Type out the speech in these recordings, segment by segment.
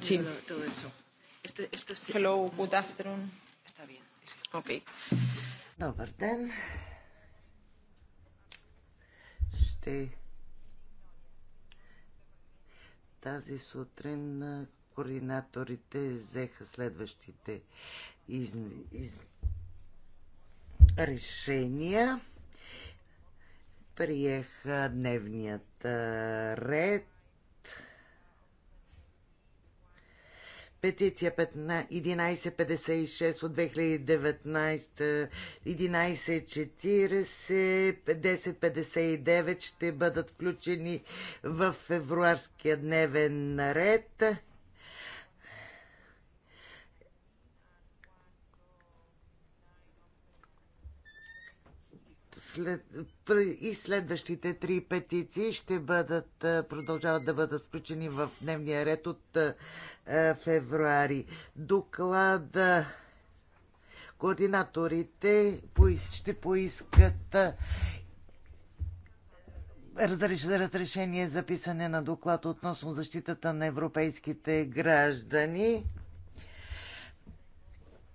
sí. Hello, good afternoon. Está bien. Okay. Добър ден. Ще тази сутрин координаторите взеха следващите из... Из... решения. Приеха дневният ред петиция 1156 от 2019, 1140, 1059 ще бъдат включени в февруарския дневен ред. след, и следващите три петиции ще бъдат, продължават да бъдат включени в дневния ред от февруари. Доклада координаторите ще поискат разрешение за писане на доклад относно защитата на европейските граждани.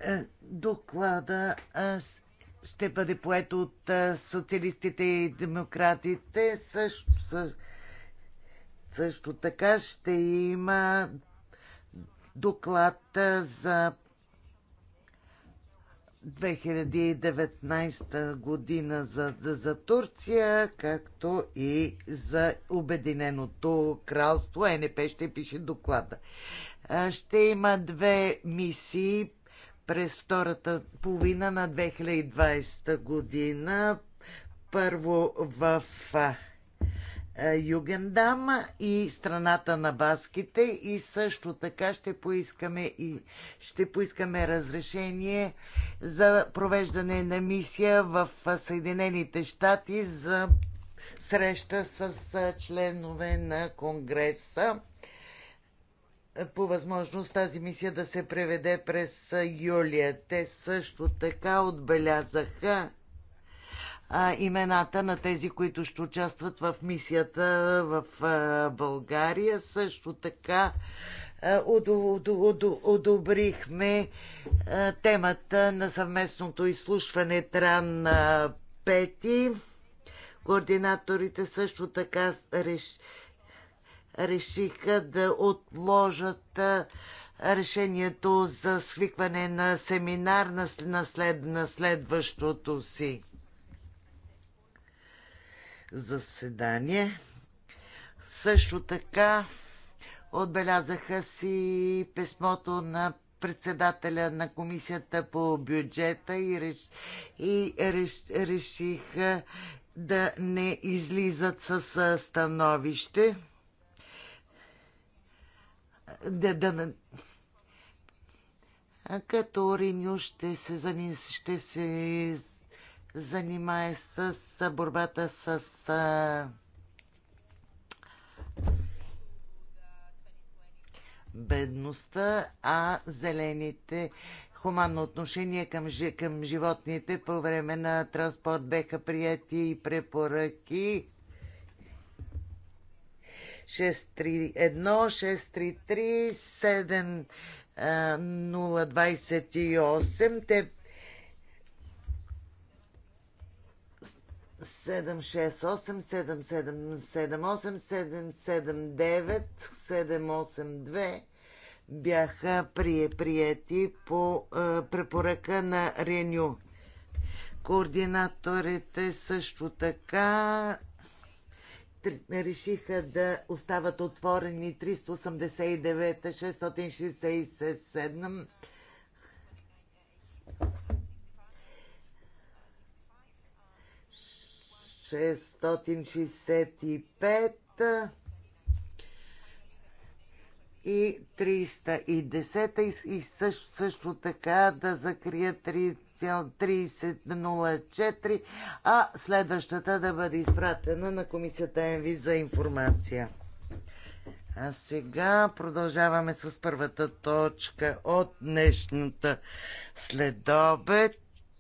Е, доклада аз ще бъде поето от социалистите и демократите. Също, също, също така ще има доклад за 2019 година за, за Турция, както и за Обединеното кралство. ЕНП ще пише доклада. Ще има две мисии през втората половина на 2020 година. Първо в Югендам и страната на баските и също така ще поискаме и ще поискаме разрешение за провеждане на мисия в Съединените щати за среща с членове на Конгреса по възможност тази мисия да се преведе през юлия. Те също така отбелязаха а, имената на тези, които ще участват в мисията в а, България. Също така одобрихме темата на съвместното изслушване Тран Пети. Координаторите също така реш решиха да отложат решението за свикване на семинар на, следващото си заседание. Също така отбелязаха си писмото на председателя на комисията по бюджета и, реш, и реш, решиха да не излизат с становище да, да, като Риню ще се, заним, ще се занимае с борбата с а, бедността, а зелените хуманно отношение към, към животните по време на транспорт беха прияти и препоръки 631, 633, 7, Те 768, 7, 779, 782 бяха прие, приети по а, препоръка на Реню. Координаторите също така решиха да остават отворени 389, 667, 665. и 310 и също, също така да закрият 3, 3004, а следващата да бъде изпратена на комисията ЕНВИ за информация. А сега продължаваме с първата точка от днешната следобед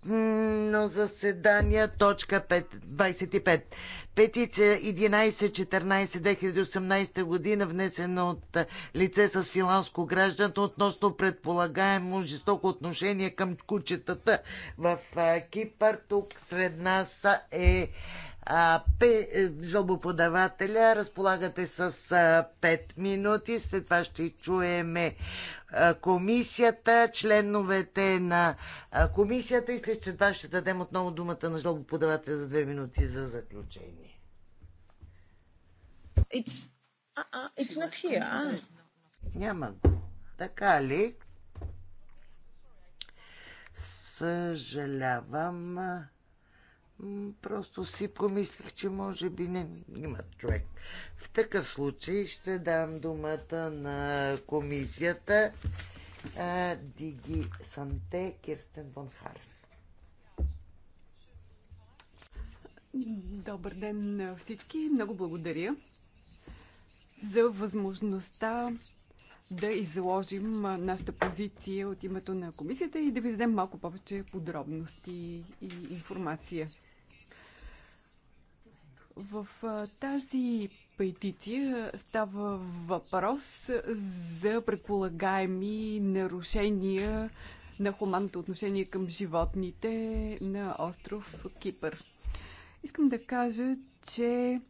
но заседания, точка 5, 25. Петиция 11-14-2018 година, внесена от лице с финландско гражданство относно предполагаемо жестоко отношение към кучетата в Кипър. Тук сред нас е е, жалбоподавателя. Разполагате с 5 минути. След това ще чуеме комисията, членовете на комисията и след това ще дадем отново думата на жалбоподавателя за 2 минути за заключение. It's, uh, it's not here. Няма го. Така ли? Съжалявам. Просто си помислих, че може би не има човек. В такъв случай ще дам думата на комисията Диги Санте Кирстен Бонхар. Добър ден на всички. Много благодаря за възможността да изложим нашата позиция от името на комисията и да ви дадем малко повече подробности и информация. В тази петиция става въпрос за предполагаеми нарушения на хуманното отношение към животните на остров Кипър. Искам да кажа, че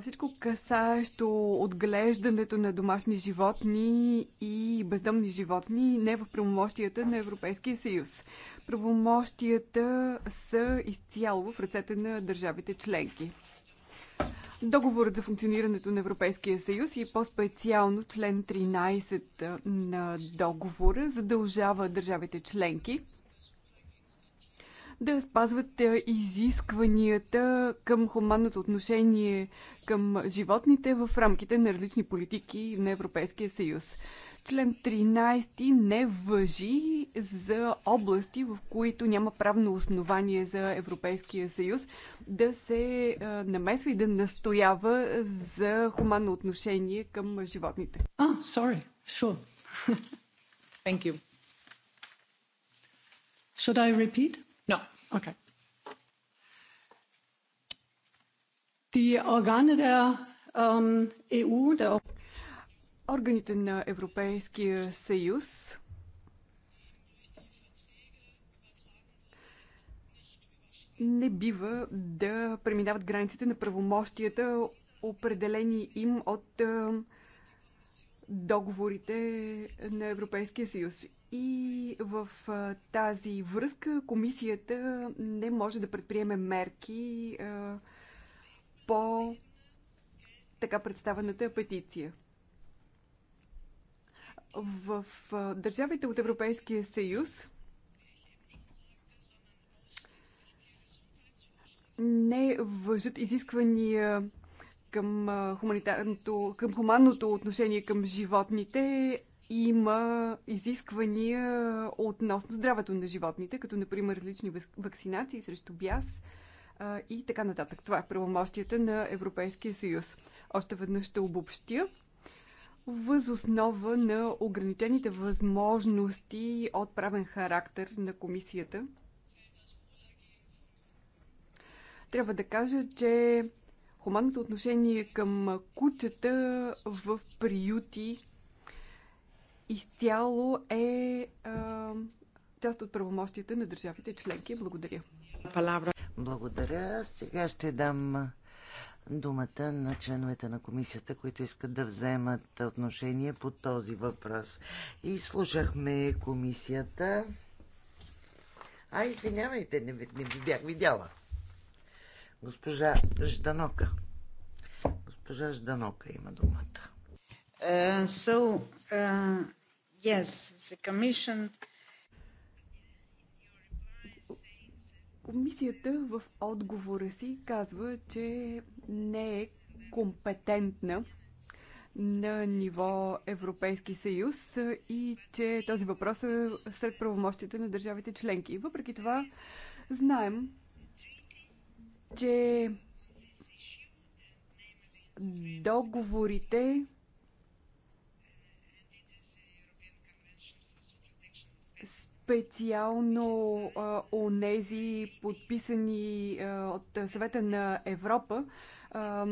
всичко касаещо отглеждането на домашни животни и бездомни животни не в правомощията на Европейския съюз. Правомощията са изцяло в ръцете на държавите членки. Договорът за функционирането на Европейския съюз и по-специално член 13 на договора задължава държавите членки да спазват изискванията към хуманното отношение към животните в рамките на различни политики на Европейския съюз. Член 13 не въжи за области, в които няма правно основание за Европейския съюз да се намесва и да настоява за хуманно отношение към животните. А, oh, sorry. Sure. Thank you. Should I repeat? No. Okay. Die Organe der ähm, EU, der Органите на Европейския съюз не бива да преминават границите на правомощията, определени им от э, договорите на Европейския съюз. И в тази връзка комисията не може да предприеме мерки по така представената петиция. В държавите от Европейския съюз не въжат изисквания към, хуманитарното, към хуманното отношение към животните, има изисквания относно здравето на животните, като например различни вакцинации срещу бяс а, и така нататък. Това е правомощията на Европейския съюз. Още веднъж ще обобщя. Възоснова на ограничените възможности от правен характер на комисията, трябва да кажа, че хуманното отношение към кучета в приюти изцяло е а, част от правомощията на държавите членки. Благодаря. Благодаря. Сега ще дам думата на членовете на комисията, които искат да вземат отношение по този въпрос. И слушахме комисията. А, извинявайте, не, не бях видяла. Госпожа Жданока. Госпожа Жданока има думата. Uh, so, uh, Yes, the commission... Комисията в отговора си казва, че не е компетентна на ниво Европейски съюз и че този въпрос е сред правомощите на държавите членки. въпреки това, знаем, че договорите специално а, онези подписани а, от съвета на Европа а,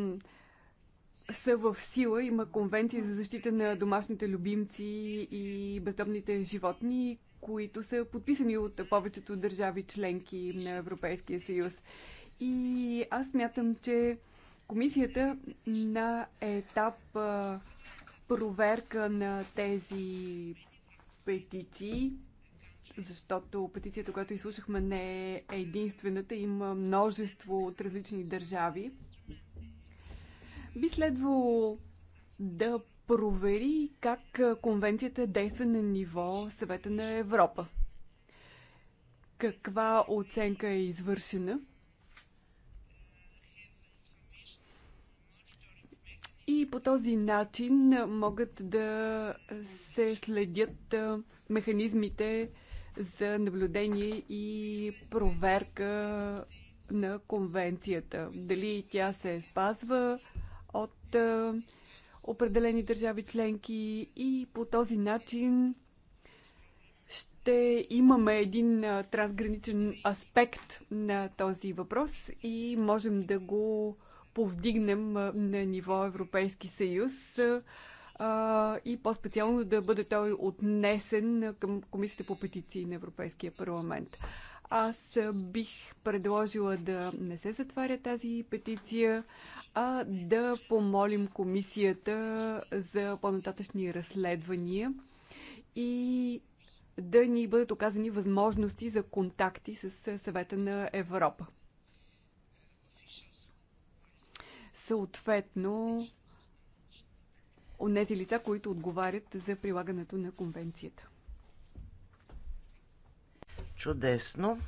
са в сила. Има конвенция за защита на домашните любимци и бездомните животни, които са подписани от повечето държави членки на Европейския съюз. И аз мятам, че комисията на етап а, проверка на тези петиции защото петицията, която изслушахме, не е единствената. Има множество от различни държави. Би следвало да провери как конвенцията е действа на ниво съвета на Европа. Каква оценка е извършена? И по този начин могат да се следят механизмите, за наблюдение и проверка на конвенцията. Дали тя се спазва от е, определени държави членки и по този начин ще имаме един е, трансграничен аспект на този въпрос и можем да го повдигнем е, на ниво Европейски съюз а, и по-специално да бъде той отнесен към Комисията по петиции на Европейския парламент. Аз бих предложила да не се затваря тази петиция, а да помолим комисията за по-нататъчни разследвания и да ни бъдат оказани възможности за контакти с съвета на Европа. Съответно, тези лица, които отговарят за прилагането на конвенцията. Чудесно!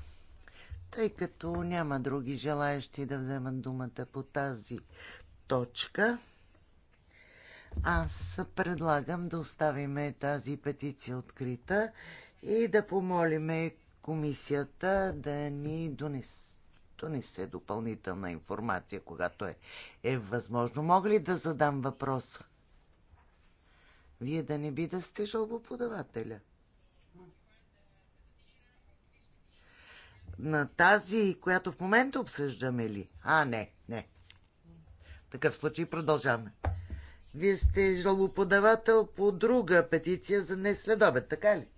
Тъй като няма други желаящи да вземат думата по тази точка, аз предлагам да оставим тази петиция открита и да помолиме комисията да ни донесе, донесе допълнителна информация, когато е, е възможно. Мога ли да задам въпроса? Вие да не би да сте жалбоподавателя. На тази, която в момента обсъждаме ли? А, не, не. В такъв случай продължаваме. Вие сте жалоподавател по друга петиция за днес след обед, така ли?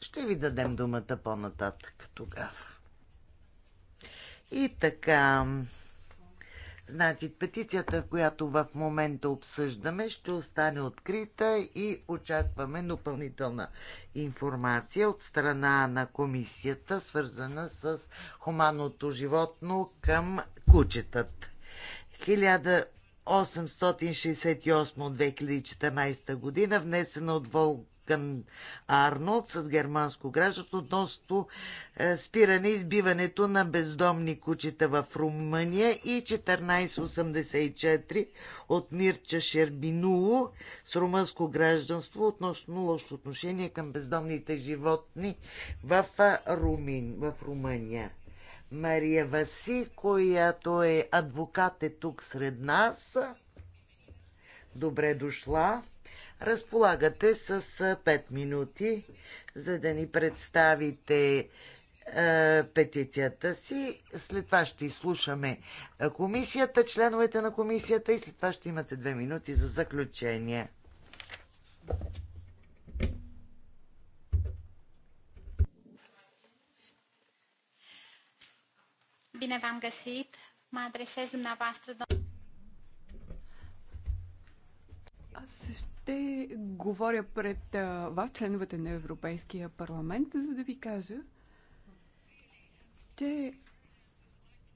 Ще ви дадем думата по-нататък тогава. И така, Значи, петицията, която в момента обсъждаме, ще остане открита и очакваме допълнителна информация от страна на комисията, свързана с хуманното животно към кучетът. 1868-2014 година, внесена от Волк към Арнолд с германско гражданство относно е, спиране избиването на бездомни кучета в Румъния и 1484 от Мирча Шербинуло с румънско гражданство относно лошо отношение към бездомните животни в, Румин, в Румъния. Мария Васи, която е адвокат е тук сред нас. Добре дошла. Разполагате с 5 минути, за да ни представите петицията си. След това ще изслушаме комисията, членовете на комисията и след това ще имате 2 минути за заключение. Bine v-am găsit! Mă adresez dumneavoastră, domnule. Аз ще говоря пред вас, членовете на Европейския парламент, за да ви кажа, че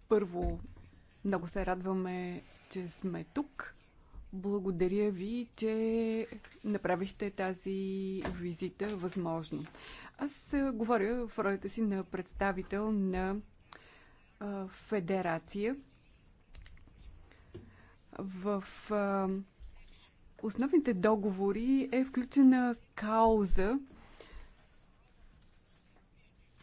първо много се радваме, че сме тук. Благодаря ви, че направихте тази визита възможно. Аз говоря в ролята си на представител на федерация в основните договори е включена кауза,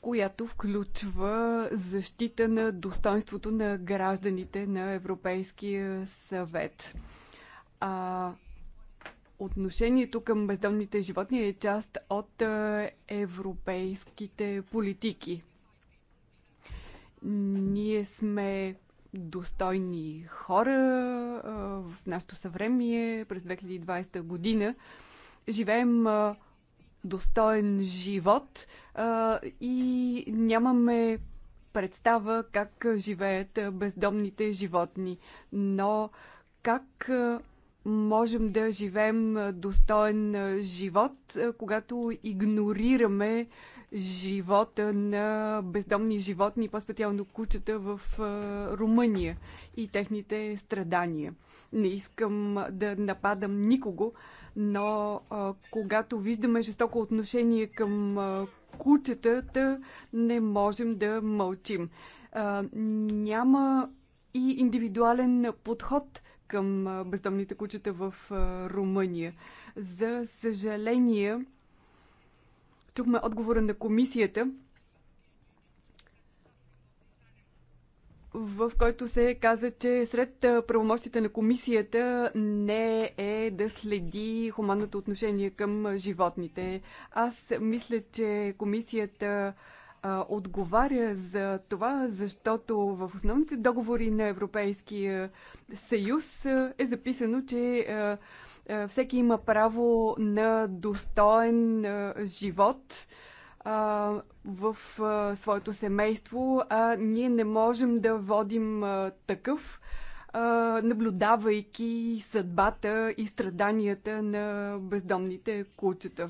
която включва защита на достоинството на гражданите на Европейския съвет. А, отношението към бездомните животни е част от европейските политики. Ние сме достойни хора в нашето съвремие през 2020 година. Живеем достоен живот и нямаме представа как живеят бездомните животни. Но как можем да живеем достоен живот, когато игнорираме живота на бездомни животни, по-специално кучета в Румъния и техните страдания. Не искам да нападам никого, но а, когато виждаме жестоко отношение към а, кучетата, не можем да мълчим. А, няма и индивидуален подход към бездомните кучета в Румъния. За съжаление, Чухме отговора на комисията, в който се каза, че сред правомощите на комисията не е да следи хуманното отношение към животните. Аз мисля, че комисията отговаря за това, защото в основните договори на Европейския съюз е записано, че а, е, всеки има право на достоен е, живот е, в своето семейство, а ние не можем да водим такъв, наблюдавайки съдбата и страданията на бездомните кучета.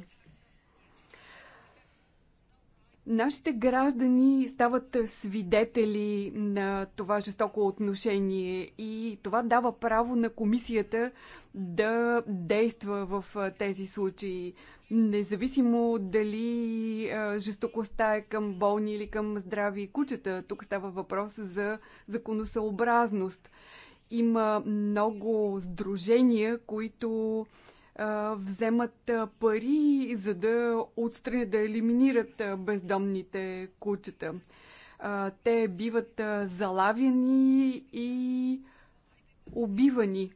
Нашите граждани стават свидетели на това жестоко отношение и това дава право на комисията да действа в тези случаи. Независимо дали жестокостта е към болни или към здрави кучета, тук става въпрос за законосъобразност. Има много сдружения, които вземат пари, за да отстранят, да елиминират бездомните кучета. Те биват залавяни и убивани.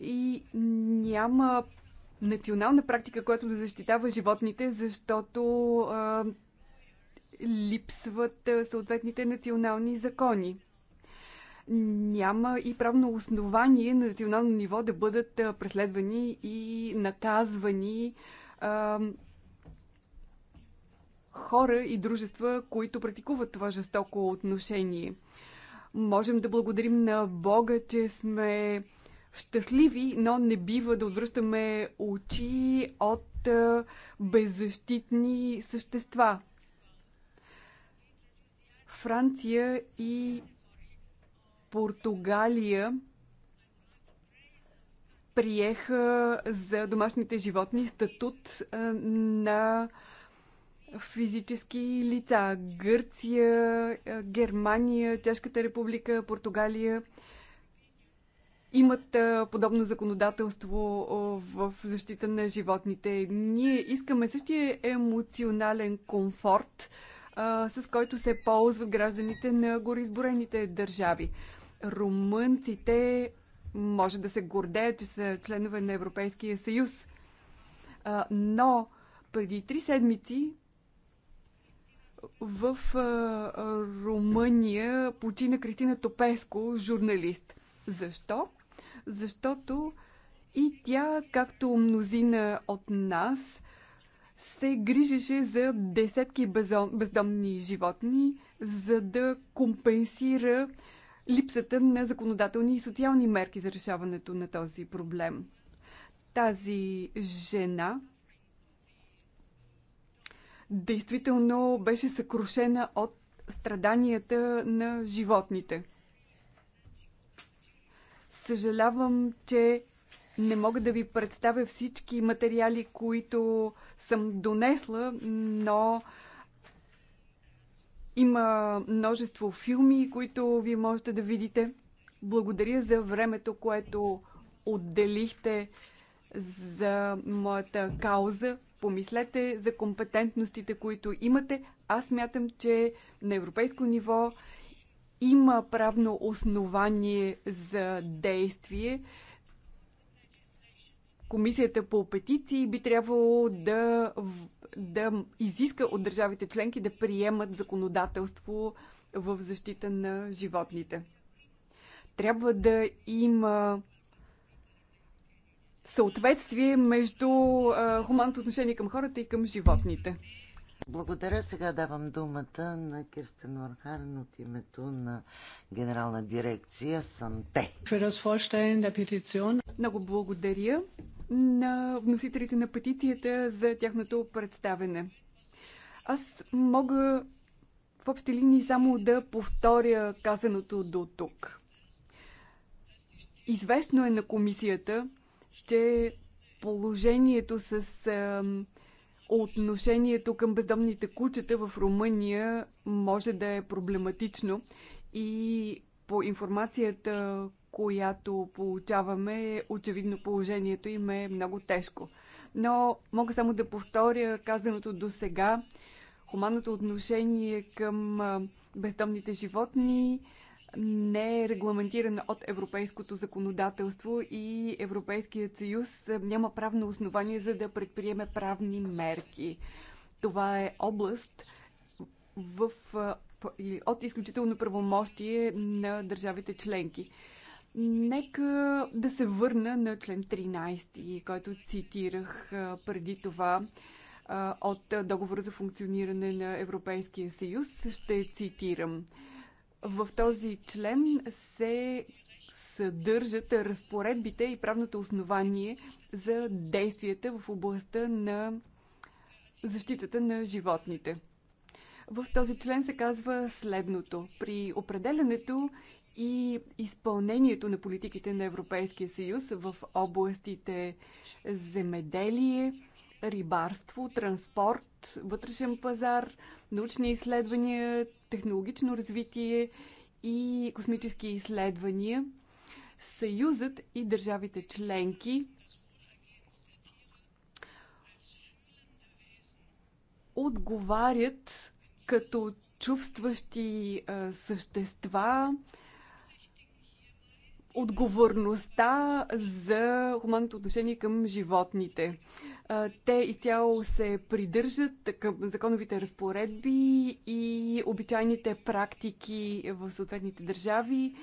И няма национална практика, която да защитава животните, защото липсват съответните национални закони няма и правно основание на национално ниво да бъдат преследвани и наказвани а, хора и дружества, които практикуват това жестоко отношение. Можем да благодарим на Бога, че сме щастливи, но не бива да отвръщаме очи от беззащитни същества. Франция и Португалия приеха за домашните животни статут на физически лица. Гърция, Германия, Чешката република, Португалия имат подобно законодателство в защита на животните. Ние искаме същия емоционален комфорт, с който се ползват гражданите на гореизборените държави румънците може да се гордеят, че са членове на Европейския съюз. Но преди три седмици в Румъния почина Кристина Топеско, журналист. Защо? Защото и тя, както мнозина от нас, се грижеше за десетки бездомни животни, за да компенсира липсата на законодателни и социални мерки за решаването на този проблем. Тази жена действително беше съкрушена от страданията на животните. Съжалявам, че не мога да ви представя всички материали, които съм донесла, но има множество филми, които вие можете да видите. Благодаря за времето, което отделихте за моята кауза. Помислете за компетентностите, които имате. Аз мятам, че на европейско ниво има правно основание за действие. Комисията по петиции би трябвало да, да изиска от държавите членки да приемат законодателство в защита на животните. Трябва да има съответствие между а, хуманното отношение към хората и към животните. Благодаря. Сега давам думата на Кирстен Орхарен от името на Генерална дирекция Санте. Много благодаря на вносителите на петицията за тяхното представене. Аз мога в общи линии само да повторя казаното до тук. Известно е на комисията, че положението с отношението към бездомните кучета в Румъния може да е проблематично и по информацията, която получаваме, очевидно положението им е много тежко. Но мога само да повторя казаното до сега. Хуманното отношение към бездомните животни не е регламентирано от европейското законодателство и Европейският съюз няма правно основание за да предприеме правни мерки. Това е област в, от изключително правомощие на държавите членки. Нека да се върна на член 13, който цитирах преди това от договора за функциониране на Европейския съюз. Ще цитирам. В този член се съдържат разпоредбите и правното основание за действията в областта на защитата на животните. В този член се казва следното. При определенето и изпълнението на политиките на Европейския съюз в областите земеделие, рибарство, транспорт, вътрешен пазар, научни изследвания, технологично развитие и космически изследвания. Съюзът и държавите членки отговарят като чувстващи а, същества, отговорността за хуманното отношение към животните. Те изцяло се придържат към законовите разпоредби и обичайните практики в съответните държави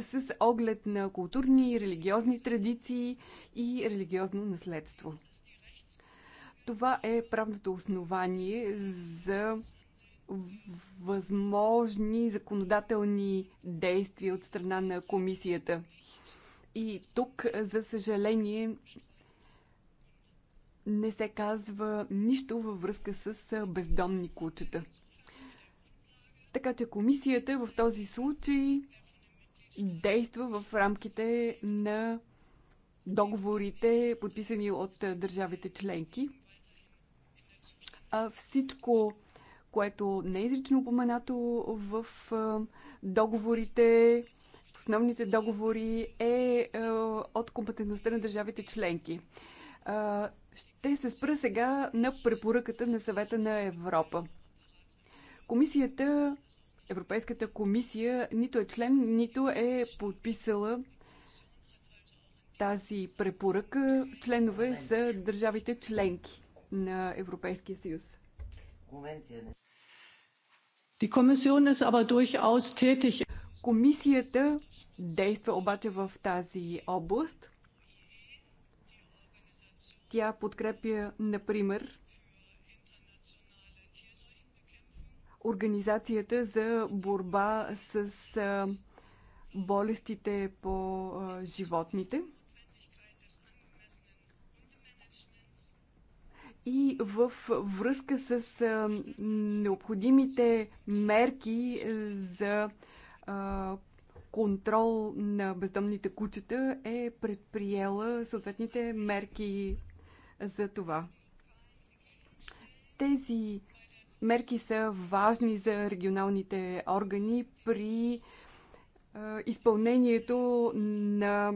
с оглед на културни и религиозни традиции и религиозно наследство. Това е правното основание за възможни законодателни действия от страна на комисията – и тук, за съжаление, не се казва нищо във връзка с бездомни кучета. Така че комисията в този случай действа в рамките на договорите, подписани от държавите членки. А всичко, което не е изрично упоменато в договорите, основните договори е, е от компетентността на държавите членки. Е, ще се спра сега на препоръката на съвета на Европа. Комисията, Европейската комисия нито е член, нито е подписала тази препоръка. Членове са държавите членки на Европейския съюз. Die Kommission ist aber durchaus tätig. Комисията действа обаче в тази област. Тя подкрепя, например, Организацията за борба с болестите по животните. и в връзка с необходимите мерки за контрол на бездомните кучета е предприела съответните мерки за това. Тези мерки са важни за регионалните органи при изпълнението на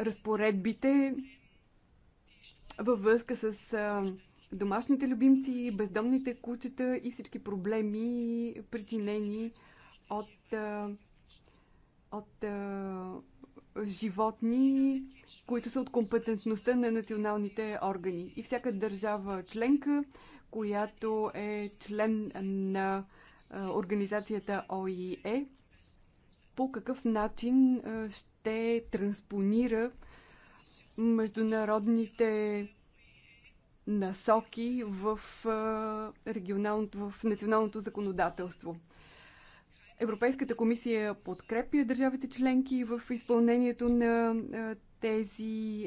разпоредбите във връзка с домашните любимци, бездомните кучета и всички проблеми, причинени от, от животни, които са от компетентността на националните органи. И всяка държава членка, която е член на организацията ОИЕ, по какъв начин ще транспонира международните насоки в, регионалното, в националното законодателство. Европейската комисия подкрепя държавите членки в изпълнението на тези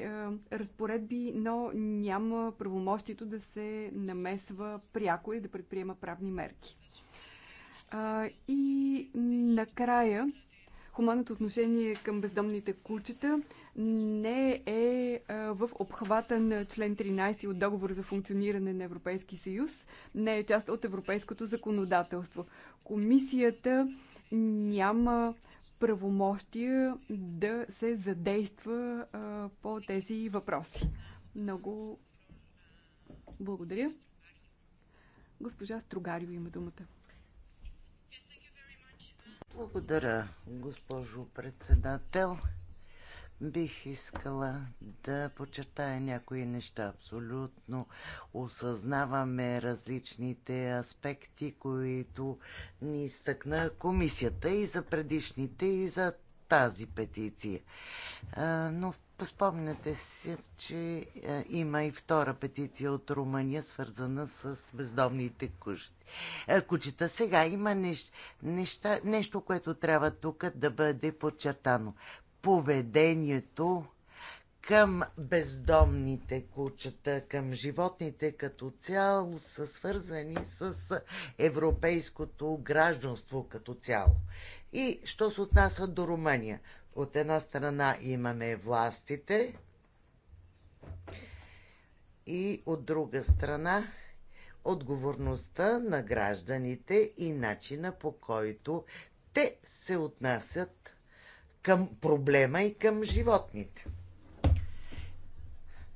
разпоредби, но няма правомощието да се намесва пряко и да предприема правни мерки. И накрая хуманното отношение към бездомните кучета не е в обхвата на член 13 от договор за функциониране на Европейски съюз, не е част от европейското законодателство. Комисията няма правомощия да се задейства по тези въпроси. Много благодаря. Госпожа Строгарио има думата. Благодаря, госпожо председател. Бих искала да почертая някои неща. Абсолютно осъзнаваме различните аспекти, които ни изтъкна комисията и за предишните, и за тази петиция. Но в Поспомняте си, че е, има и втора петиция от Румъния, свързана с бездомните кучета. кучета. Сега има нещ, неща, нещо, което трябва тук да бъде подчертано. Поведението към бездомните кучета, към животните като цяло са свързани с европейското гражданство като цяло. И що се отнася до Румъния? От една страна имаме властите и от друга страна отговорността на гражданите и начина по който те се отнасят към проблема и към животните.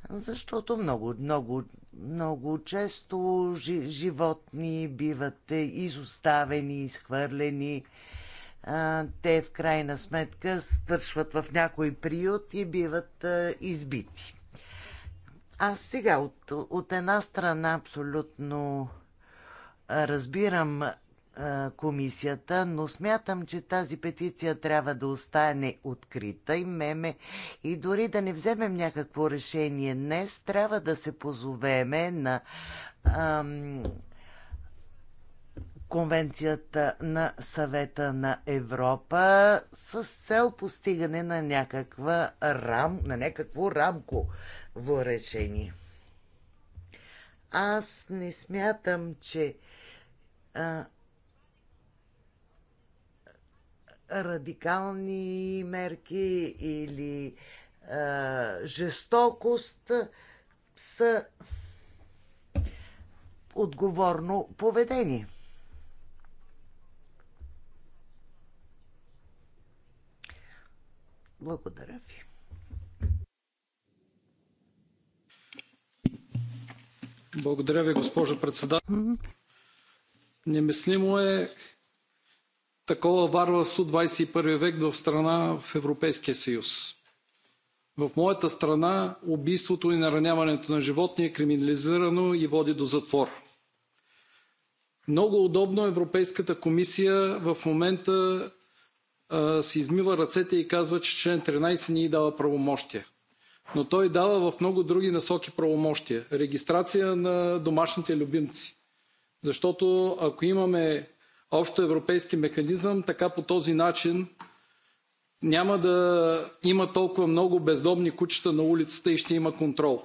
Защото много, много, много често животни биват изоставени, изхвърлени, те в крайна сметка свършват в някой приют и биват избити. Аз сега от, от една страна абсолютно разбирам комисията, но смятам, че тази петиция трябва да остане открита и меме и дори да не вземем някакво решение днес, трябва да се позовеме на ам, Конвенцията на съвета на Европа с цел постигане на някаква рам, на някакво в решение. Аз не смятам, че а, радикални мерки или а, жестокост са отговорно поведение. Благодаря ви. Благодаря ви, госпожо председател. Немислимо е такова варварство 21 век в страна в Европейския съюз. В моята страна убийството и нараняването на животни е криминализирано и води до затвор. Много удобно Европейската комисия в момента си измива ръцете и казва, че член 13 ни дава правомощия. Но той дава в много други насоки правомощия. Регистрация на домашните любимци. Защото ако имаме общо европейски механизъм, така по този начин няма да има толкова много бездомни кучета на улицата и ще има контрол.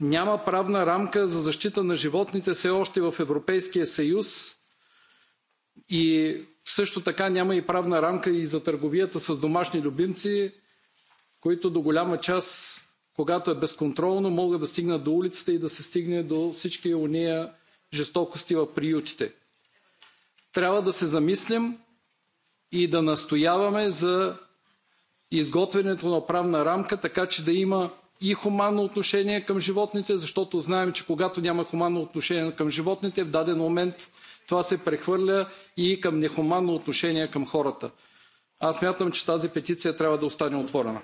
Няма правна рамка за защита на животните все още в Европейския съюз и също така няма и правна рамка и за търговията с домашни любимци, които до голяма част, когато е безконтролно, могат да стигнат до улицата и да се стигне до всички уния жестокости в приютите. Трябва да се замислим и да настояваме за изготвянето на правна рамка, така че да има и хуманно отношение към животните, защото знаем, че когато няма хуманно отношение към животните, в даден момент това се прехвърля и към нехуманно отношение към хората. Аз смятам, че тази петиция трябва да остане отворена.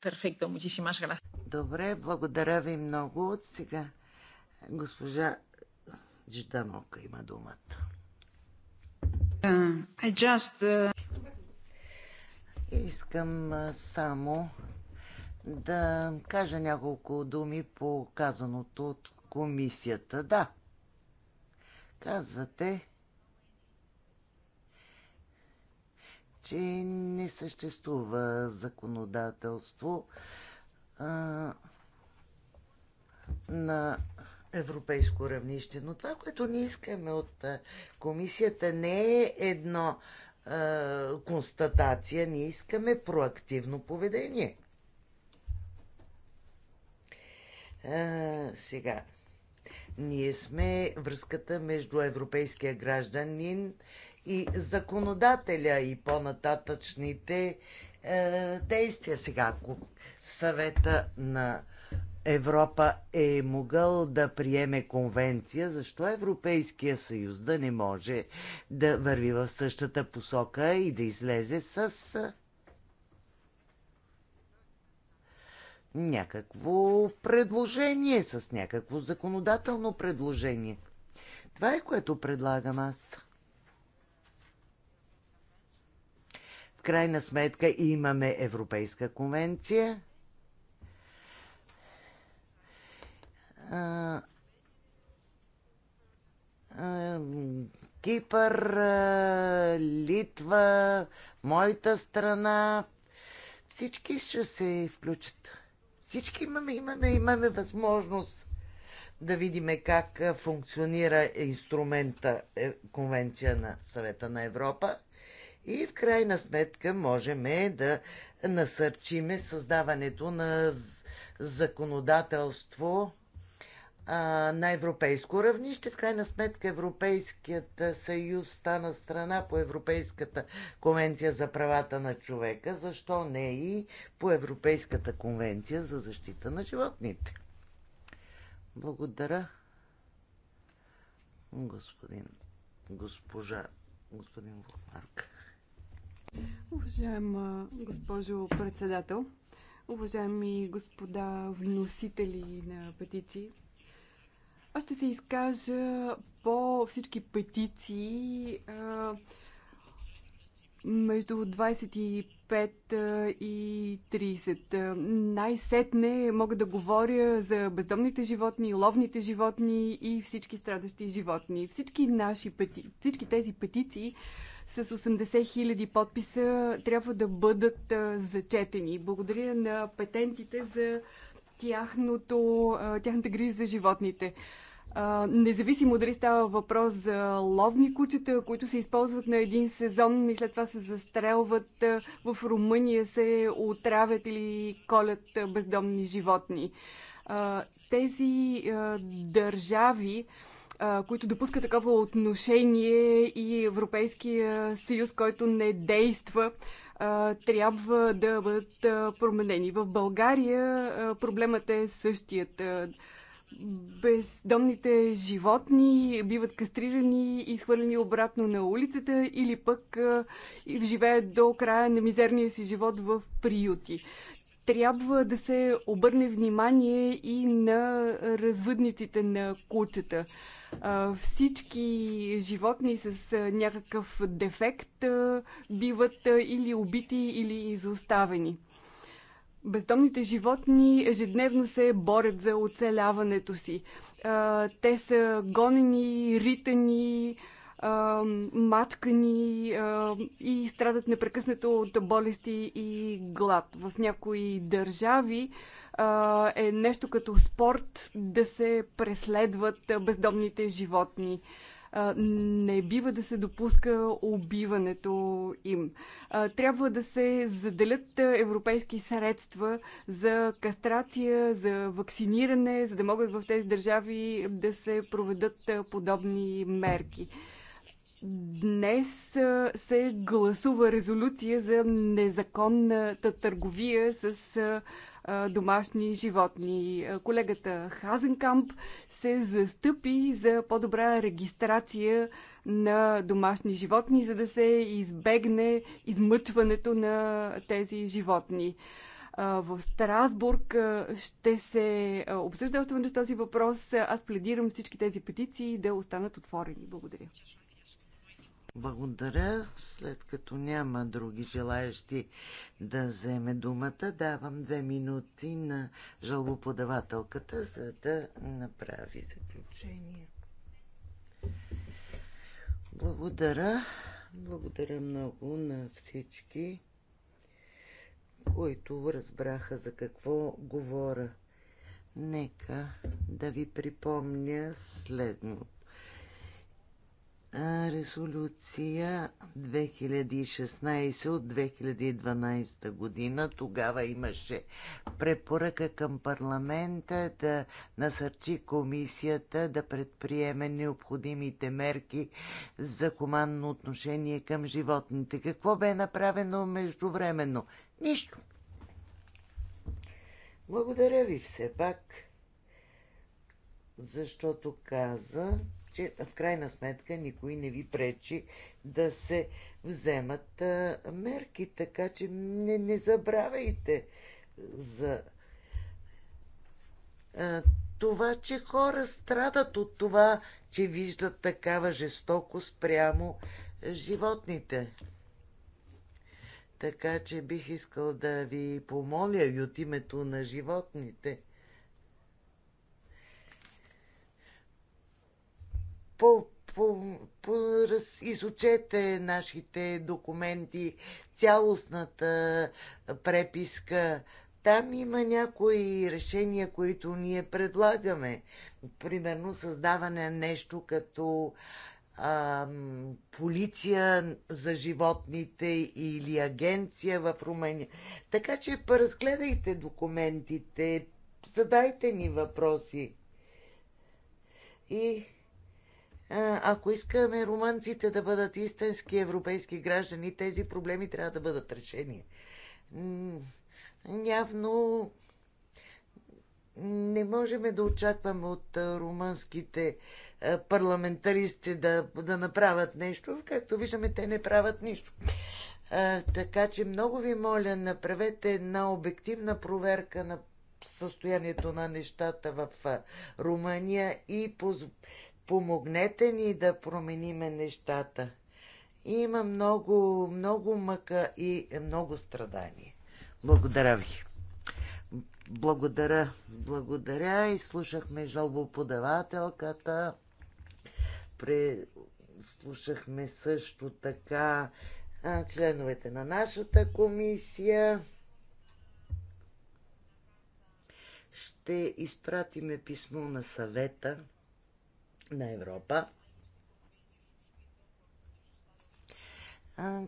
Перфекто, muchísimas gracias. Добре, благодаря ви много. От сега госпожа Жданока има думата. Uh, I just, uh, Искам само да кажа няколко думи по казаното от комисията. Да, казвате, че не съществува законодателство а, на европейско равнище. Но това, което ние искаме от комисията, не е едно констатация. Ние искаме проактивно поведение. А, сега. Ние сме връзката между европейския гражданин и законодателя и по-нататъчните е, действия. Сега, ако съвета на Европа е могъл да приеме конвенция, защо Европейския съюз да не може да върви в същата посока и да излезе с някакво предложение, с някакво законодателно предложение. Това е което предлагам аз. В крайна сметка имаме Европейска конвенция – а, а, Кипър, а, Литва, моята страна. Всички ще се включат. Всички имаме, имаме, имаме възможност да видиме как функционира инструмента е, Конвенция на Съвета на Европа и в крайна сметка можем да насърчиме създаването на законодателство на европейско равнище. В крайна сметка Европейският съюз стана страна по Европейската конвенция за правата на човека, защо не и по Европейската конвенция за защита на животните. Благодаря, господин, госпожа, господин Вухмарк. Уважаема госпожо председател, уважаеми господа вносители на петиции, аз ще се изкажа по всички петиции между 25 и 30. Най-сетне мога да говоря за бездомните животни, ловните животни и всички страдащи животни. Всички, наши пети... всички тези петиции с 80 хиляди подписа трябва да бъдат зачетени. Благодаря на петентите за тяхното, тяхната грижа за животните независимо дали става въпрос за ловни кучета, които се използват на един сезон и след това се застрелват, в Румъния се отравят или колят бездомни животни. Тези държави, които допускат такова отношение и Европейския съюз, който не действа, трябва да бъдат променени. В България проблемът е същият бездомните животни биват кастрирани и изхвърлени обратно на улицата или пък живеят до края на мизерния си живот в приюти. Трябва да се обърне внимание и на развъдниците на кучета. Всички животни с някакъв дефект биват или убити, или изоставени Бездомните животни ежедневно се борят за оцеляването си. Те са гонени, ритани, мачкани и страдат непрекъснато от болести и глад. В някои държави е нещо като спорт да се преследват бездомните животни не бива да се допуска убиването им. Трябва да се заделят европейски средства за кастрация, за вакциниране, за да могат в тези държави да се проведат подобни мерки. Днес се гласува резолюция за незаконната търговия с домашни животни. Колегата Хазенкамп се застъпи за по-добра регистрация на домашни животни, за да се избегне измъчването на тези животни. В Страсбург ще се обсъжда още този въпрос. Аз пледирам всички тези петиции да останат отворени. Благодаря. Благодаря. След като няма други желаящи да вземе думата, давам две минути на жалбоподавателката, за да направи заключение. Благодаря. Благодаря много на всички, които разбраха за какво говоря. Нека да ви припомня следното резолюция 2016 от 2012 година. Тогава имаше препоръка към парламента да насърчи комисията да предприеме необходимите мерки за хуманно отношение към животните. Какво бе направено междувременно? Нищо. Благодаря ви все пак, защото каза, че в крайна сметка никой не ви пречи да се вземат а, мерки, така че не, не забравяйте за а, това, че хора страдат от това, че виждат такава жестокост прямо животните. Така че бих искал да ви помоля и от името на животните по, по, по, раз, изучете нашите документи, цялостната преписка. Там има някои решения, които ние предлагаме. Примерно създаване на нещо като а, полиция за животните или агенция в Румъния. Така че разгледайте документите, задайте ни въпроси. И ако искаме румънците да бъдат истински европейски граждани, тези проблеми трябва да бъдат решени. Явно не можем да очакваме от румънските парламентаристи да, да направят нещо. Както виждаме, те не правят нищо. А, така че много ви моля, направете една обективна проверка на състоянието на нещата в Румъния и поз помогнете ни да промениме нещата. Има много, много мъка и много страдания. Благодаря ви. Благодаря, благодаря. Изслушахме жалбоподавателката. Пре... Слушахме също така а, членовете на нашата комисия. Ще изпратиме писмо на съвета на Европа.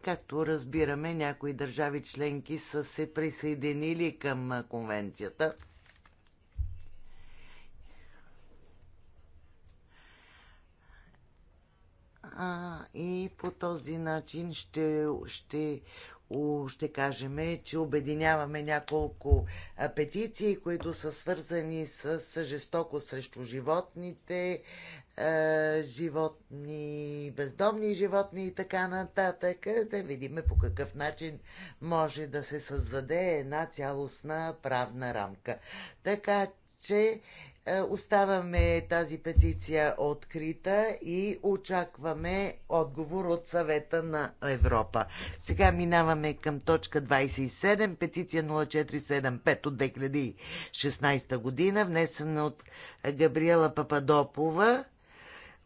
Както разбираме, някои държави членки са се присъединили към конвенцията. А, и по този начин ще, ще ще кажем, че обединяваме няколко петиции, които са свързани с жестоко срещу животните, животни, бездомни животни и така нататък. Да видим по какъв начин може да се създаде една цялостна правна рамка. Така че е, оставаме тази петиция открита и очакваме отговор от съвета на Европа. Сега минаваме към точка 27, петиция 0475 от 2016 година, внесена от Габриела Пападопова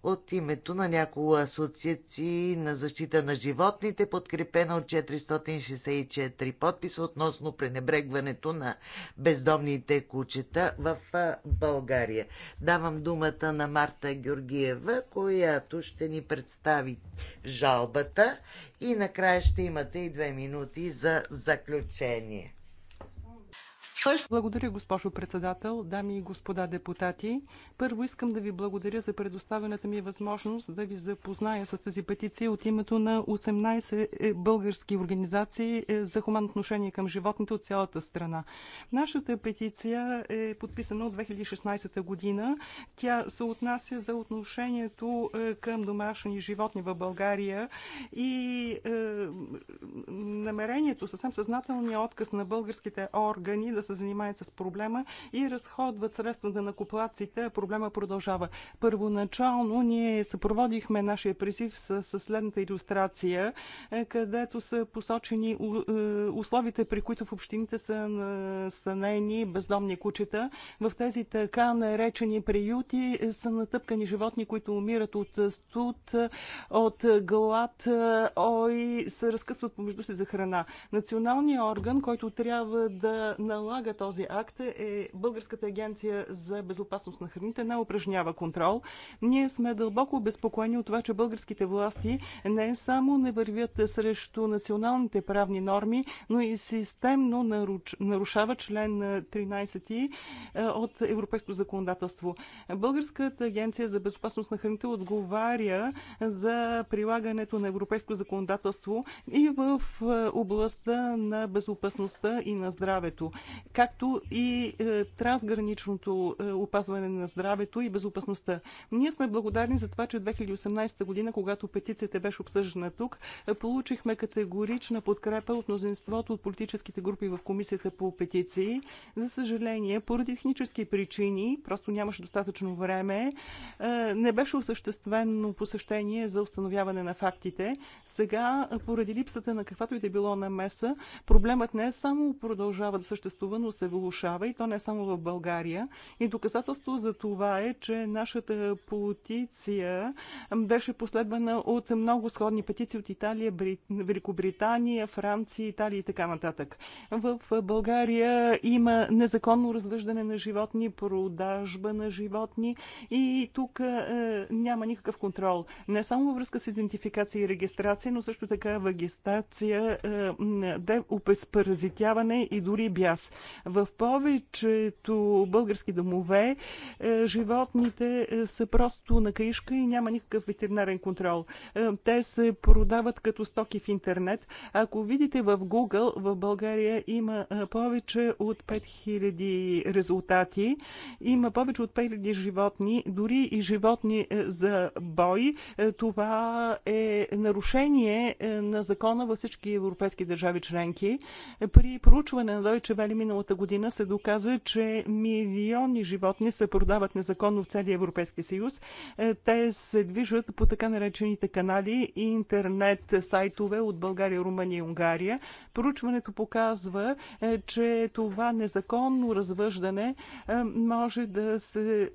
от името на няколко асоциации на защита на животните, подкрепена от 464 подписа относно пренебрегването на бездомните кучета в България. Давам думата на Марта Георгиева, която ще ни представи жалбата и накрая ще имате и две минути за заключение. Благодаря, госпожо председател, дами и господа депутати. Първо искам да ви благодаря за предоставената ми възможност да ви запозная с тази петиция от името на 18 е, български организации е, за хуманно отношение към животните от цялата страна. Нашата петиция е подписана от 2016 година. Тя се отнася за отношението е, към домашни животни в България и намерението, съвсем съзнателния отказ на българските органи да се се занимаят с проблема и разходват средствата на куплаците, а проблема продължава. Първоначално ние съпроводихме нашия призив с, с следната иллюстрация, е, където са посочени е, условията, при които в общините са настанени бездомни кучета. В тези така наречени приюти е, са натъпкани животни, които умират от студ, от глад, ой, се разкъсват помежду си за храна. Националният орган, който трябва да налага подпомага този акт е Българската агенция за безопасност на храните не упражнява контрол. Ние сме дълбоко обезпокоени от това, че българските власти не само не вървят срещу националните правни норми, но и системно наруч... нарушава член 13 е, от европейското законодателство. Българската агенция за безопасност на храните отговаря за прилагането на европейско законодателство и в е, областта на безопасността и на здравето както и е, трансграничното е, опазване на здравето и безопасността. Ние сме благодарни за това, че 2018 година, когато петицията беше обсъждана тук, е, получихме категорична подкрепа от мнозинството от политическите групи в Комисията по петиции. За съжаление, поради технически причини, просто нямаше достатъчно време, не беше осъществено посещение за установяване на фактите. Сега, поради липсата на каквато и да било намеса, проблемът не е само продължава да съществува, постепенно се влушава и то не само в България. И доказателство за това е, че нашата петиция беше последвана от много сходни петиции от Италия, Брит... Великобритания, Франция, Италия и така нататък. В България има незаконно развъждане на животни, продажба на животни и тук е, няма никакъв контрол. Не само във връзка с идентификация и регистрация, но също така вагистация, е, паразитяване и дори бяс. В повечето български домове е, животните е, са просто на каишка и няма никакъв ветеринарен контрол. Е, те се продават като стоки в интернет. Ако видите в Google, в България има повече от 5000 резултати. Има повече от 5000 животни, дори и животни за бой. Това е нарушение на закона във всички европейски държави членки. При проучване на дойче вели минало миналата година се доказа, че милиони животни се продават незаконно в целия Европейски съюз. Е, те се движат по така наречените канали и интернет сайтове от България, Румъния и Унгария. Поручването показва, е, че това незаконно развъждане е, може да се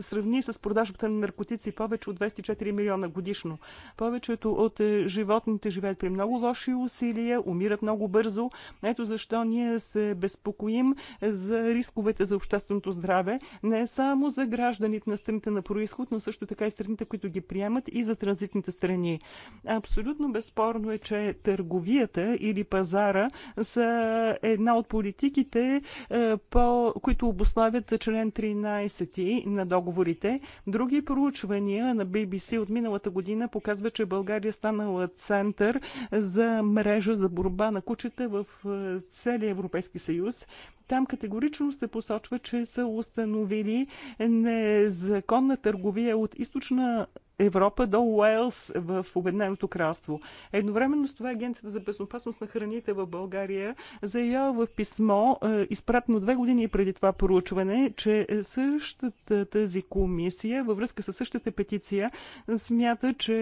сравни с продажбата на наркотици повече от 24 милиона годишно. Повечето от животните живеят при много лоши усилия, умират много бързо, ето защо ние се безпокоим за рисковете за общественото здраве, не само за гражданите на страните на происход, но също така и страните, които ги приемат и за транзитните страни. Абсолютно безспорно е, че търговията или пазара са една от политиките, е, по, които обославят член 13 на договорите. Други проучвания на BBC от миналата година показва, че България станала център за мрежа за борба на кучета в е, целия Европейски съюз там категорично се посочва, че са установили незаконна търговия от източна Европа до Уелс в Обединеното кралство. Едновременно с това Агенцията за безопасност на храните в България заявява в писмо, е, изпратено две години преди това проучване, че същата тази комисия във връзка с същата петиция смята, че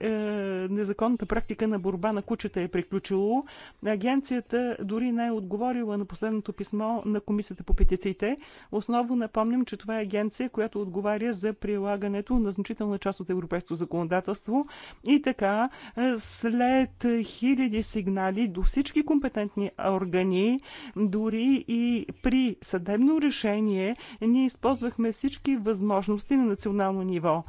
е, незаконната практика на борба на кучета е приключило. Агенцията дори не е отговорила на последното писмо писмо на Комисията по петициите. Основно напомням, че това е агенция, която отговаря за прилагането на значителна част от европейското законодателство. И така, е, след хиляди сигнали до всички компетентни органи, дори и при съдебно решение, ние използвахме всички възможности на национално ниво.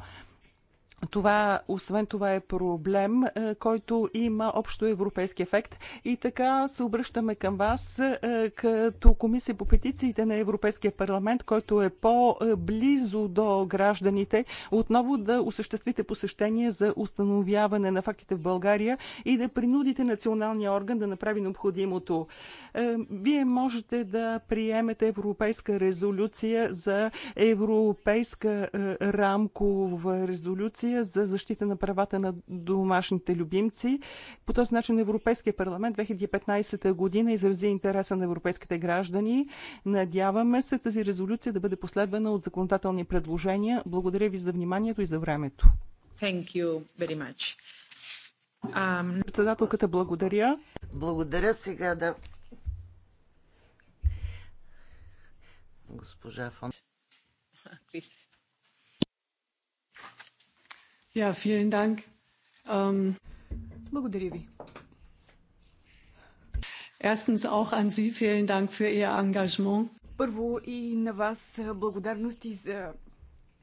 Това, освен това, е проблем, е, който има общо европейски ефект. И така се обръщаме към вас е, като Комисия по петициите на Европейския парламент, който е по-близо до гражданите, отново да осъществите посещение за установяване на фактите в България и да принудите националния орган да направи необходимото. Е, вие можете да приемете европейска резолюция за европейска рамкова резолюция Комисия за защита на правата на домашните любимци. По този начин Европейския парламент 2015 година изрази интереса на европейските граждани. Надяваме се тази резолюция да бъде последвана от законодателни предложения. Благодаря ви за вниманието и за времето. Thank you very much. Um... Председателката благодаря. Благодаря сега да госпожа Фон. Кристи. Ja, vielen Dank. Ähm, Благодаря ви. Erstens auch an Sie vielen Dank für Ihr Engagement. Първо и на вас благодарности за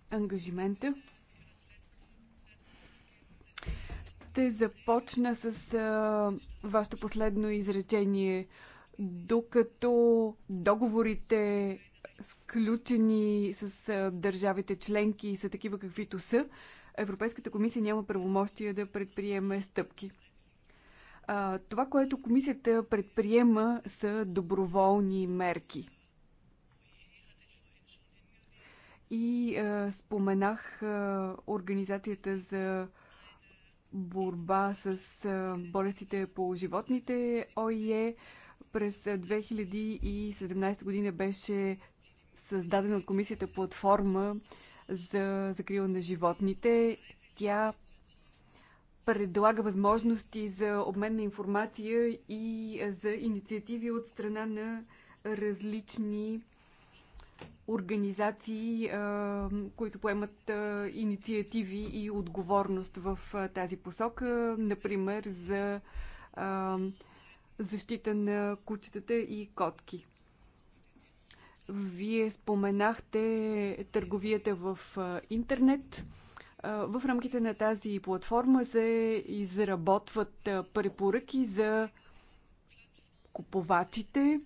ангажимента. Ще започна с а, вашето последно изречение. Докато договорите, сключени с а, държавите членки, са такива каквито са, Европейската комисия няма правомощия да предприеме стъпки. А, това, което комисията предприема, са доброволни мерки. И а, споменах а, Организацията за борба с а, болестите по животните ОИЕ. През 2017 година беше създадена от комисията платформа за закрила на животните. Тя предлага възможности за обмен на информация и за инициативи от страна на различни организации, които поемат инициативи и отговорност в тази посока, например за защита на кучетата и котки. Вие споменахте търговията в интернет. В рамките на тази платформа се изработват препоръки за купувачите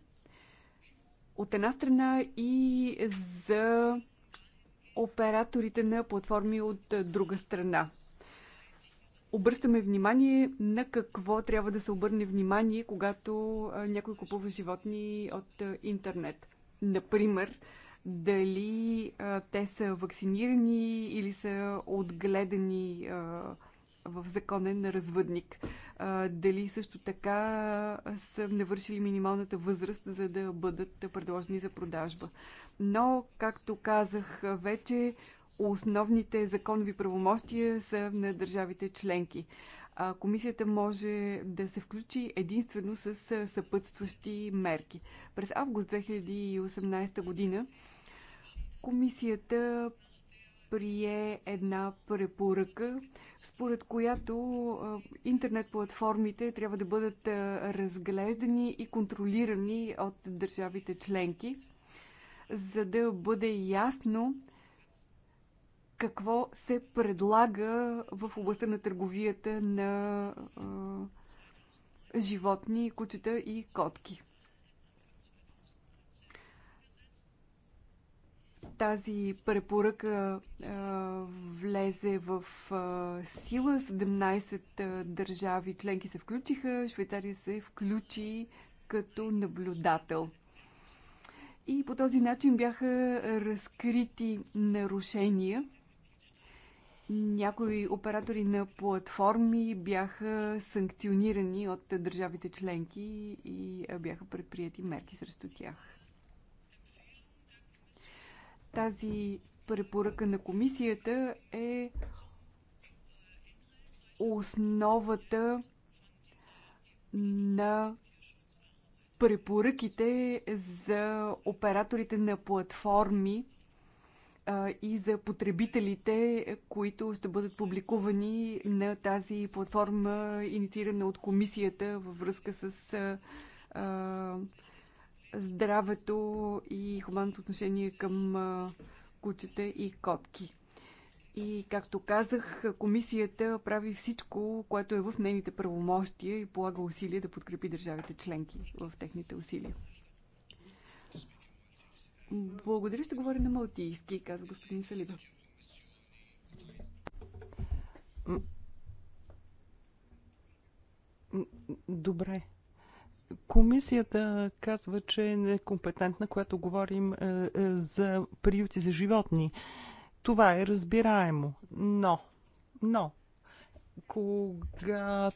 от една страна и за операторите на платформи от друга страна. Обръщаме внимание на какво трябва да се обърне внимание, когато някой купува животни от интернет например, дали а, те са вакцинирани или са отгледани а, в законен развъдник. А, дали също така са навършили минималната възраст, за да бъдат предложени за продажба. Но, както казах вече, основните законови правомощия са на държавите членки комисията може да се включи единствено с съпътстващи мерки. През август 2018 година комисията прие една препоръка, според която интернет платформите трябва да бъдат разглеждани и контролирани от държавите членки, за да бъде ясно какво се предлага в областта на търговията на а, животни, кучета и котки. Тази препоръка а, влезе в а, сила. 17 а, държави членки се включиха. Швейцария се включи като наблюдател. И по този начин бяха разкрити нарушения някои оператори на платформи бяха санкционирани от държавите членки и бяха предприяти мерки срещу тях. Тази препоръка на комисията е основата на препоръките за операторите на платформи а, и за потребителите, които ще бъдат публикувани на тази платформа, инициирана от комисията във връзка с а, а, здравето и хуманното отношение към а, кучета и котки. И, както казах, комисията прави всичко, което е в нейните правомощия и полага усилия да подкрепи държавите членки в техните усилия. Благодаря, ще говоря на малтийски, казва господин Салиба. Добре. Комисията казва, че е некомпетентна, когато говорим е, е, за приюти за животни. Това е разбираемо. Но, но, когато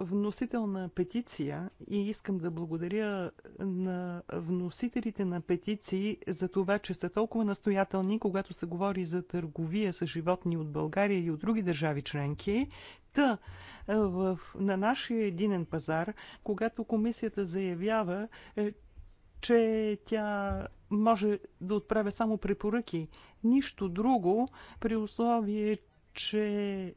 вносител на петиция и искам да благодаря на вносителите на петиции за това, че са толкова настоятелни, когато се говори за търговия с животни от България и от други държави членки. Та, е, в, на нашия единен пазар, когато комисията заявява, е, че тя може да отправя само препоръки, нищо друго, при условие, че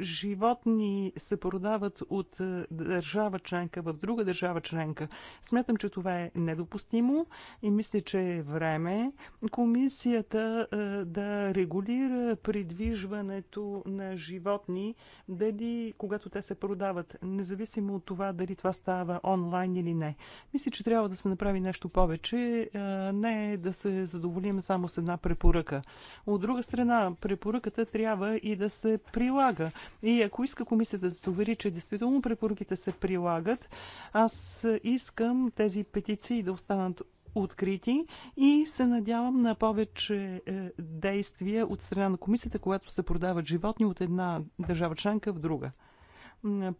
животни се продават от е, държава членка в друга държава членка. Смятам, че това е недопустимо и мисля, че е време комисията е, да регулира придвижването на животни, дали когато те се продават, независимо от това дали това става онлайн или не. Мисля, че трябва да се направи нещо повече, е, не да се задоволим само с една препоръка. От друга страна, препоръката трябва и да се прилага. И ако иска комисията да се увери, че действително препоръките се прилагат, аз искам тези петиции да останат открити и се надявам на повече е, действия от страна на комисията, когато се продават животни от една държава членка в друга.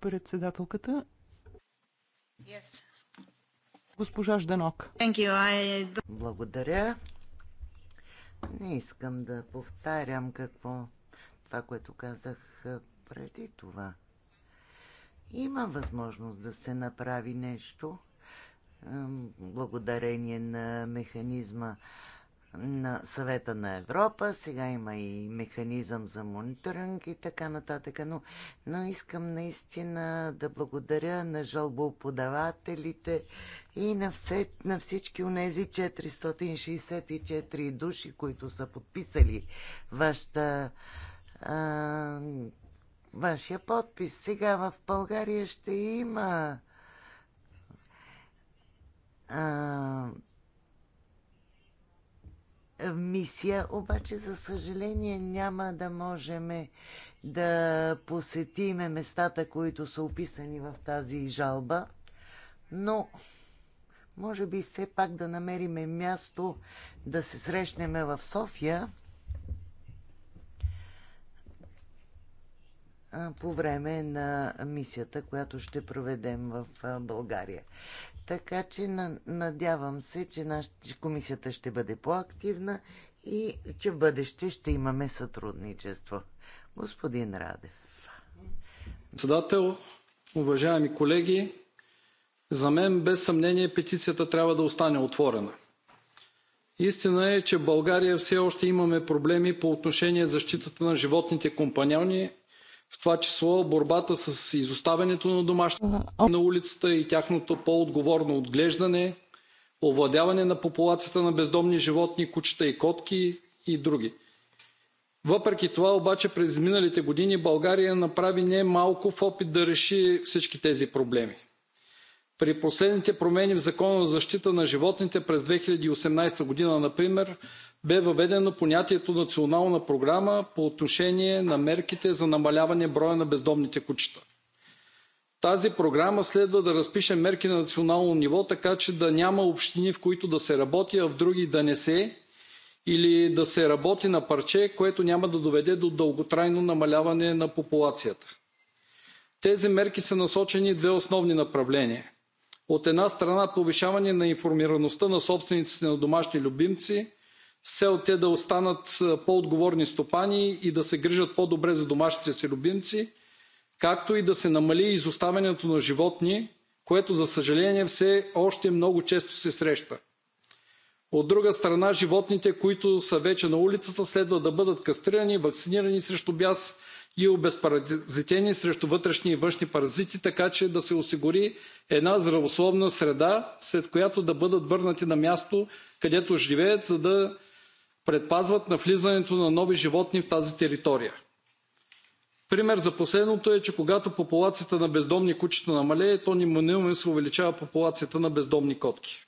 Председателката. Yes. Госпожа Жданок. I... Благодаря. Не искам да повтарям какво това, което казах преди това. Има възможност да се направи нещо благодарение на механизма на съвета на Европа, сега има и механизъм за мониторинг и така нататък, но, но искам наистина да благодаря на жалбоподавателите и на, все, на всички онези 464 души, които са подписали вашата вашия подпис. Сега в България ще има а, мисия, обаче за съжаление няма да можем да посетиме местата, които са описани в тази жалба, но може би все пак да намериме място да се срещнем в София по време на мисията, която ще проведем в България. Така че надявам се, че, комисията ще бъде по-активна и че в бъдеще ще имаме сътрудничество. Господин Радев. Председател, уважаеми колеги, за мен без съмнение петицията трябва да остане отворена. Истина е, че в България все още имаме проблеми по отношение защитата на животните компаньони това число борбата с изоставянето на домашните на улицата и тяхното по-отговорно отглеждане, овладяване на популацията на бездомни животни, кучета и котки и други. Въпреки това обаче през изминалите години България направи не малко в опит да реши всички тези проблеми. При последните промени в Закона за защита на животните през 2018 година, например, бе въведено понятието национална програма по отношение на мерките за намаляване броя на бездомните кучета. тази програма следва да разпише мерки на национално ниво, така че да няма общини, в които да се работи, а в други да не се или да се работи на парче, което няма да доведе до дълготрайно намаляване на популацията. Тези мерки са насочени в две основни направления. От една страна повишаване на информираността на собствениците на домашни любимци с цел те да останат по-отговорни стопани и да се грижат по-добре за домашните си любимци, както и да се намали изоставянето на животни, което за съжаление все още много често се среща. От друга страна, животните, които са вече на улицата, следва да бъдат кастрирани, вакцинирани срещу бяс и обезпаразитени срещу вътрешни и външни паразити, така че да се осигури една здравословна среда, след която да бъдат върнати на място, където живеят, за да предпазват навлизането на нови животни в тази територия. Пример за последното е, че когато популацията на бездомни кучета намалее, то неминуемо се увеличава популацията на бездомни котки.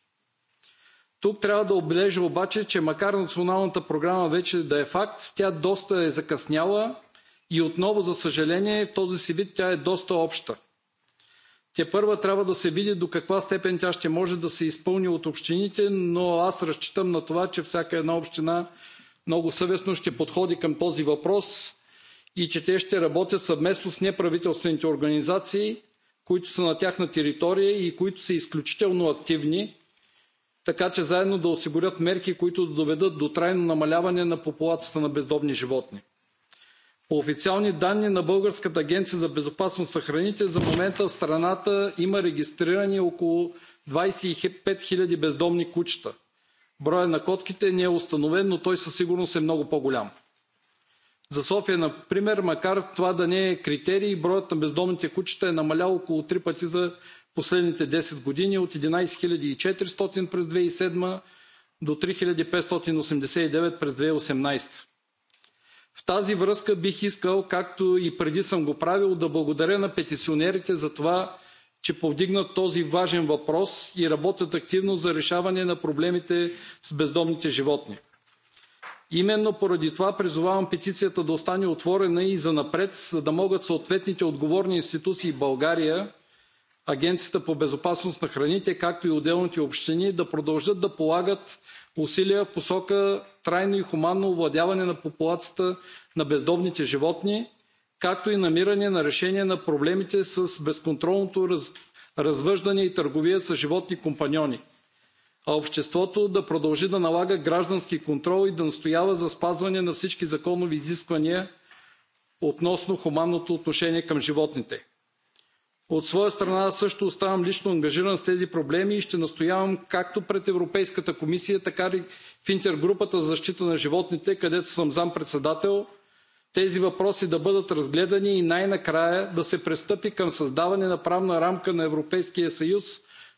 Тук трябва да отбележа обаче, че макар националната програма вече да е факт, тя доста е закъсняла и отново, за съжаление, в този си вид тя е доста обща. Тепърва трябва да се види до каква степен тя ще може да се изпълни от общините, но аз разчитам на това, че всяка една община много съвестно ще подходи към този въпрос и че те ще работят съвместно с неправителствените организации, които са на тяхна територия и които са изключително активни, така че заедно да осигурят мерки, които да доведат до трайно намаляване на популацията на бездомни животни. По официални данни на Българската агенция за безопасност на храните за момента в страната има регистрирани около 25 000 бездомни кучета. Броят на котките не е установен, но той със сигурност е много по-голям. За София, например, макар това да не е критерий, броят на бездомните кучета е намалял около три пъти за последните 10 години от 11 400 през 2007 до 3589 през 2018. В тази връзка бих искал, както и преди съм го правил, да благодаря на петиционерите за това, че повдигнат този важен въпрос и работят активно за решаване на проблемите с бездомните животни. Именно поради това призовавам петицията да остане отворена и занапред, за да могат съответните отговорни институции в България Агенцията по безопасност на храните, както и отделните общини да продължат да полагат усилия в посока трайно и хуманно овладяване на популацията на бездомните животни, както и намиране на решение на проблемите с безконтролното развъждане и търговия с животни компаньони, а обществото да продължи да налага граждански контрол и да настоява за спазване на всички законови изисквания относно хуманното отношение към животните. От своя страна също оставам лично ангажиран с тези проблеми и ще настоявам както пред Европейската комисия, така и в интергрупата за защита на животните, където съм заместник-председател, тези въпроси да бъдат разгледани и най-накрая да се пристъпи към създаване на правна рамка на Европейския съюз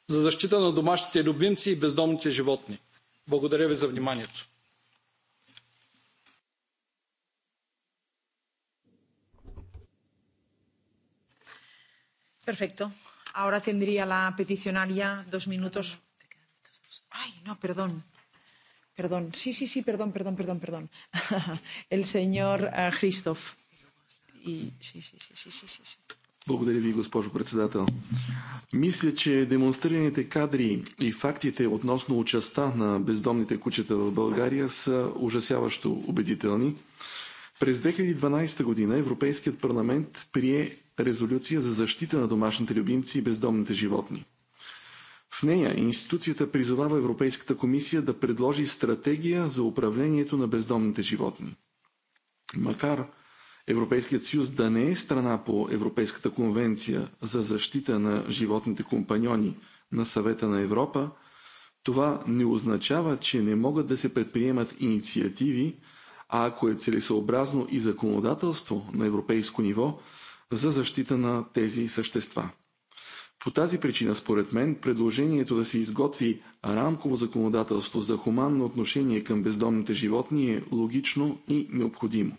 за защита на домашните любимци и бездомните животни. Благодаря ви за вниманието. Perfecto. Ahora tendría la peticionaria dos minutos. Ay, no, perdón. Perdón. Sí, sí, sí, perdón, perdón, perdón, perdón. El señor uh, Christoph. И... Sí, sí, sí, sí, sí, sí. sí. Благодаря ви, госпожо председател. Мисля, че демонстрираните кадри и фактите относно участа на бездомните кучета в България са ужасяващо убедителни. През 2012 година Европейският парламент прие резолюция за защита на домашните любимци и бездомните животни. В нея институцията призовава Европейската комисия да предложи стратегия за управлението на бездомните животни. Макар Европейският съюз да не е страна по Европейската конвенция за защита на животните компаньони на съвета на Европа, това не означава, че не могат да се предприемат инициативи, а ако е целесообразно и законодателство на европейско ниво, за защита на тези същества. По тази причина, според мен, предложението да се изготви рамково законодателство за хуманно отношение към бездомните животни е логично и необходимо.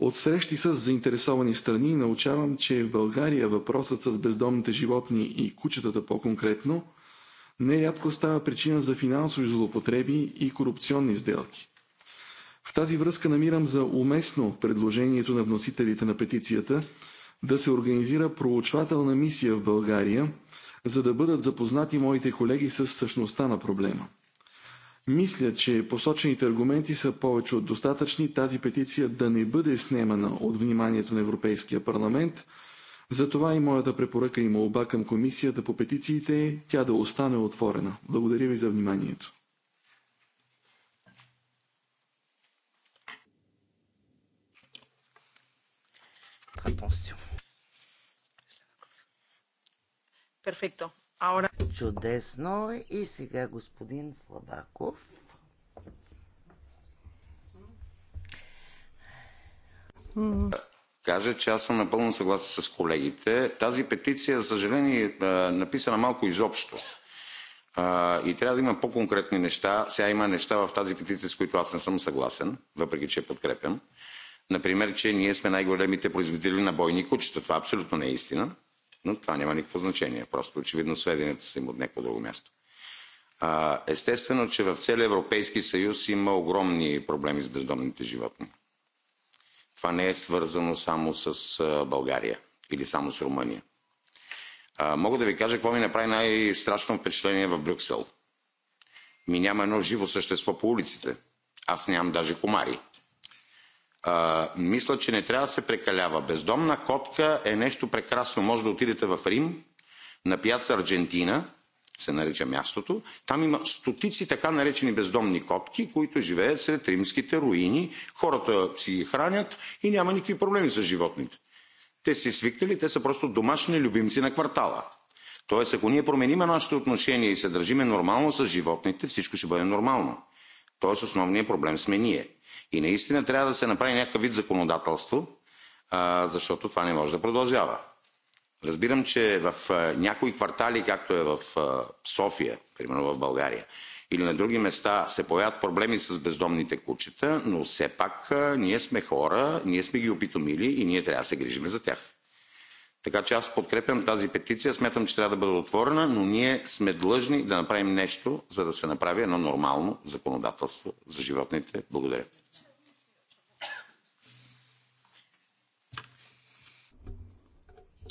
От срещи с заинтересовани страни научавам, че в България въпросът с бездомните животни и кучетата по-конкретно нерядко става причина за финансови злоупотреби и корупционни сделки. В тази връзка намирам за уместно предложението на вносителите на петицията да се организира проучвателна мисия в България, за да бъдат запознати моите колеги с същността на проблема. Мисля, че посочените аргументи са повече от достатъчни тази петиция да не бъде снемана от вниманието на Европейския парламент. Затова и моята препоръка и молба към Комисията по петициите е тя да остане отворена. Благодаря ви за вниманието. votre attention. Перфекто. Ahora... Чудесно. И сега господин Слабаков. Кажа, че аз съм напълно съгласен с колегите. Тази петиция, за съжаление, е написана малко изобщо. И трябва да има по-конкретни неща. Сега има неща в тази петиция, с които аз не съм съгласен, въпреки че я подкрепям например, че ние сме най-големите производители на бойни кучета. Това абсолютно не е истина, но това няма никакво значение. Просто очевидно сведенията са им от някакво друго място. А, естествено, че в целия Европейски съюз има огромни проблеми с бездомните животни. Това не е свързано само с България или само с Румъния. А, мога да ви кажа какво ми направи най-страшно впечатление в Брюксел. Ми няма едно живо същество по улиците. Аз нямам даже комари. А, мисля, че не трябва да се прекалява. Бездомна котка е нещо прекрасно. Може да отидете в Рим, на пияца Аржентина, се нарича мястото, там има стотици така наречени бездомни котки, които живеят сред римските руини, хората си ги хранят и няма никакви проблеми с животните. Те си свикнали, те са просто домашни любимци на квартала. Тоест, ако ние променим нашето отношение и се държиме нормално с животните, всичко ще бъде нормално. Тоест, основният проблем сме ние. И наистина трябва да се направи някакъв вид законодателство, защото това не може да продължава. Разбирам, че в някои квартали, както е в София, примерно в България, или на други места се появят проблеми с бездомните кучета, но все пак ние сме хора, ние сме ги опитомили и ние трябва да се грижим за тях. Така че аз подкрепям тази петиция, смятам, че трябва да бъде отворена, но ние сме длъжни да направим нещо, за да се направи едно нормално законодателство за животните. Благодаря.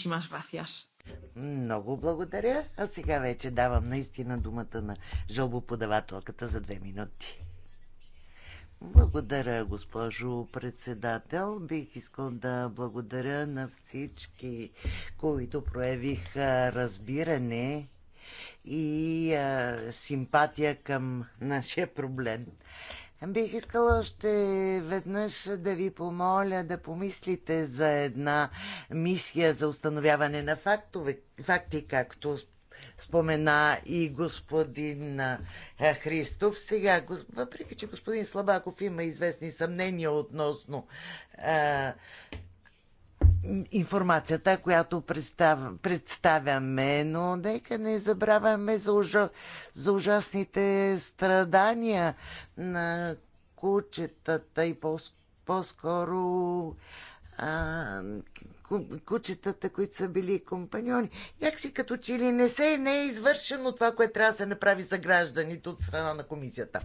muchísimas gracias. Много благодаря. А сега вече давам наистина думата на жълбоподавателката за две минути. Благодаря, госпожо председател. Бих искал да благодаря на всички, които проявиха разбиране и а, симпатия към нашия проблем. Бих искала още веднъж да ви помоля да помислите за една мисия за установяване на фактове, факти, както спомена и господин Христов. Сега, въпреки, че господин Слабаков има известни съмнения относно а, информацията, която представ, представяме, но нека не забравяме за, ужа, за ужасните страдания на кучетата и по-скоро кучетата, които са били компаньони. Някакси като че ли не се не е извършено това, което трябва да се направи за гражданите от страна на комисията.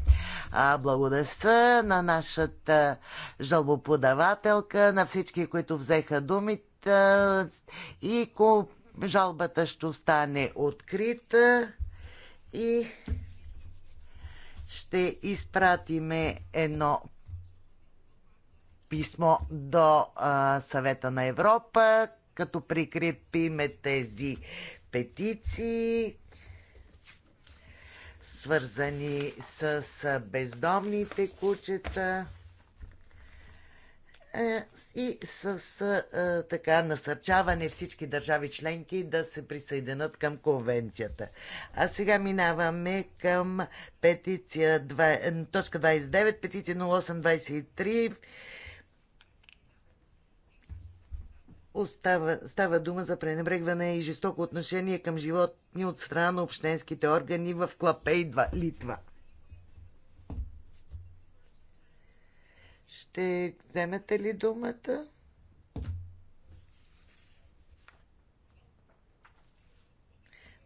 А, благодаря на нашата жалбоподавателка, на всички, които взеха думите и ко жалбата ще остане открита и ще изпратиме едно писмо до а, Съвета на Европа, като прикрепиме тези петиции, свързани с бездомните кучета е, и с, с така насърчаване всички държави членки да се присъединят към конвенцията. А сега минаваме към петиция 2, точка 29, петиция 0823 Остава, става дума за пренебрегване и жестоко отношение към животни от страна на общенските органи в Клапей, Литва. Ще вземете ли думата?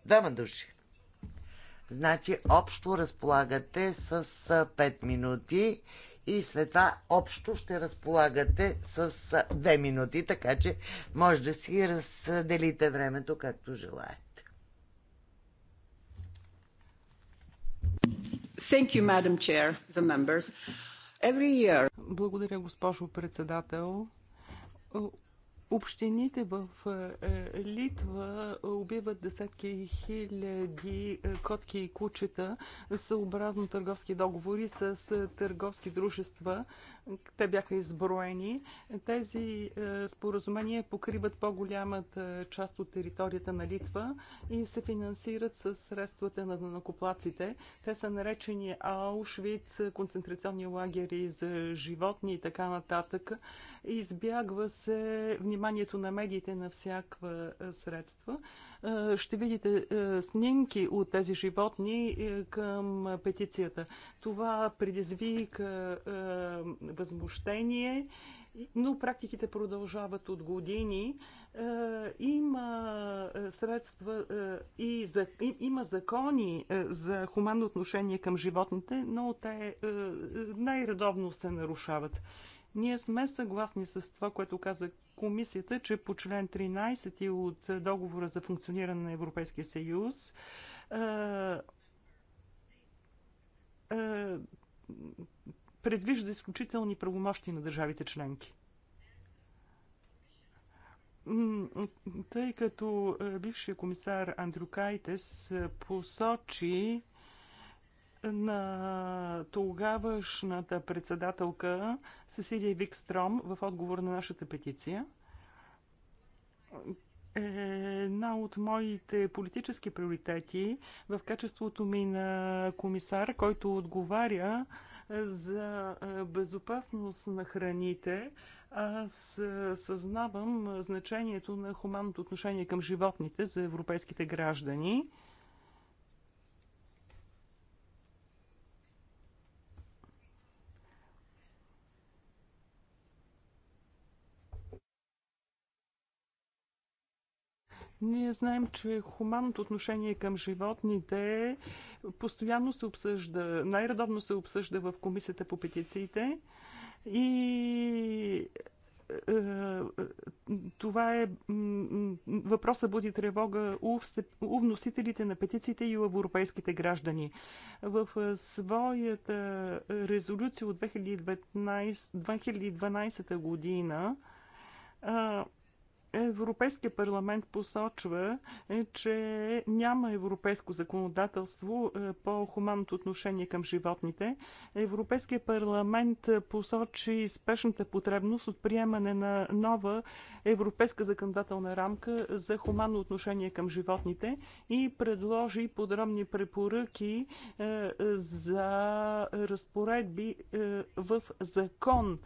Двама души. Значи общо разполагате с 5 минути и след това общо ще разполагате с две минути, така че може да си разделите времето както желаете. Thank you, Madam Chair, the members. Every year... Благодаря, госпожо председател. Общините в е, е, Литва е, убиват десетки хиляди котки и кучета съобразно търговски договори с търговски дружества, те бяха изброени. Тези е, споразумения покриват по-голямата част от територията на Литва и се финансират с средствата на накоплаците. Те са наречени Аушвиц, концентрационни лагери за животни и така нататък. Избягва се вниманието на медиите на всякаква е, средства. Е, ще видите е, снимки от тези животни е, към петицията. Това предизвика възмущение но практиките продължават от години. Има средства и за, има закони за хуманно отношение към животните, но те най-редовно се нарушават. Ние сме съгласни с това, което каза комисията, че по член 13 от договора за функциониране на Европейския съюз предвижда изключителни правомощи на държавите членки. Тъй като бившия комисар Андрю Кайтес посочи, на тогавашната председателка Сесилия Викстром в отговор на нашата петиция. Една от моите политически приоритети в качеството ми на комисар, който отговаря за безопасност на храните, аз съзнавам значението на хуманното отношение към животните за европейските граждани. Ние знаем, че хуманното отношение към животните постоянно се обсъжда, най-редовно се обсъжда в Комисията по петициите и е, е, това е въпроса буди тревога у вносителите на петициите и у европейските граждани. В е, своята резолюция от 2012, 2012 година Европейския парламент посочва, е, че няма европейско законодателство е, по хуманното отношение към животните. Европейския парламент посочи спешната потребност от приемане на нова европейска законодателна рамка за хуманно отношение към животните и предложи подробни препоръки е, за разпоредби в закон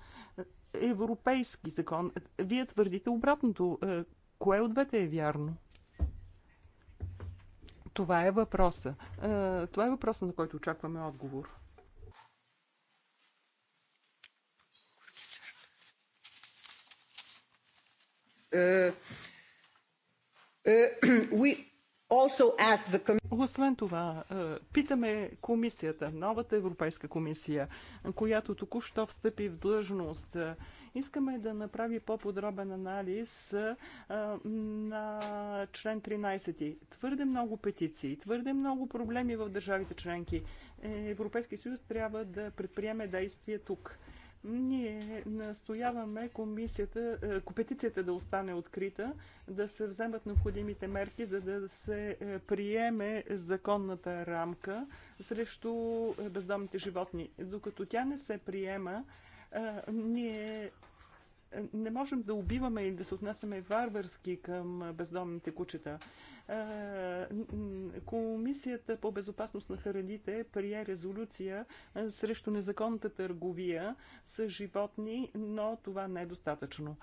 европейски закон. Вие твърдите обратното. Е, кое от двете е вярно? Това е въпроса. Е, това е въпроса, на който очакваме отговор. Uh, uh, we освен това, е, питаме комисията, новата Европейска комисия, която току-що встъпи в длъжност. Искаме да направи по-подробен анализ е, на член 13. Твърде много петиции, твърде много проблеми в държавите членки. Европейския съюз трябва да предприеме действия тук. Ние настояваме комисията, е, компетицията да остане открита, да се вземат необходимите мерки, за да се е, приеме законната рамка срещу е, бездомните животни. Докато тя не се приема, ние е, не можем да убиваме или да се отнасяме варварски към бездомните кучета. Е, Комисията по безопасност на храните прие резолюция е, срещу незаконната търговия с животни, но това не е достатъчно.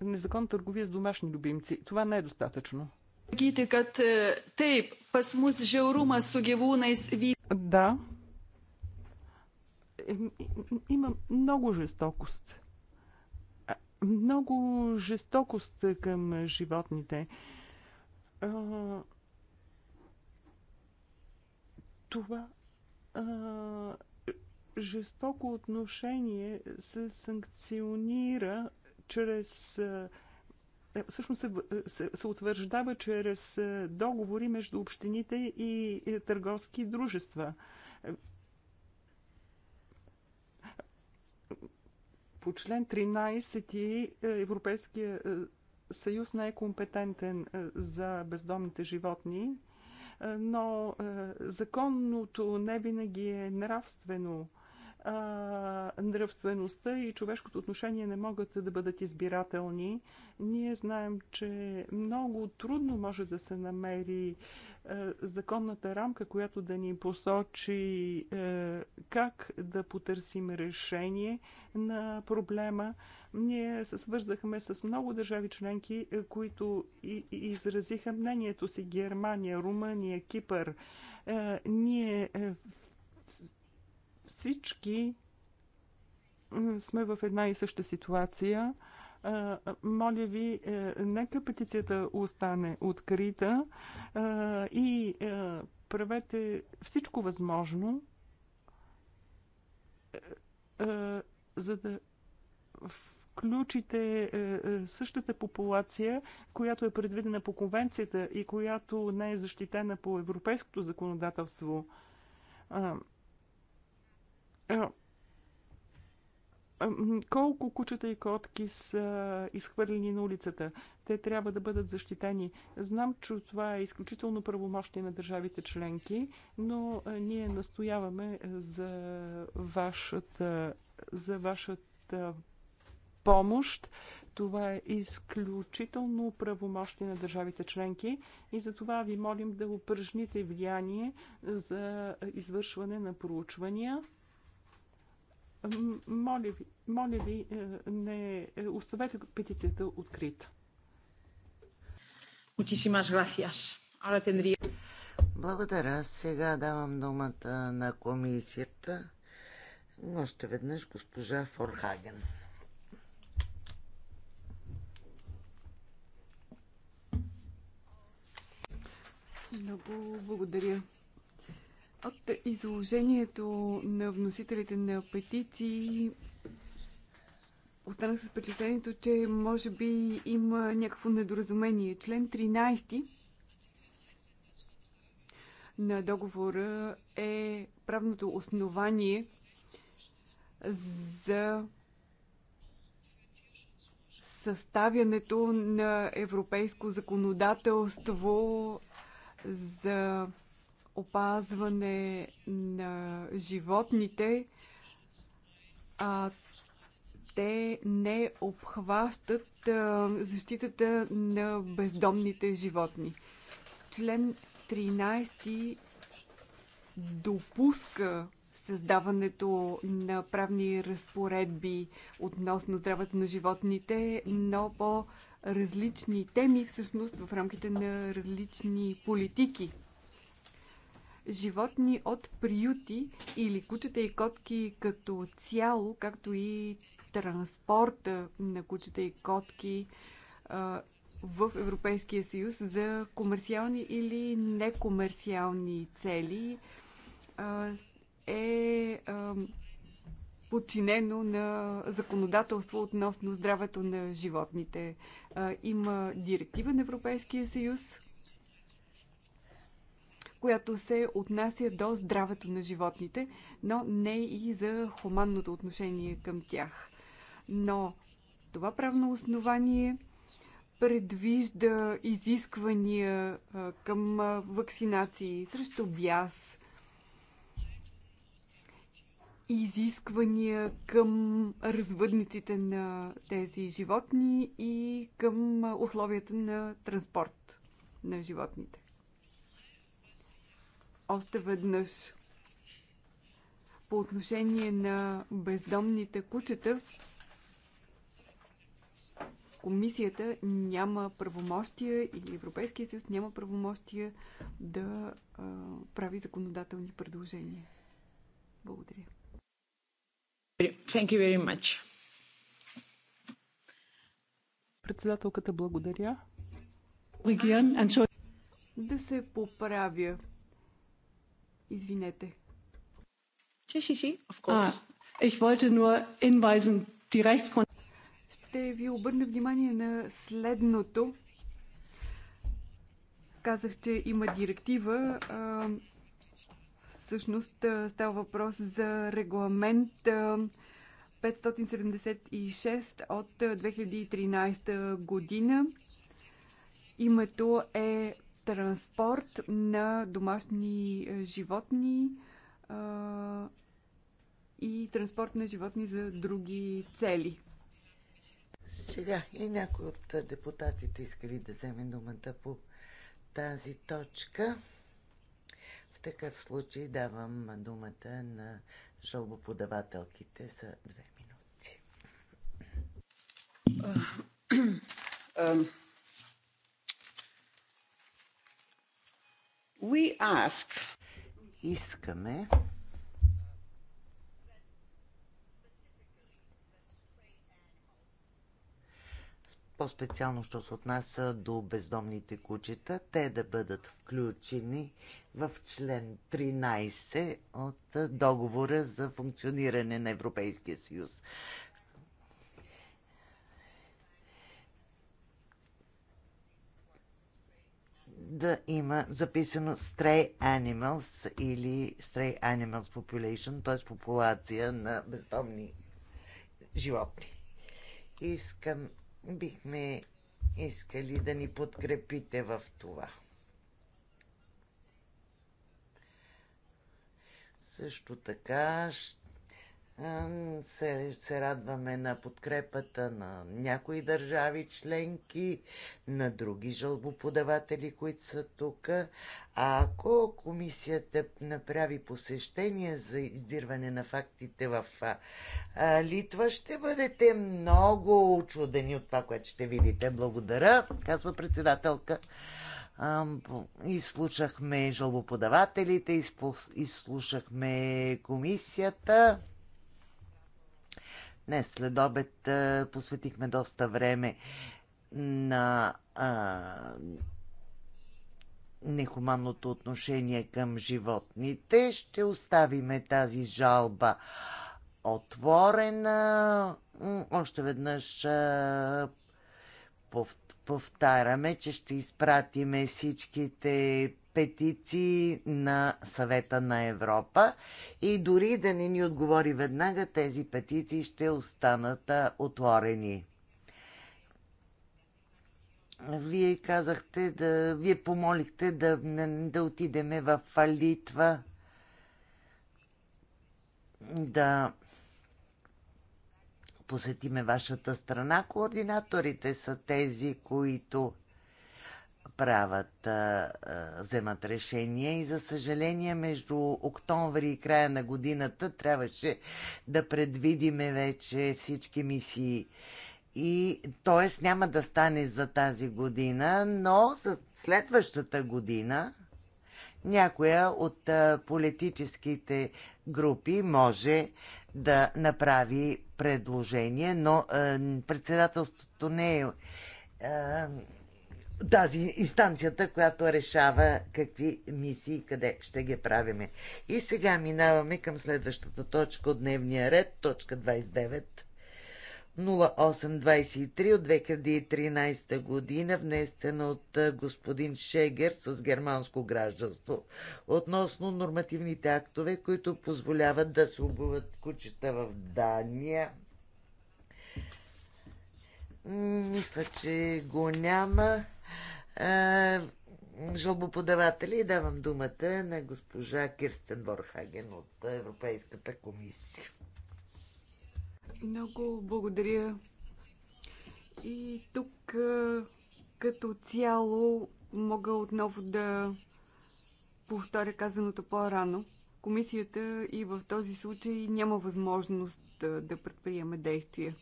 Незаконна търговия с домашни любимци. Това не е достатъчно. Да. Има много жестокост много жестокост към животните. Това жестоко отношение се санкционира чрез е, всъщност се, се, се утвърждава чрез договори между общините и търговски дружества. По член 13 е, Европейския е, съюз не е компетентен е, за бездомните животни, но законното не винаги е нравствено а, нравствеността и човешкото отношение не могат да бъдат избирателни. Ние знаем, че много трудно може да се намери а, законната рамка, която да ни посочи а, как да потърсим решение на проблема. Ние се свързахме с много държави членки, които и, и изразиха мнението си Германия, Румъния, Кипър. А, ние всички сме в една и съща ситуация. Моля ви, е, нека петицията остане открита и е, правете всичко възможно, е, за да включите същата популация, която е предвидена по конвенцията и която не е защитена по европейското законодателство. Колко кучета и котки са изхвърлени на улицата? Те трябва да бъдат защитени. Знам, че това е изключително правомощие на държавите членки, но ние настояваме за вашата, за вашата помощ. Това е изключително правомощие на държавите членки и за това ви молим да упражните влияние за извършване на проучвания моля ви, моля ви, е, не е, оставете петицията открита. Благодаря. Сега давам думата на комисията. Но още веднъж госпожа Форхаген. Много благодаря, от изложението на вносителите на петиции останах с впечатлението, че може би има някакво недоразумение. Член 13 на договора е правното основание за съставянето на европейско законодателство за опазване на животните, а те не обхващат а, защитата на бездомните животни. Член 13 допуска създаването на правни разпоредби относно здравето на животните, но по различни теми, всъщност в рамките на различни политики животни от приюти или кучета и котки като цяло, както и транспорта на кучета и котки в Европейския съюз за комерциални или некомерциални цели е подчинено на законодателство относно здравето на животните. Има директива на Европейския съюз, която се отнася до здравето на животните, но не и за хуманното отношение към тях. Но това правно основание предвижда изисквания към вакцинации срещу бяс, изисквания към развъдниците на тези животни и към условията на транспорт на животните още веднъж. По отношение на бездомните кучета, комисията няма правомощия или Европейския съюз няма правомощия да а, прави законодателни предложения. Благодаря. Thank you very much. Председателката благодаря. Да се поправя. Извинете. Ще ви обърна внимание на следното. Казах, че има директива. А, всъщност става въпрос за регламент 576 от 2013 година. Името е транспорт на домашни е, животни а, и транспорт на животни за други цели. Сега и някой от е, депутатите искали да вземе думата по тази точка. В такъв случай давам думата на жалбоподавателките за две минути. Искаме по-специално, що се отнася до бездомните кучета, те да бъдат включени в член 13 от договора за функциониране на Европейския съюз. да има записано Stray Animals или Stray Animals Population, т.е. популация на бездомни животни. Искам, бихме искали да ни подкрепите в това. Също така ще се, се радваме на подкрепата на някои държави членки, на други жалбоподаватели, които са тук. А ако комисията направи посещение за издирване на фактите в Литва, ще бъдете много очудени от това, което ще видите. Благодаря, казва председателка. Изслушахме жалбоподавателите, изслушахме комисията. Днес след обед посветихме доста време на а, нехуманното отношение към животните. Ще оставиме тази жалба отворена. Още веднъж а, повтаряме, че ще изпратиме всичките петиции на съвета на Европа и дори да не ни отговори веднага, тези петиции ще останат отворени. Вие казахте да... Вие помолихте да, да отидеме в Литва да посетиме вашата страна. Координаторите са тези, които правят, а, а, вземат решения и за съжаление между октомври и края на годината трябваше да предвидиме вече всички мисии. И т.е. няма да стане за тази година, но за следващата година някоя от а, политическите групи може да направи предложение, но а, председателството не е а, тази инстанцията, която решава какви мисии къде ще ги правиме. И сега минаваме към следващата точка от дневния ред, точка 29. 0823 от 2013 година, внесена от господин Шегер с германско гражданство, относно нормативните актове, които позволяват да се обуват кучета в Дания. Мисля, че го няма жалбоподаватели. Давам думата на госпожа Кирстен Борхаген от Европейската комисия. Много благодаря. И тук като цяло мога отново да повторя казаното по-рано. Комисията и в този случай няма възможност да предприеме действия.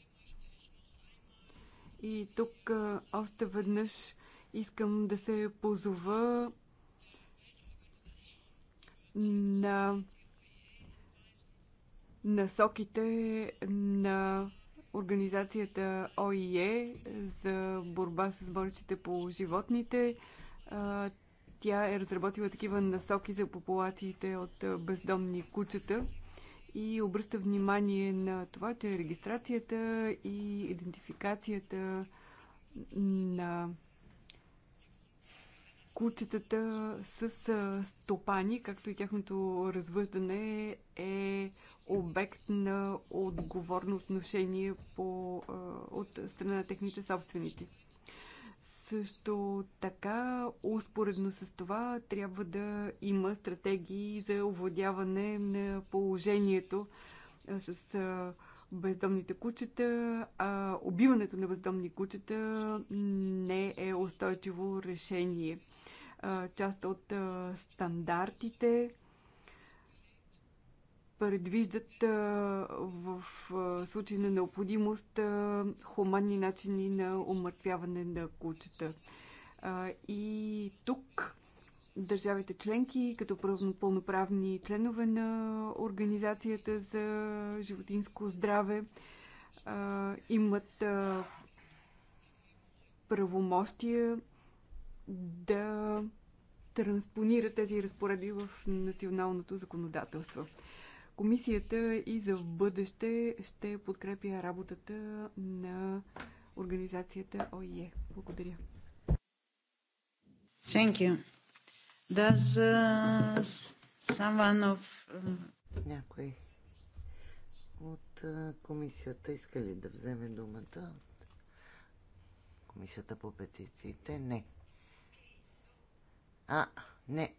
И тук още веднъж Искам да се позова на насоките на организацията ОИЕ за борба с болестите по животните. Тя е разработила такива насоки за популациите от бездомни кучета и обръща внимание на това, че регистрацията и идентификацията на кучетата с стопани, както и тяхното развъждане е обект на отговорно отношение по, от страна на техните собственици. Също така, успоредно с това, трябва да има стратегии за овладяване на положението с бездомните кучета, а убиването на бездомни кучета не е устойчиво решение. Част от стандартите предвиждат в случай на необходимост хуманни начини на умъртвяване на кучета. И тук държавите членки като пълноправни членове на Организацията за животинско здраве имат правомощия да транспонират тези разпоредби в националното законодателство. Комисията и за в бъдеще ще подкрепя работата на организацията ОИЕ. Благодаря. Thank you. Does someone of... Някой от комисията иска ли да вземе думата? Комисията по петициите? Не. А, не.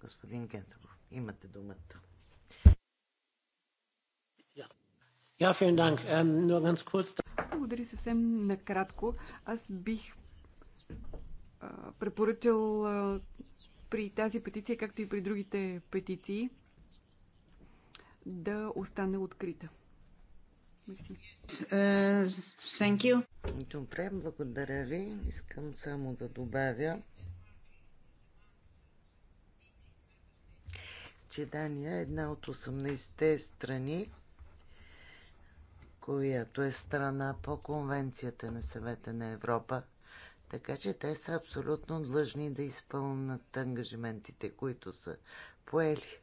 Господин Гентров, имате думата. Ähm, Благодаря съвсем накратко. Аз бих препоръчал при тази петиция, както и при другите петиции, да остане открита. Мерси. Uh, Добре, благодаря ви. Искам само да добавя, че Дания е една от 18-те страни, която е страна по Конвенцията на съвета на Европа така че те са абсолютно длъжни да изпълнат ангажиментите, които са поели.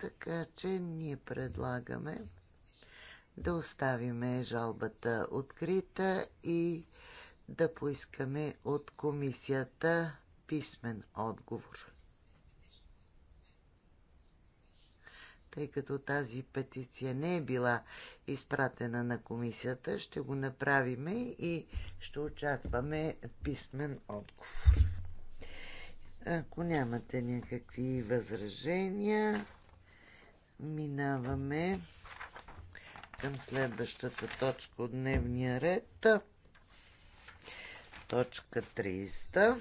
Така че ние предлагаме да оставиме жалбата открита и да поискаме от комисията писмен отговор. тъй като тази петиция не е била изпратена на комисията, ще го направиме и ще очакваме писмен отговор. Ако нямате някакви възражения, минаваме към следващата точка от дневния ред. Точка 300.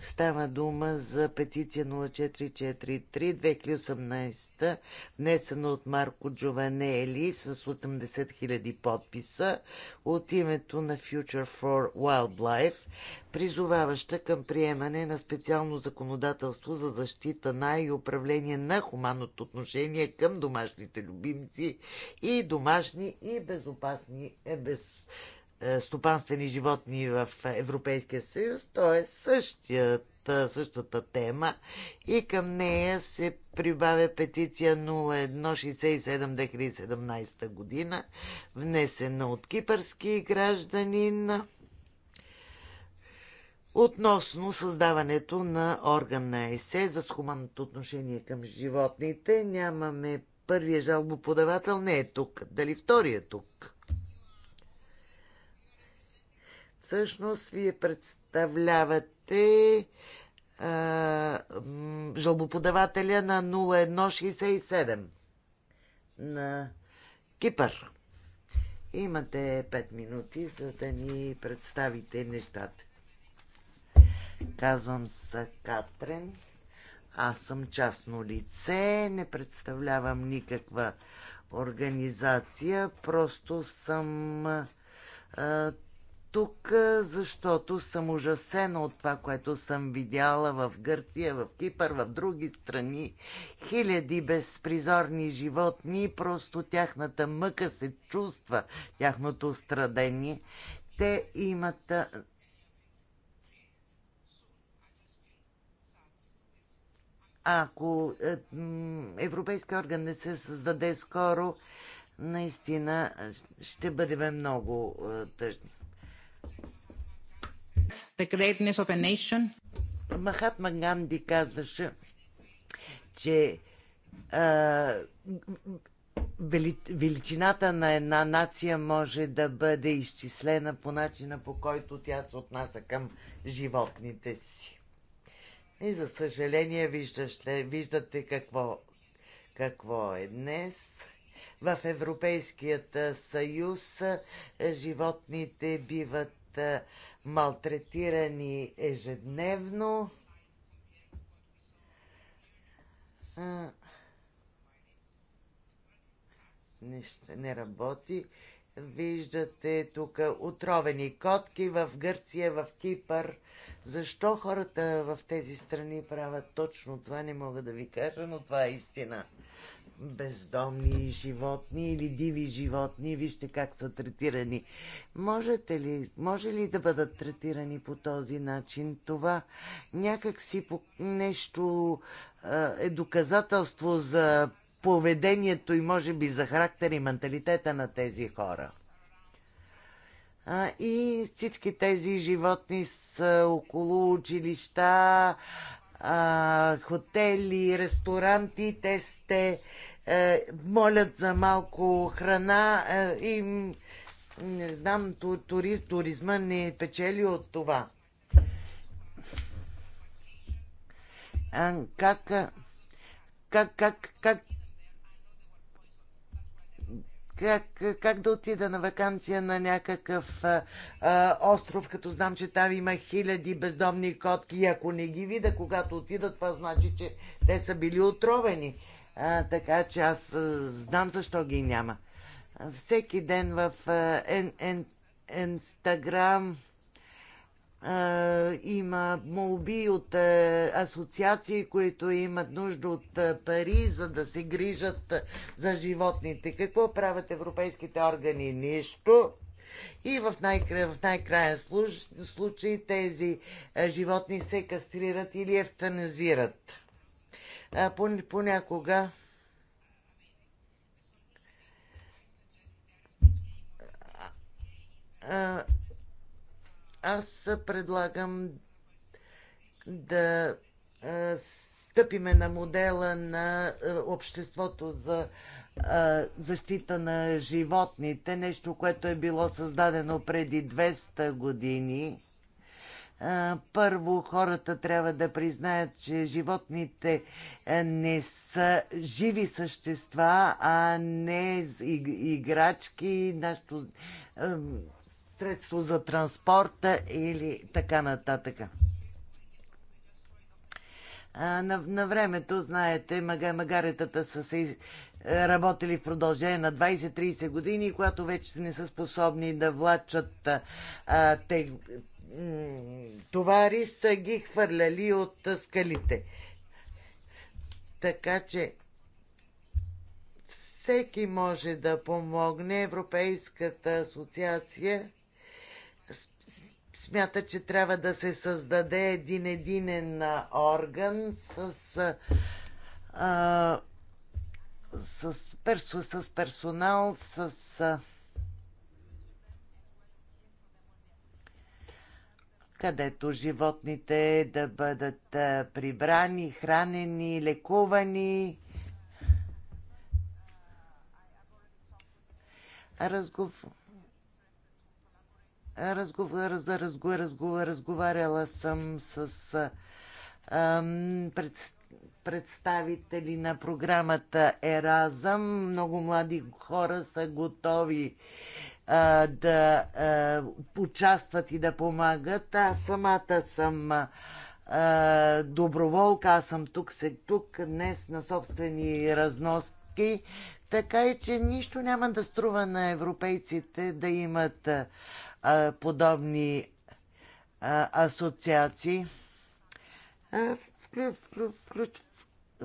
Става дума за петиция 0443-2018, внесена от Марко Джованели с 80 000 подписа от името на Future for Wildlife, призоваваща към приемане на специално законодателство за защита на и управление на хуманното отношение към домашните любимци и домашни и безопасни, е, без, е, стопанствени животни в Европейския съюз. То е същата, е, същата тема и към нея се прибавя петиция 0167-2017 година, внесена от кипърски гражданин относно създаването на орган на ЕСЕ за хуманното отношение към животните. Нямаме първия жалбоподавател, не е тук. Дали втория е тук? всъщност вие представлявате а, жалбоподавателя на 0167 на Кипър. Имате 5 минути, за да ни представите нещата. Казвам се Катрен. Аз съм частно лице, не представлявам никаква организация, просто съм а, тук, защото съм ужасена от това, което съм видяла в Гърция, в Кипър, в други страни. Хиляди безпризорни животни, просто тяхната мъка се чувства, тяхното страдение. Те имат ако е, Европейски орган не се създаде скоро, наистина ще бъдем много тъжни. Махатма Ганди казваше, че а, вели, величината на една нация може да бъде изчислена по начина по който тя се отнася към животните си. И за съжаление виждаш, виждате какво, какво е днес в Европейският съюз животните биват малтретирани ежедневно. Нещо не работи. Виждате тук отровени котки в Гърция, в Кипър. Защо хората в тези страни правят точно това, не мога да ви кажа, но това е истина бездомни животни или диви животни. Вижте как са третирани. Можете ли, може ли да бъдат третирани по този начин? Това някакси по нещо е доказателство за поведението и може би за характер и менталитета на тези хора. А, и всички тези животни са около училища, а, хотели, ресторанти, те сте е, молят за малко храна е, и не знам, турист, туризма не печели от това. А, как, как, как, как, как, как да отида на вакансия на някакъв а, а, остров, като знам, че там има хиляди бездомни котки и ако не ги видя, когато отида, това значи, че те са били отровени. А, така че аз а, знам защо ги няма. Всеки ден в а, ен, ен, Инстаграм има молби от е, асоциации, които имат нужда от е, пари, за да се грижат за животните. Какво правят европейските органи? Нищо. И в, най- в най-краен случай тези е, животни се кастрират или евтаназират. Понякога По- аз предлагам да стъпиме на модела на обществото за защита на животните, нещо, което е било създадено преди 200 години. Първо, хората трябва да признаят, че животните не са живи същества, а не играчки. Нашето средство за транспорта или така нататък. на, на времето, знаете, мага, магаретата са се е, работили в продължение на 20-30 години, когато вече не са способни да влачат а, те, товари, са ги хвърляли от скалите. Така че всеки може да помогне. Европейската асоциация смята, че трябва да се създаде един единен орган с, а, с, персо, с персонал, с. А, където животните да бъдат прибрани, хранени, лекувани. Разговор разговаряла съм с ам, пред, представители на програмата Еразъм. Много млади хора са готови а, да а, участват и да помагат. Аз самата съм а, доброволка, аз съм тук, се тук днес на собствени разноски, така и че нищо няма да струва на европейците да имат подобни асоциации,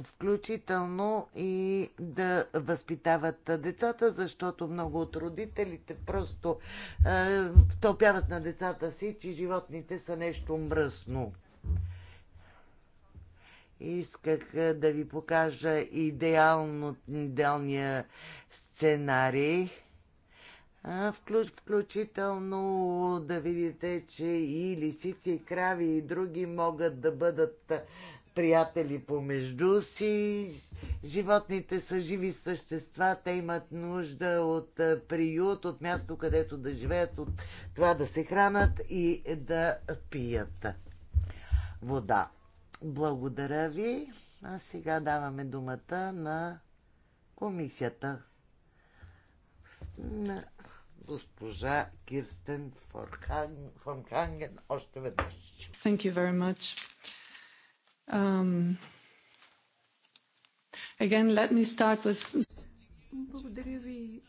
включително и да възпитават децата, защото много от родителите просто втълпяват на децата си, че животните са нещо мръсно. Исках да ви покажа идеално, идеалния сценарий – включително да видите, че и лисици, и крави и други могат да бъдат приятели помежду си. Животните са живи същества, те имат нужда от приют, от място, където да живеят, от това да се хранат и да пият вода. Благодаря ви. А сега даваме думата на комисията на госпожа Кирстен Ханген още веднъж. Thank you very much. Um, again, let me start with... Благодаря ви.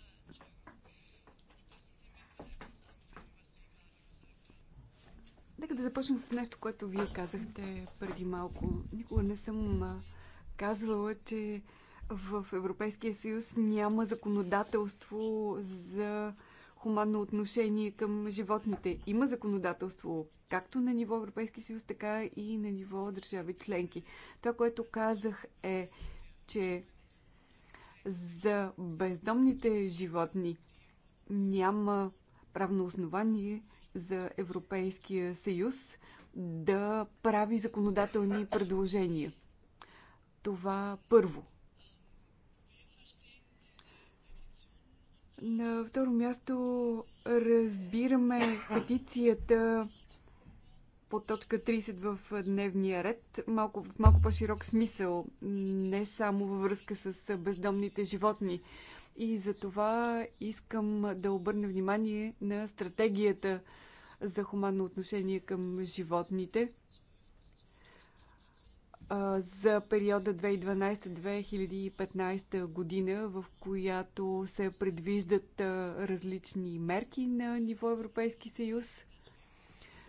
Нека да започна с нещо, което вие казахте преди малко. Никога не съм казвала, че в Европейския съюз няма законодателство за хуманно отношение към животните. Има законодателство както на ниво Европейски съюз, така и на ниво държави членки. Това, което казах е, че за бездомните животни няма правно основание за Европейския съюз да прави законодателни предложения. Това първо. На второ място разбираме петицията по точка 30 в дневния ред, малко, в малко по-широк смисъл, не само във връзка с бездомните животни. И за това искам да обърна внимание на стратегията за хуманно отношение към животните – за периода 2012-2015 година, в която се предвиждат различни мерки на ниво Европейски съюз.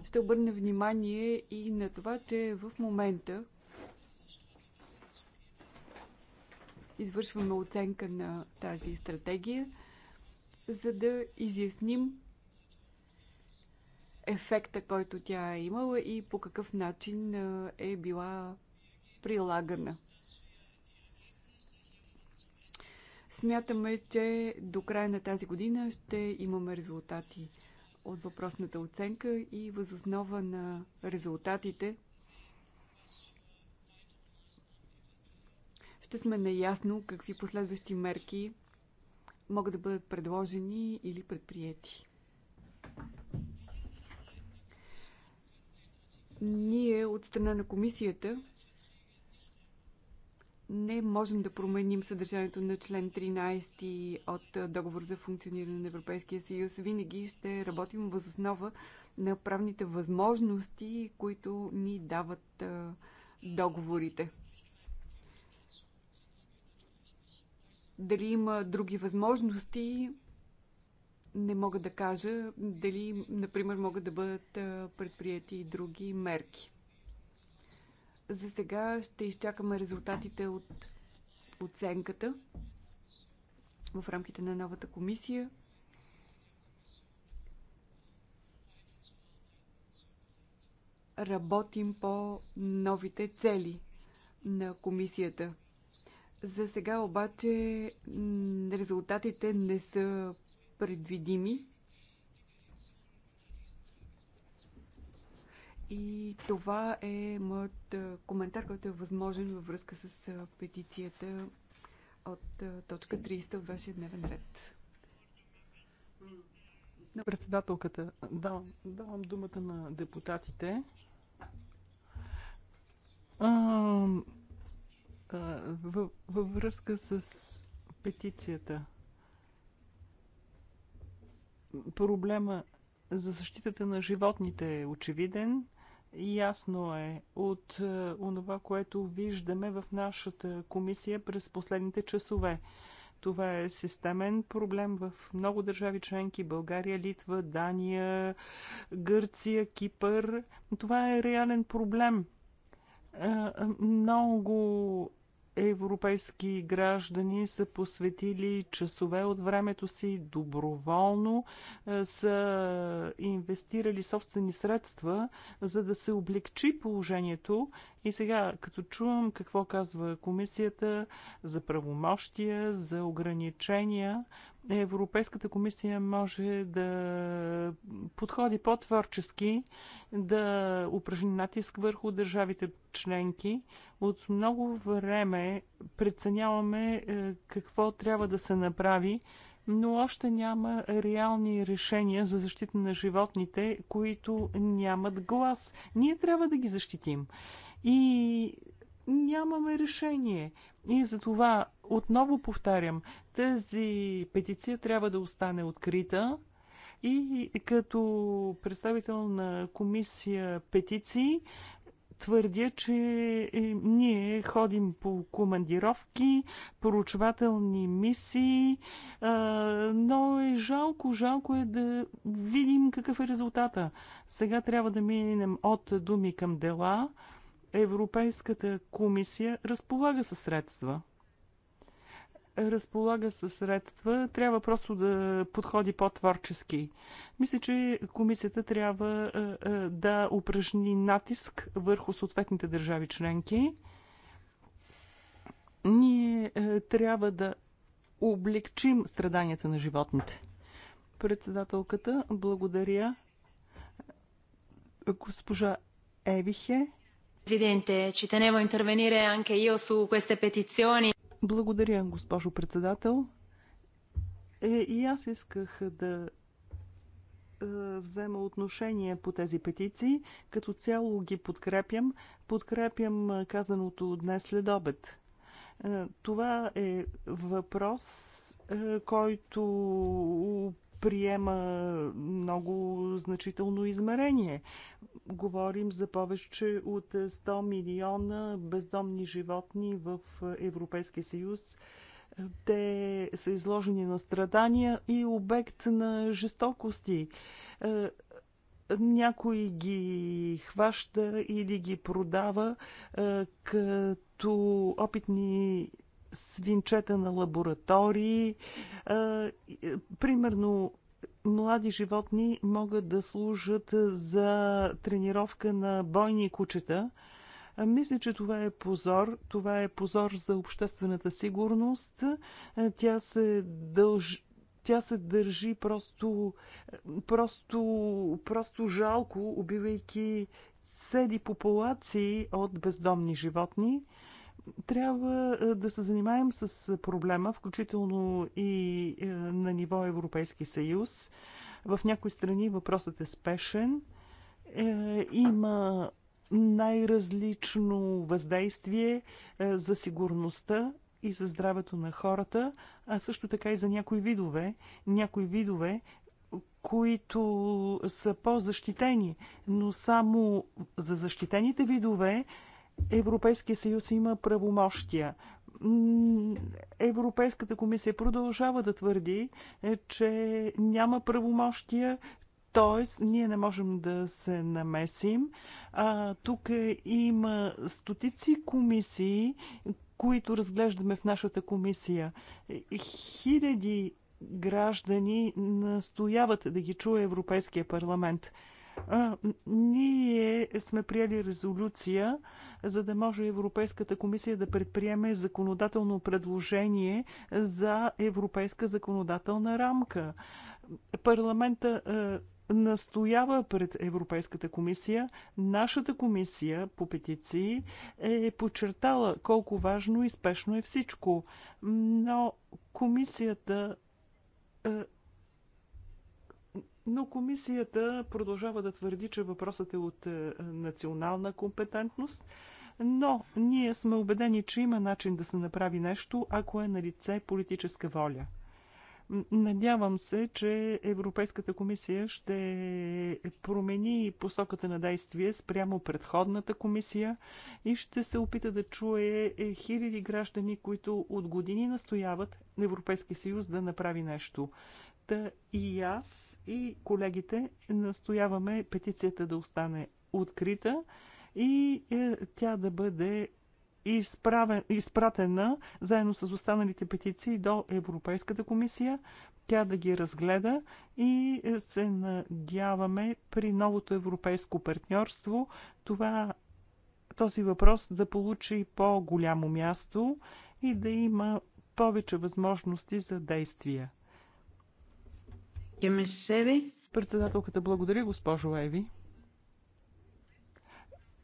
Ще обърна внимание и на това, че в момента извършваме оценка на тази стратегия, за да изясним ефекта, който тя е имала и по какъв начин е била прилагана. Смятаме, че до края на тази година ще имаме резултати от въпросната оценка и възоснова на резултатите ще сме наясно какви последващи мерки могат да бъдат предложени или предприяти. Ние от страна на комисията не можем да променим съдържанието на член 13 от договор за функциониране на Европейския съюз. Винаги ще работим възоснова на правните възможности, които ни дават договорите. Дали има други възможности, не мога да кажа. Дали, например, могат да бъдат предприяти и други мерки. За сега ще изчакаме резултатите от оценката в рамките на новата комисия. Работим по новите цели на комисията. За сега обаче резултатите не са предвидими. И това е моят коментар, който е възможен във връзка с петицията от точка 30 от вашия дневен ред. На председателката давам, давам думата на депутатите. А, а, във, във връзка с петицията. Проблема за защитата на животните е очевиден. Ясно е от е, онова, което виждаме в нашата комисия през последните часове. Това е системен проблем в много държави членки България, Литва, Дания, Гърция, Кипър. Това е реален проблем. Е, е, много европейски граждани са посветили часове от времето си доброволно, е, са инвестирали собствени средства, за да се облегчи положението и сега, като чувам какво казва комисията за правомощия, за ограничения, Европейската комисия може да подходи по-творчески, да упражни натиск върху държавите членки. От много време преценяваме е, какво трябва да се направи, но още няма реални решения за защита на животните, които нямат глас. Ние трябва да ги защитим и нямаме решение. И за това, отново повтарям, тази петиция трябва да остане открита и като представител на комисия петиции твърдя, че е, ние ходим по командировки, поручвателни мисии, но е жалко, жалко е да видим какъв е резултата. Сега трябва да минем от думи към дела. Европейската комисия разполага със средства. Разполага със средства, трябва просто да подходи по-творчески. Мисля, че комисията трябва да упражни натиск върху съответните държави членки. Ние трябва да облегчим страданията на животните. Председателката, благодаря госпожа Евихе. Президенте, че tenevo a intervenire anche io su queste Благодаря, госпожо председател. Е, и аз исках да е, взема отношение по тези петиции. Като цяло ги подкрепям. Подкрепям е, казаното днес след обед. Е, това е въпрос, който приема много значително измерение. Говорим за повече от 100 милиона бездомни животни в Европейския съюз. Те са изложени на страдания и обект на жестокости. Някой ги хваща или ги продава като опитни свинчета на лаборатории. Е, е, примерно, млади животни могат да служат за тренировка на бойни кучета. Е, мисля, че това е позор. Това е позор за обществената сигурност. Тя се дължи тя се държи просто, просто, просто жалко, убивайки цели популации от бездомни животни. Трябва е, да се занимаем с е, проблема, включително и е, на ниво Европейски съюз. В някои страни въпросът е спешен. Има най-различно въздействие за сигурността и за здравето на хората, а също така и за някои видове, някои видове, които са по-защитени, но само за защитените видове Европейския съюз има правомощия. Европейската комисия продължава да твърди, е, че няма правомощия, т.е. ние не можем да се намесим. А, тук има стотици комисии, които разглеждаме в нашата комисия. Хиляди граждани настояват да ги чуе Европейския парламент. А, ние сме приели резолюция, за да може Европейската комисия да предприеме законодателно предложение за европейска законодателна рамка. Парламента е, настоява пред Европейската комисия. Нашата комисия по петиции е подчертала колко важно и спешно е всичко. Но комисията е, но комисията продължава да твърди, че въпросът е от е, национална компетентност, но ние сме убедени, че има начин да се направи нещо, ако е на лице политическа воля. Надявам се, че Европейската комисия ще промени посоката на действие спрямо предходната комисия и ще се опита да чуе е, хиляди граждани, които от години настояват Европейския съюз да направи нещо. Та и аз, и колегите настояваме петицията да остане открита и е, тя да бъде изправен, изпратена заедно с останалите петиции до Европейската комисия. Тя да ги разгледа и е, се надяваме при новото европейско партньорство това, този въпрос да получи по-голямо място и да има повече възможности за действия. Председателката благодаря, госпожо Еви.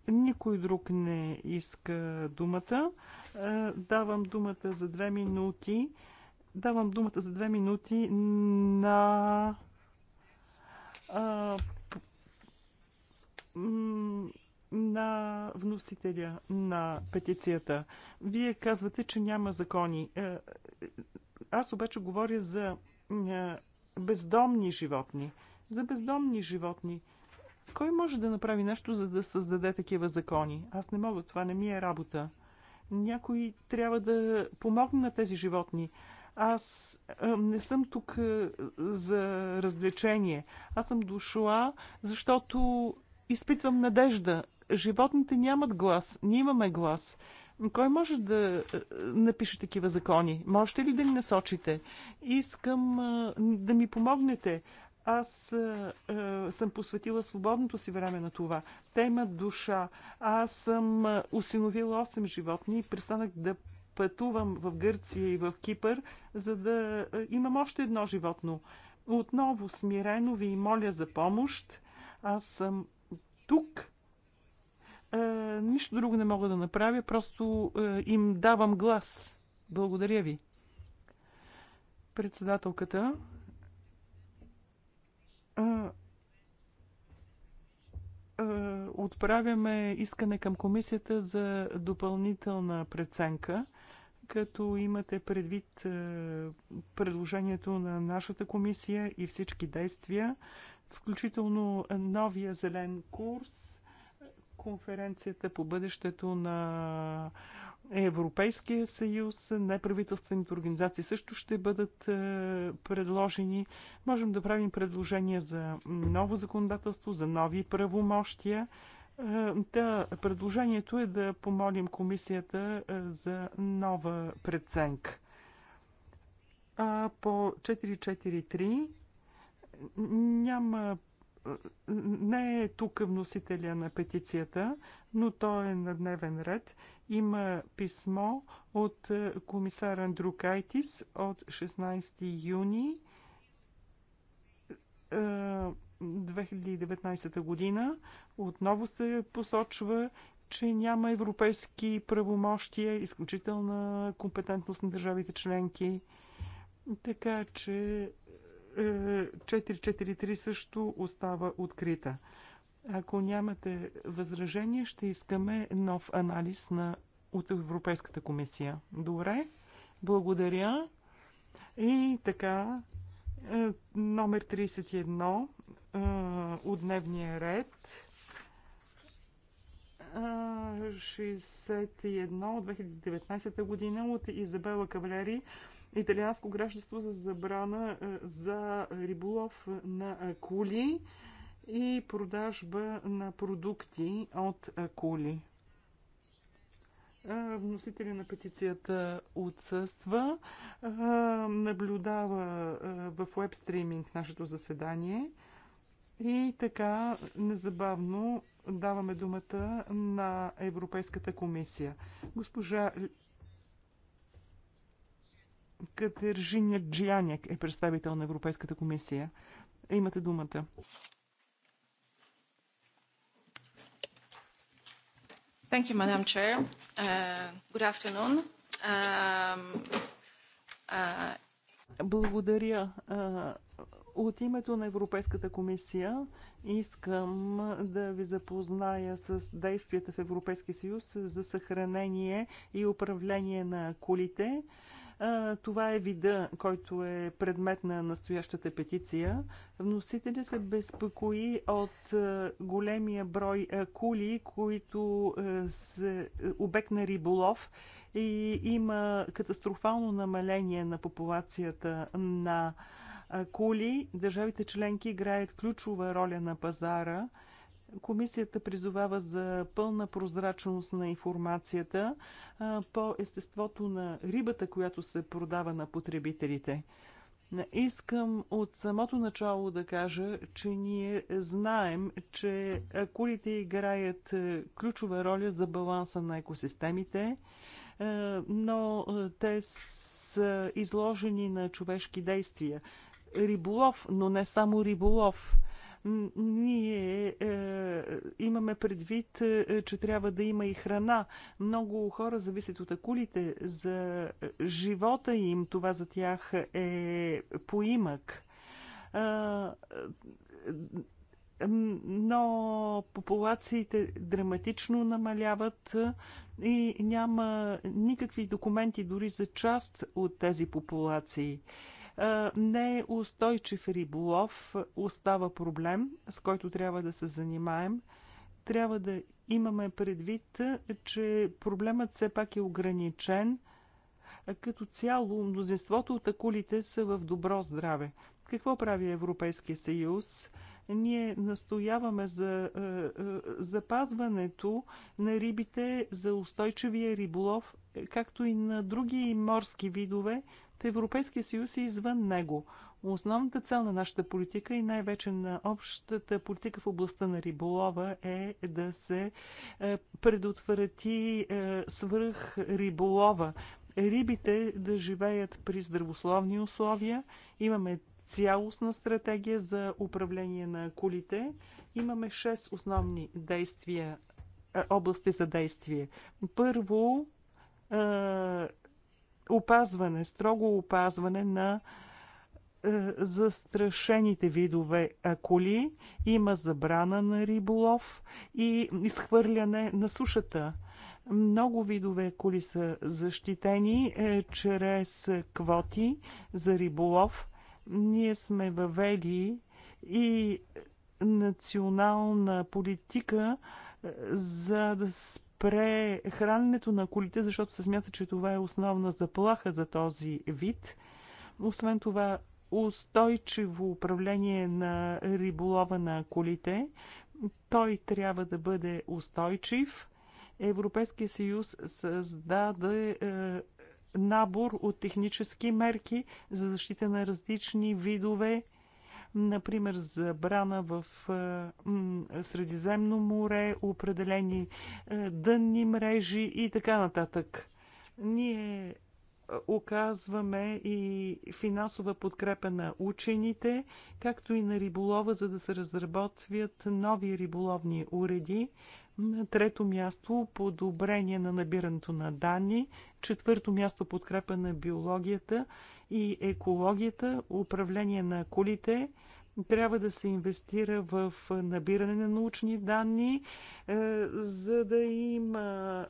Никой друг не иска думата. Е, давам думата за две минути. Давам думата за две минути на на вносителя на петицията. Вие казвате, че няма закони. Е, е, аз обаче говоря за бездомни животни. За бездомни животни. Кой може да направи нещо, за да създаде такива закони? Аз не мога, това не ми е работа. Някой трябва да помогне на тези животни. Аз не съм тук за развлечение. Аз съм дошла, защото изпитвам надежда. Животните нямат глас. Ние имаме глас. Кой може да е, напише такива закони? Можете ли да ни насочите? Искам е, да ми помогнете. Аз е, е, съм посветила свободното си време на това. Те имат душа. Аз съм осиновила 8 животни и престанах да пътувам в Гърция и в Кипър, за да имам още едно животно. Отново смирено ви моля за помощ. Аз съм тук е, нищо друго не мога да направя, просто е, им давам глас. Благодаря ви. Председателката. Е, отправяме искане към комисията за допълнителна преценка, като имате предвид предложението на нашата комисия и всички действия, включително новия зелен курс конференцията по бъдещето на Европейския съюз, неправителствените организации също ще бъдат е, предложени. Можем да правим предложения за ново законодателство, за нови правомощия. Е, да, предложението е да помолим комисията е, за нова преценка. А по 443 няма не е тук вносителя на петицията, но той е на дневен ред. Има писмо от е, комисар Кайтис от 16 юни 2019 е, година. Отново се посочва, че няма европейски правомощия, изключителна компетентност на държавите членки. Така че 443 е, също остава открита. Ако нямате възражение, ще искаме нов анализ на, от Европейската комисия. Добре, благодаря. И така, е, номер 31 е, от дневния ред. 61 от 2019 година от Изабела Кавалери италианско гражданство за забрана е, за риболов на е, кули и продажба на продукти от е, кули. Вносителя на петицията отсъства, наблюдава в веб-стриминг нашето заседание и така незабавно даваме думата на Европейската комисия. Госпожа Катержиня Джианек е представител на Европейската комисия. Имате думата. Thank you, Madam Chair. Uh, good afternoon. Um, uh... Благодаря. Uh, от името на Европейската комисия искам да ви запозная с действията в Европейския съюз за съхранение и управление на колите. Uh, това е вида, който е предмет на настоящата петиция. Вносителя се безпокои от големия брой кули, които са обект на риболов и има катастрофално намаление на популацията на кули. Държавите членки играят ключова роля на пазара – Комисията призовава за пълна прозрачност на информацията по естеството на рибата, която се продава на потребителите. Искам от самото начало да кажа, че ние знаем, че акулите играят ключова роля за баланса на екосистемите, но те са изложени на човешки действия. Риболов, но не само риболов – ние е, имаме предвид, е, че трябва да има и храна. Много хора зависят от акулите. За е, живота им това за тях е поимък. Е, но популациите драматично намаляват е, и няма никакви документи дори за част от тези популации. Е, неустойчив риболов остава проблем, с който трябва да се занимаем. Трябва да имаме предвид, че проблемът все пак е ограничен. Е, като цяло, мнозинството от акулите са в добро здраве. Какво прави Европейския съюз? ние настояваме за е, запазването на рибите за устойчивия риболов, както и на други морски видове, Европейския съюз и извън него. Основната цел на нашата политика и най-вече на общата политика в областта на риболова е да се е, предотврати е, свръх риболова. Рибите да живеят при здравословни условия. Имаме цялостна стратегия за управление на кулите. Имаме 6 основни действия, е, области за действие. Първо, опазване, строго опазване на е, застрашените видове коли, има забрана на риболов и изхвърляне на сушата. Много видове коли са защитени е, чрез квоти за риболов. Ние сме въвели и национална политика, е, за да спрем прехраненето на колите, защото се смята, че това е основна заплаха за този вид. Освен това, устойчиво управление на риболова на колите. Той трябва да бъде устойчив. Европейския съюз създаде е, набор от технически мерки за защита на различни видове например забрана в е, Средиземно море, определени е, дънни мрежи и така нататък. Ние е, оказваме и финансова подкрепа на учените, както и на риболова, за да се разработвят нови риболовни уреди. На трето място подобрение на набирането на данни. Четвърто място подкрепа на биологията и екологията, управление на колите трябва да се инвестира в набиране на научни данни, е, за да има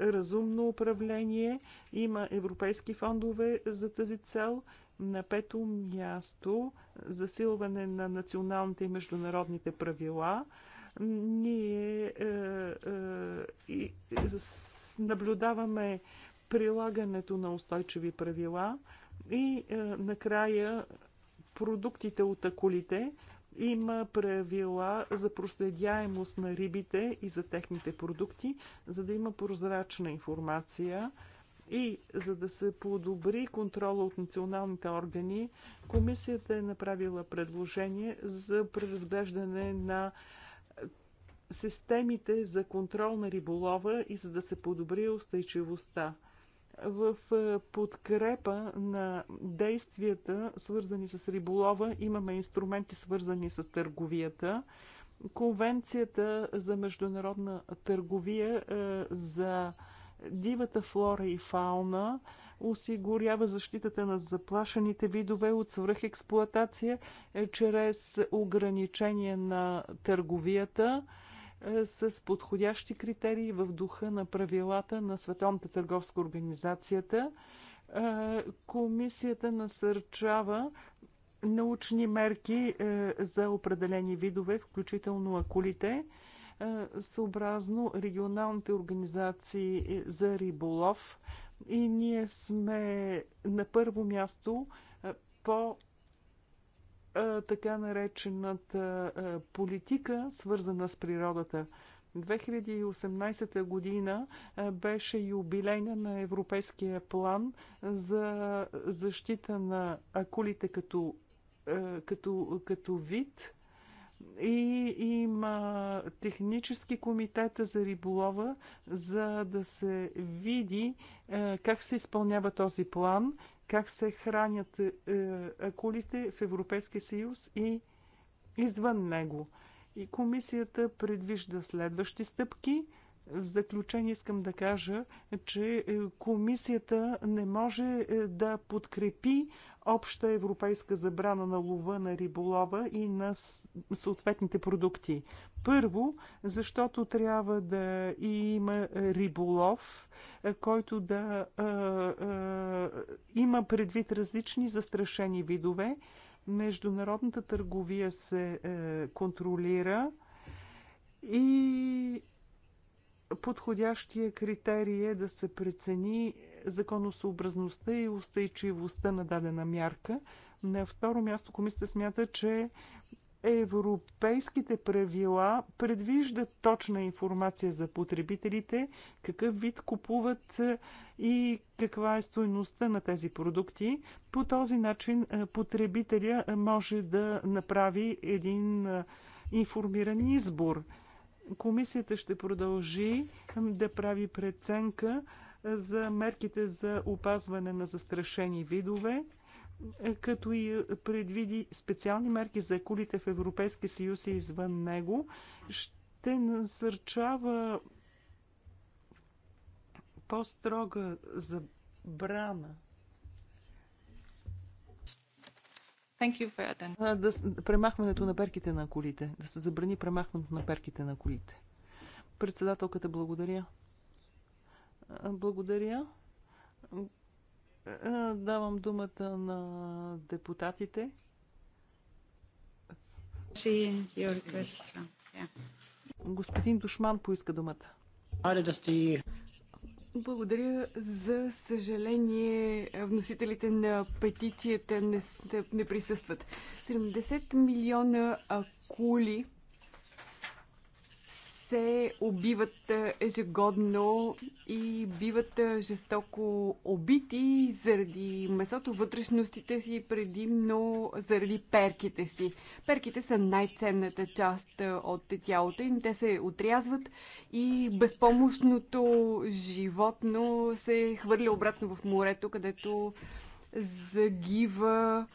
разумно управление. Има европейски фондове за тази цел. На пето място засилване на националните и международните правила. Ние е, е, наблюдаваме прилагането на устойчиви правила и е, накрая продуктите от акулите, има правила за проследяемост на рибите и за техните продукти, за да има прозрачна информация. И за да се подобри контрола от националните органи, комисията е направила предложение за преразглеждане на системите за контрол на риболова и за да се подобри устойчивостта в е, подкрепа на действията, свързани с риболова, имаме инструменти, свързани с търговията. Конвенцията за международна търговия е, за дивата флора и фауна осигурява защитата на заплашените видове от свръхексплуатация е, чрез ограничение на търговията с подходящи критерии в духа на правилата на Световната търговска организацията. Е, комисията насърчава научни мерки е, за определени видове, включително акулите, е, съобразно регионалните организации за риболов. И ние сме на първо място по така наречената политика, свързана с природата. 2018 година беше юбилейна на Европейския план за защита на акулите като, като, като вид. И има технически комитета за риболова, за да се види как се изпълнява този план как се хранят е, акулите в Европейския съюз и извън него. И комисията предвижда следващи стъпки. В заключение искам да кажа, че е, комисията не може е, да подкрепи обща европейска забрана на лова, на риболова и на съответните продукти. Първо, защото трябва да има риболов, е, който да а, е, а, е, има предвид различни застрашени видове. Международната търговия се а, контролира и подходящия критерий е да се прецени законосъобразността и устойчивостта на дадена мярка. На второ място комисията смята, че европейските правила предвиждат точна информация за потребителите, какъв вид купуват е, и каква е стоеността на тези продукти. По този начин е, потребителя може да направи един е, информиран избор. Комисията ще продължи да прави преценка за мерките за опазване на застрашени видове, е, като и предвиди специални мерки за кулите в Европейски съюз и извън него, ще насърчава по-строга забрана Thank you for да, премахването на перките на колите. Да се забрани премахването на перките на колите. Председателката благодаря. Благодаря. Давам думата на депутатите. Господин Душман поиска думата. Благодаря. За съжаление, вносителите на петицията не, не присъстват. 70 милиона акули се убиват е, ежегодно и биват е, жестоко убити заради месото, вътрешностите си, предимно заради перките си. Перките са най-ценната част е, от тялото им. Те се отрязват и безпомощното животно се хвърля обратно в морето, където загива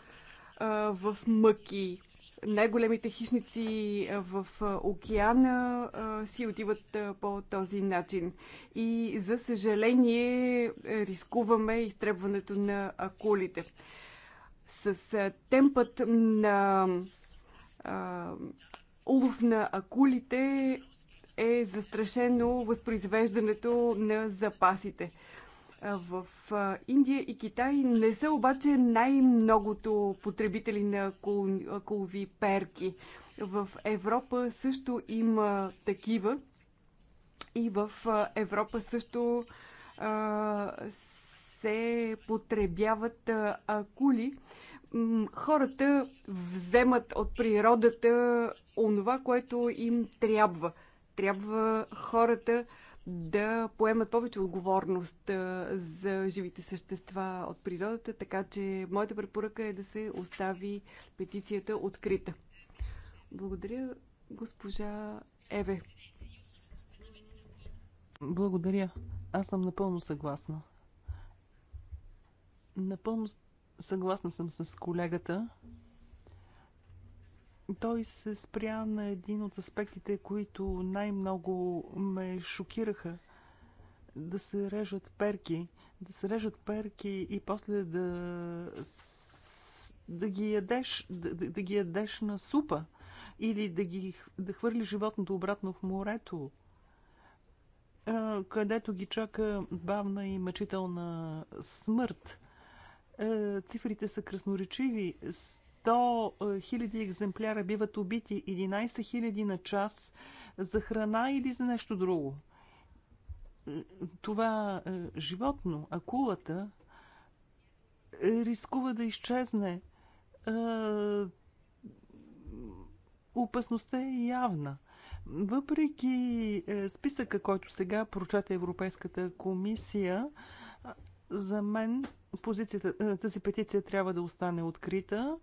в мъки най-големите хищници в океана си отиват по този начин. И за съжаление рискуваме изтребването на акулите. С темпът на улов на акулите е застрашено възпроизвеждането на запасите. В Индия и Китай не са обаче най-многото потребители на колови перки. В Европа също има такива. И в Европа също а, се потребяват а, акули. Хората вземат от природата онова, което им трябва. Трябва хората да поемат повече отговорност за живите същества от природата, така че моята препоръка е да се остави петицията открита. Благодаря, госпожа Еве. Благодаря. Аз съм напълно съгласна. Напълно съгласна съм с колегата. Той се спря на един от аспектите, които най-много ме шокираха. Да се режат перки, да се режат перки и после да, да, ги, ядеш, да, да ги ядеш на супа или да, ги, да хвърли животното обратно в морето, където ги чака бавна и мъчителна смърт. Е, цифрите са красноречиви. 100 000 е, екземпляра биват убити, 11 000 на час за храна или за нещо друго. Е, това е, животно, акулата, рискува да изчезне. Опасността е явна. Въпреки списъка, който сега прочета Европейската комисия, за мен позицията, тази петиция трябва да остане открита.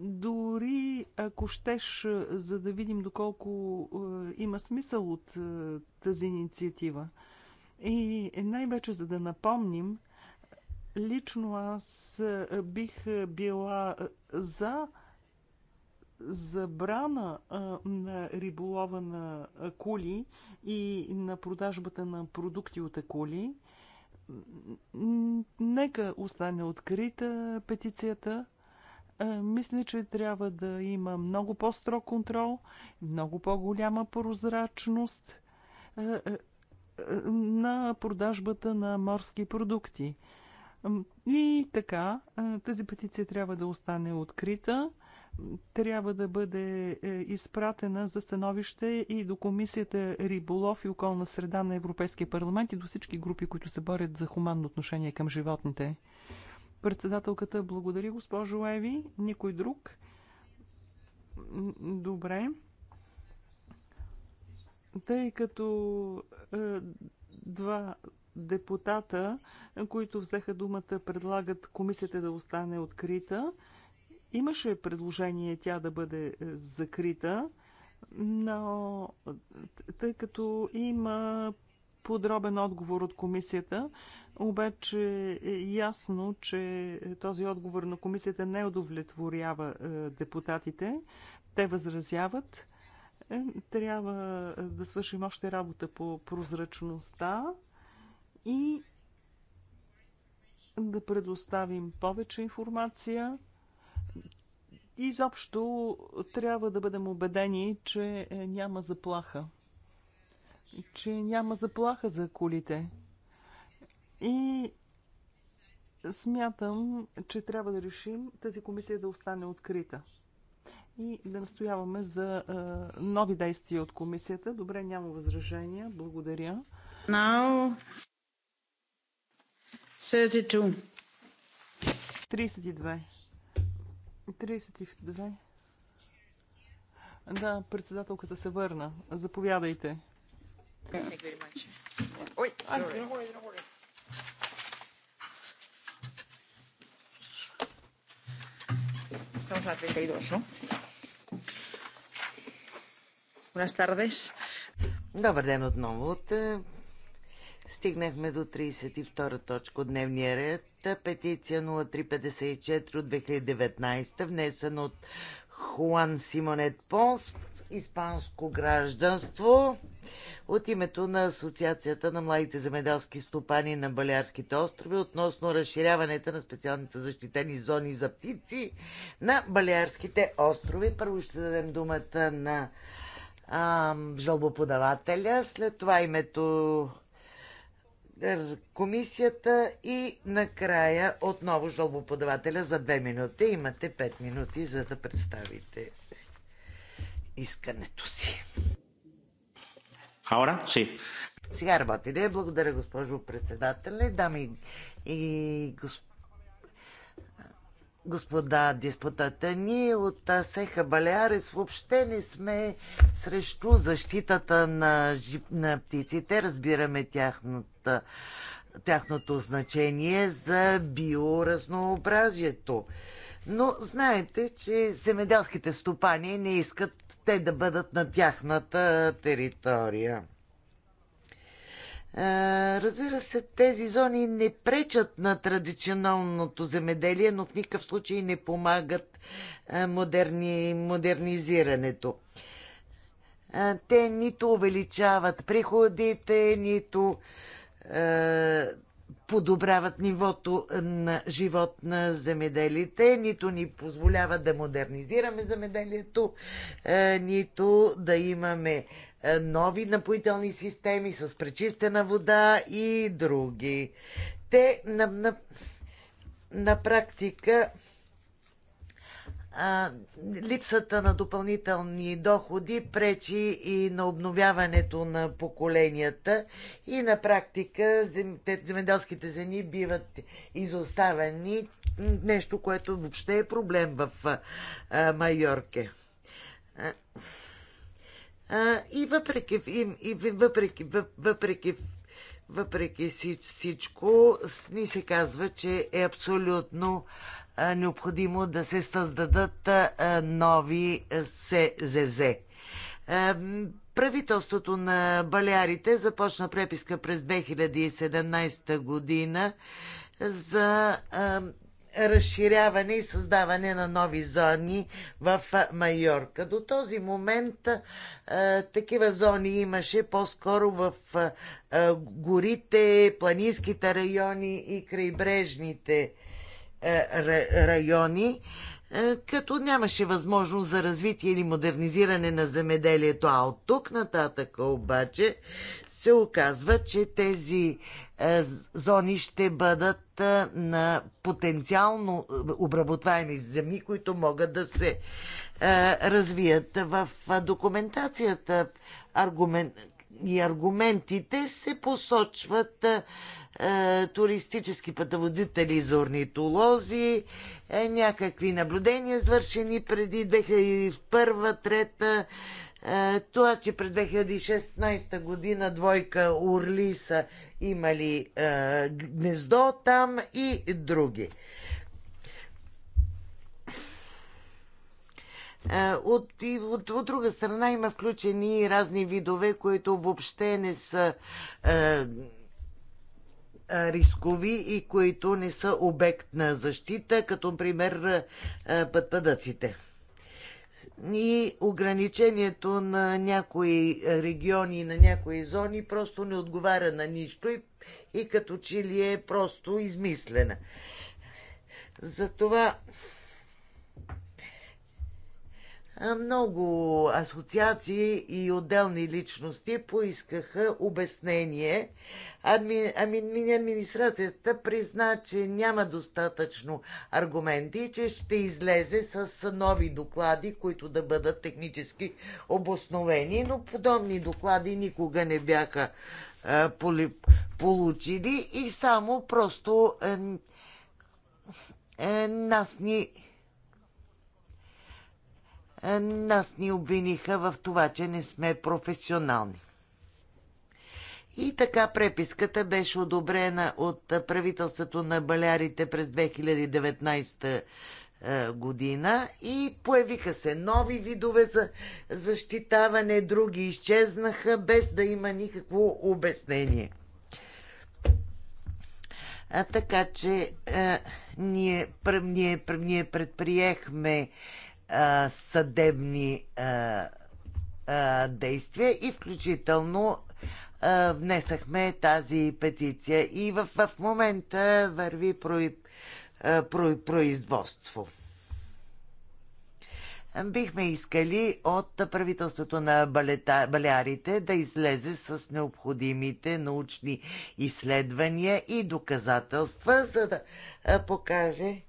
Дори ако щеш, за да видим доколко има смисъл от тази инициатива. И най-вече за да напомним, лично аз бих била за забрана на риболова на акули и на продажбата на продукти от акули. Нека остане открита петицията. Е, мисля, че трябва да има много по-строг контрол, много по-голяма прозрачност е, е, на продажбата на морски продукти. И така, тази петиция трябва да остане открита, трябва да бъде изпратена за становище и до Комисията Риболов и околна среда на Европейския парламент и до всички групи, които се борят за хуманно отношение към животните. Председателката благодари госпожо Еви. Никой друг? Добре. Тъй като е, два депутата, които взеха думата, предлагат комисията да остане открита, имаше предложение тя да бъде е, закрита, но тъй като има подробен отговор от комисията, обаче е ясно, че този отговор на комисията не удовлетворява е, депутатите. Те възразяват. Е, трябва е, да свършим още работа по прозрачността и да предоставим повече информация. Изобщо трябва да бъдем убедени, че няма заплаха че няма заплаха за колите. И смятам, че трябва да решим тази комисия да остане открита. И да настояваме за е, нови действия от комисията. Добре, няма възражения. Благодаря. Now, 32. 32. 32. Да, председателката се върна. Заповядайте. Thank you very much. Yeah. Oi, sorry. Don't worry, don't worry. Estamos a 32, ¿no? Sí. Buenas tardes. Добър ден отново. От, е, стигнахме до 32 точка от дневния ред. Петиция 0354 от 2019, внесена от Хуан Симонет Понс испанско гражданство от името на Асоциацията на младите земеделски стопани на Балярските острови относно разширяването на специалните защитени зони за птици на Балярските острови. Първо ще дадем думата на а, жалбоподавателя, след това името комисията и накрая отново жалбоподавателя за две минути. Имате пет минути, за да представите искането си. Ahora си. Сега работи ли? Благодаря, госпожо председател. Дами и госп... господа диспутата, ние от Сеха Балеарес въобще не сме срещу защитата на, жи... на птиците. Разбираме тяхната тяхното значение за биоразнообразието. Но знаете, че земеделските стопани не искат те да бъдат на тяхната територия. Разбира се, тези зони не пречат на традиционалното земеделие, но в никакъв случай не помагат модерни, модернизирането. Те нито увеличават приходите, нито подобряват нивото на живот на земеделите, нито ни позволява да модернизираме земеделието, е, нито да имаме е, нови напоителни системи с пречистена вода и други. Те на, на, на практика липсата на допълнителни доходи пречи и на обновяването на поколенията и на практика земеделските земи биват изоставени, нещо, което въобще е проблем в Майорке. И въпреки, и, и въпреки, въпреки въпреки всичко, ни се казва, че е абсолютно необходимо да се създадат нови СЗЗ. Правителството на Балярите започна преписка през 2017 година за разширяване и създаване на нови зони в Майорка. До този момент такива зони имаше по-скоро в горите, планинските райони и крайбрежните е, райони, е, като нямаше възможност за развитие или модернизиране на земеделието. А от тук нататък обаче се оказва, че тези е, зони ще бъдат на потенциално обработваеми земи, които могат да се развият. В документацията аргумен... и аргументите се посочват е, туристически пътеводители за орнитолози, е, някакви наблюдения, свършени преди 2001-2003, е, това, че през 2016 година двойка орли са имали е, гнездо там и други. Е, от, и от, от друга страна има включени разни видове, които въобще не са е, рискови и които не са обект на защита, като пример пътпадъците. И ограничението на някои региони, на някои зони просто не отговаря на нищо и, и като че ли е просто измислена. Затова много асоциации и отделни личности поискаха обяснение. Ами администрацията призна, че няма достатъчно аргументи че ще излезе с нови доклади, които да бъдат технически обосновени, но подобни доклади никога не бяха а, поли, получили и само просто а, е, а, е, нас ни е, нас ни обвиниха в това, че не сме професионални. И така преписката беше одобрена от правителството на Балярите през 2019 е, година и появиха се нови видове за защитаване, други изчезнаха без да има никакво обяснение. А, така че а, е, ние, ние, ние предприехме а, съдебни а, а, действия и включително а, внесахме тази петиция и в, в момента върви про, а, про, производство. Бихме искали от правителството на Балета, Балярите да излезе с необходимите научни изследвания и доказателства, за да покаже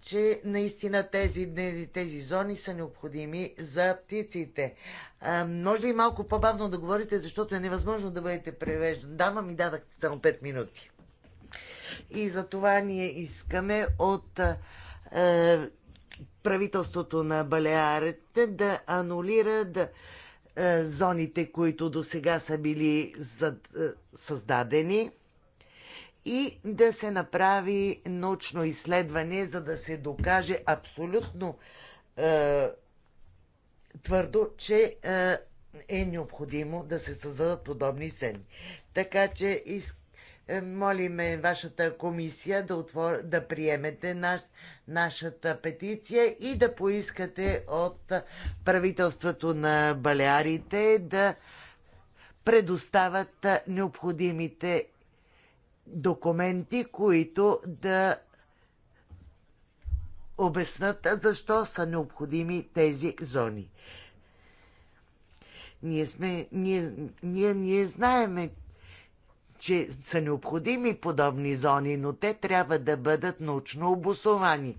че наистина тези, тези зони са необходими за птиците. А, може и малко по-бавно да говорите, защото е невъзможно да бъдете превеждан. Дама ми дадахте само 5 минути. И за това ние искаме от е, правителството на Балеарите да анулира да, е, зоните, които до сега са били зад, е, създадени и да се направи научно изследване, за да се докаже абсолютно е, твърдо, че е, е необходимо да се създадат подобни сени. Така че из... Е, молиме вашата комисия да, отвор... да приемете наш... нашата петиция и да поискате от правителството на Балеарите да предоставят необходимите документи, които да обяснат защо са необходими тези зони. Ние, сме, ние, ние, ние знаеме, че са необходими подобни зони, но те трябва да бъдат научно обосновани.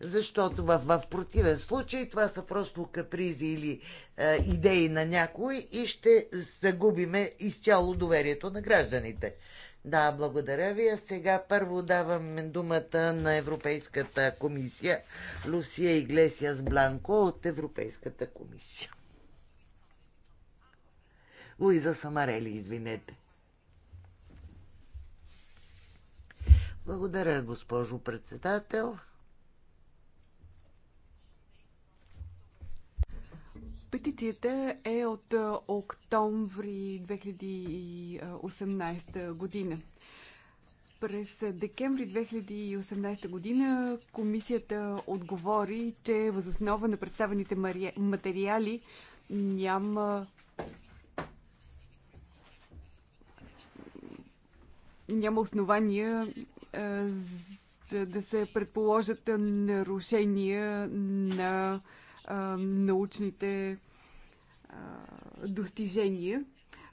Защото в, в противен случай това са просто капризи или е, идеи на някой и ще загубиме изцяло доверието на гражданите. Да, благодаря ви. А сега първо давам думата на Европейската комисия Лусия Иглесиас Бланко от Европейската комисия. Луиза Самарели, извинете. Благодаря, госпожо председател. Петицията е от октомври 2018 година. През декември 2018 година комисията отговори, че възоснова на представените материали няма няма основания да се предположат нарушения на а, научните а, достижения.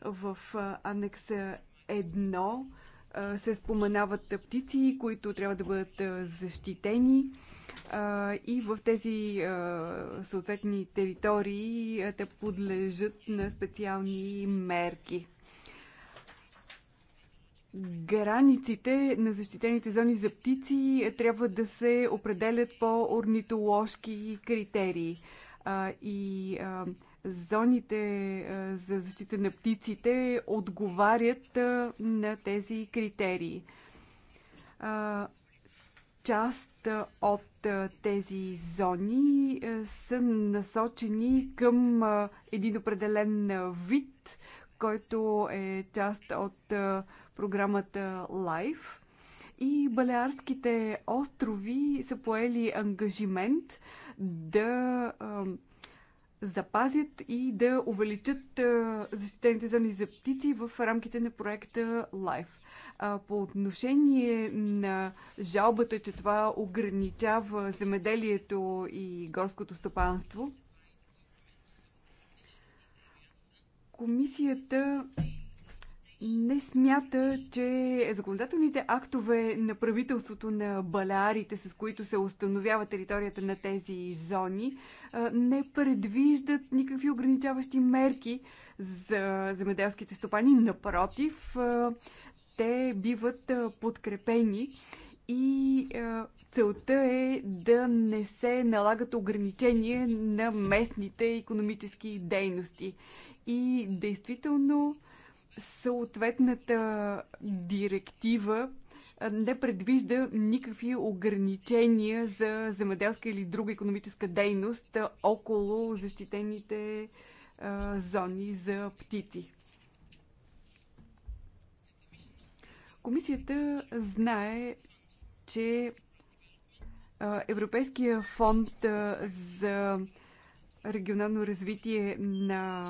В а, анекса 1 а, се споменават птици, които трябва да бъдат защитени. и в тези съответни територии те подлежат на специални мерки границите на защитените зони за птици трябва да се определят по орнитоложки критерии. А, и а, зоните а, за защита на птиците отговарят а, на тези критерии. А, част а, от а, тези зони а, са насочени към а, един определен а, вид, който е част от а, програмата LIFE и Балеарските острови са поели ангажимент да а, запазят и да увеличат а, защитените зони за птици в рамките на проекта LIFE. по отношение на жалбата, че това ограничава земеделието и горското стопанство, комисията не смята, че законодателните актове на правителството на Балярите, с които се установява територията на тези зони, не предвиждат никакви ограничаващи мерки за земеделските стопани. Напротив, те биват подкрепени и целта е да не се налагат ограничения на местните економически дейности. И действително съответната директива не предвижда никакви ограничения за земеделска или друга економическа дейност около защитените зони за птици. Комисията знае, че Европейския фонд за регионално развитие на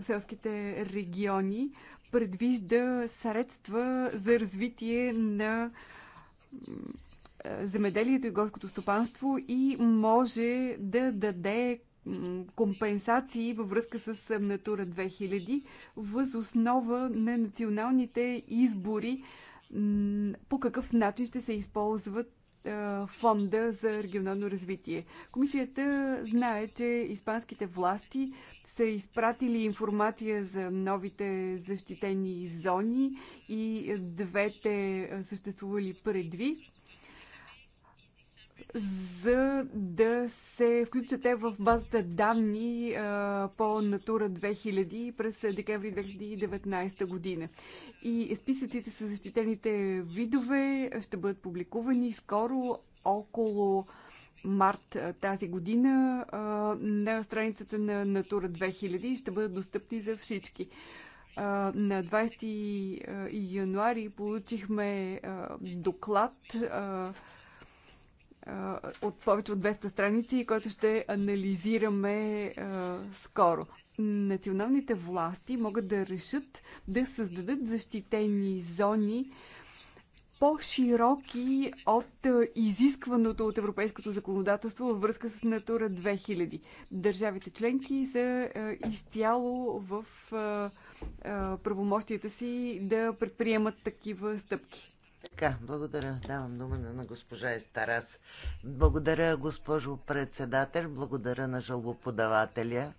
селските региони предвижда средства за развитие на земеделието и горското стопанство и може да даде компенсации във връзка с Натура 2000 въз основа на националните избори по какъв начин ще се използват е, фонда за регионално развитие. Комисията знае, че испанските власти са изпратили информация за новите защитени зони и двете е, съществували предви за да се включат те в базата данни а, по Натура 2000 през декември 2019 година. И списъците с защитените видове ще бъдат публикувани скоро около март тази година а, на страницата на Натура 2000 и ще бъдат достъпни за всички. на 20 януари получихме доклад от повече от 200 страници, който ще анализираме скоро. Националните власти могат да решат да създадат защитени зони, по-широки от изискваното от европейското законодателство във връзка с Натура 2000. Държавите членки са изцяло в правомощията си да предприемат такива стъпки. Така, благодаря. Давам дума на госпожа Естарас. Благодаря, госпожо председател. Благодаря на жалбоподавателя,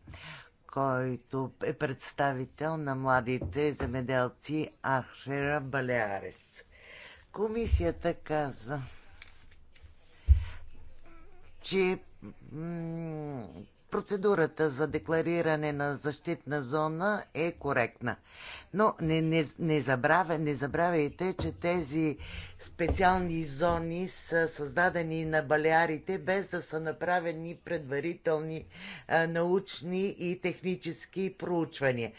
който е представител на младите земеделци Ахера Балеарес. Комисията казва, че процедурата за деклариране на защитна зона е коректна. Но не, не, не, забравя, не забравяйте, че тези специални зони са създадени на Балеарите, без да са направени предварителни а, научни и технически проучвания.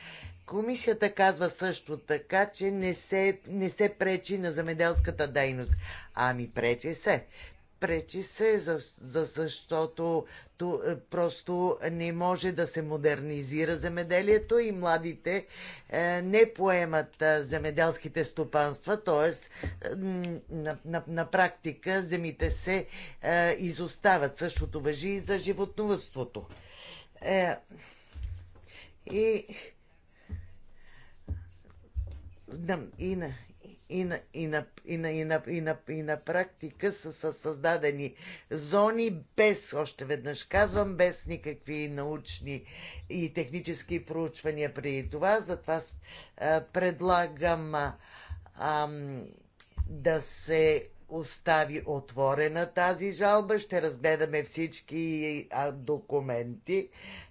Комисията казва също така, че не се, не се пречи на земеделската дейност. Ами пречи се. Пречи се, за, за, защото то, е, просто не може да се модернизира земеделието и младите е, не поемат е, земеделските стопанства, т.е. На, на, на практика земите се е, изостават. Същото въжи и за животновътството. Е, и и на, и на, и на, и на, и на, и на, и на практика са, са създадени зони без, още веднъж казвам, без никакви научни и технически проучвания преди това. Затова а, предлагам а, а, да се остави отворена тази жалба. Ще разгледаме всички документи.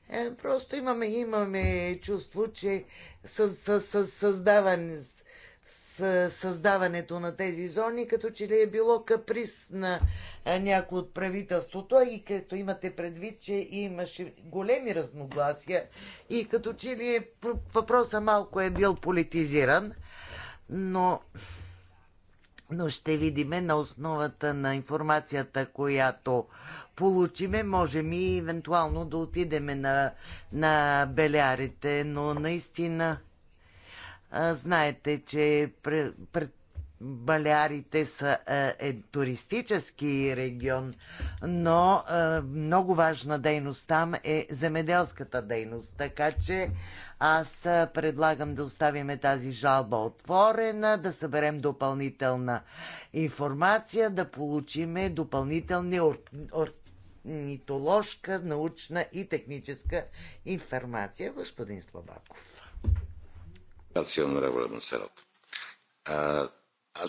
Е, просто имаме, имаме чувство, че с, с, с, създаване създаването на тези зони, като че ли е било каприз на някой от правителството, и като имате предвид, че имаше големи разногласия и като че ли е въпроса въпросът малко е бил политизиран, но, но ще видиме на основата на информацията, която получиме, можем и евентуално да отидеме на, на белярите, но наистина Знаете, че пред Балярите са е, туристически регион, но е, много важна дейност там е земеделската дейност. Така че аз предлагам да оставим тази жалба отворена, да съберем допълнителна информация, да получиме допълнителни орнитоложка, научна и техническа информация. Господин Слабаков. Аз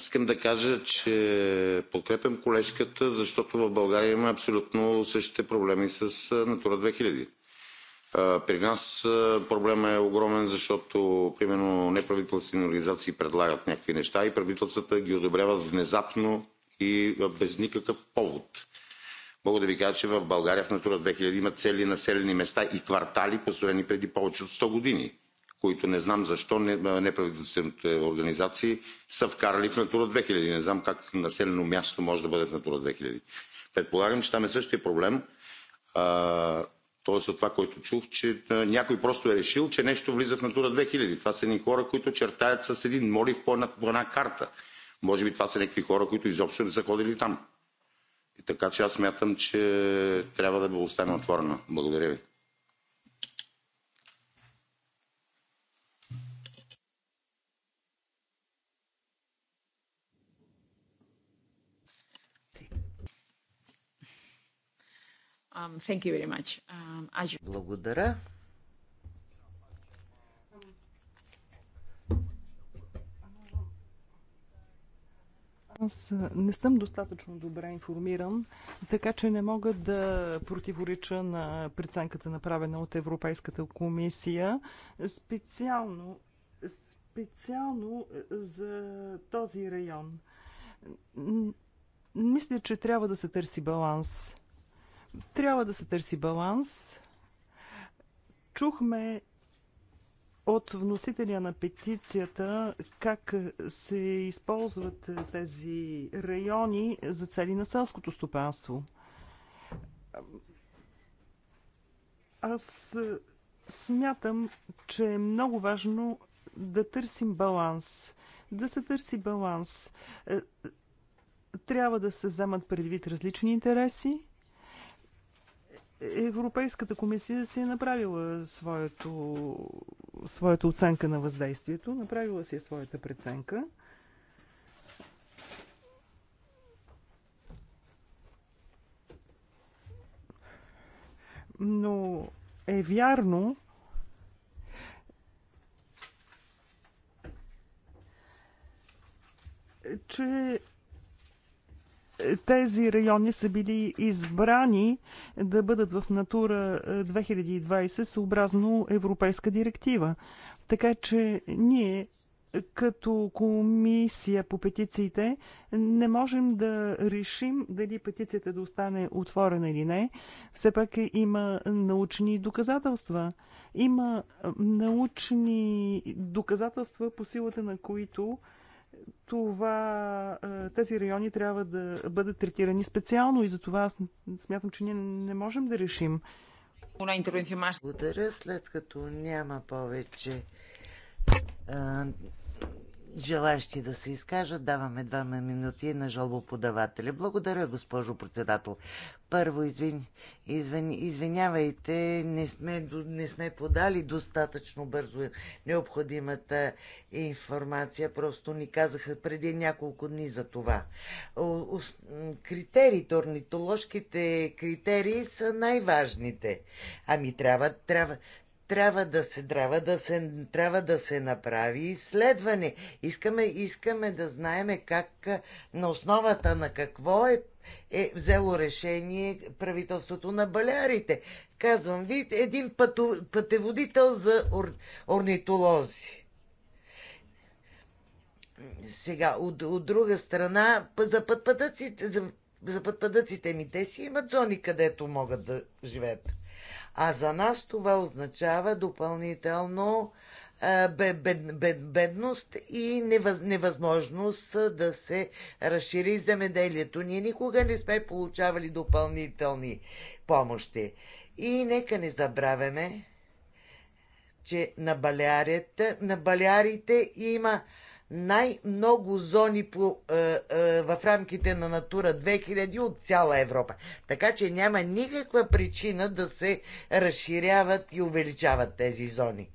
искам да кажа, че подкрепям колежката, защото в България има абсолютно същите проблеми с Натура 2000. При нас проблема е огромен, защото примерно неправителствени организации предлагат някакви неща и правителствата ги одобряват внезапно и без никакъв повод. Мога да ви кажа, че в България в Натура 2000 има цели населени места и квартали, построени преди повече от 100 години които не знам защо неправителствените организации са вкарали в Натура 2000. Не знам как населено място може да бъде в Натура 2000. Предполагам, че там е същия проблем. Тоест от това, което чух, че някой просто е решил, че нещо влиза в Натура 2000. Това са едни хора, които чертаят с един молив по една, по една карта. Може би това са някакви хора, които изобщо не са ходили там. И така че аз мятам, че трябва да бъде оставена отворена. Благодаря ви. Um, thank you very much. Um, Благодаря. Аз не съм достатъчно добре информиран, така че не мога да противореча на преценката направена от Европейската комисия. Специално, специално за този район. Мисля, че трябва да се търси баланс трябва да се търси баланс. Чухме от вносителя на петицията как се използват тези райони за цели на селското стопанство. Аз смятам, че е много важно да търсим баланс. Да се търси баланс. Е, трябва да се вземат предвид различни интереси, Европейската комисия си е направила своето, своята оценка на въздействието, направила си е своята преценка. Но е вярно, че тези райони са били избрани да бъдат в Натура 2020 е, съобразно Европейска директива. Така че ние като комисия по петициите не можем да решим дали петицията да остане отворена или не. Все пак има научни доказателства. Има е, научни доказателства, по силата на които това, е, тези райони трябва да бъдат третирани специално и за това аз смятам, че ние не можем да решим. Благодаря, след като няма повече желащи да се изкажат, даваме 2 минути на жалбоподавателя. Благодаря, госпожо председател. Първо, извин, извин, извинявайте, не сме, не сме подали достатъчно бързо необходимата информация. Просто ни казаха преди няколко дни за това. Критериите, орнитоложките критерии са най-важните. Ами трябва, трябва, трябва да се, трябва да се, трябва да се направи изследване. Искаме, искаме да знаеме как, на основата на какво е, е взело решение правителството на Балярите. Казвам ви, един пъту, пътеводител за ор, орнитолози. Сега, от, от друга страна, за пътпадъците, за, за пътпадъците ми, те си имат зони, където могат да живеят. А за нас това означава допълнително е, бедност и невъзможност е, да се разшири земеделието. Ние никога не сме получавали допълнителни помощи. И нека не забравяме, че на Балярите, на Балярите има най-много зони по, е, е, в рамките на Натура 2000 от цяла Европа. Така че няма никаква причина да се разширяват и увеличават тези зони.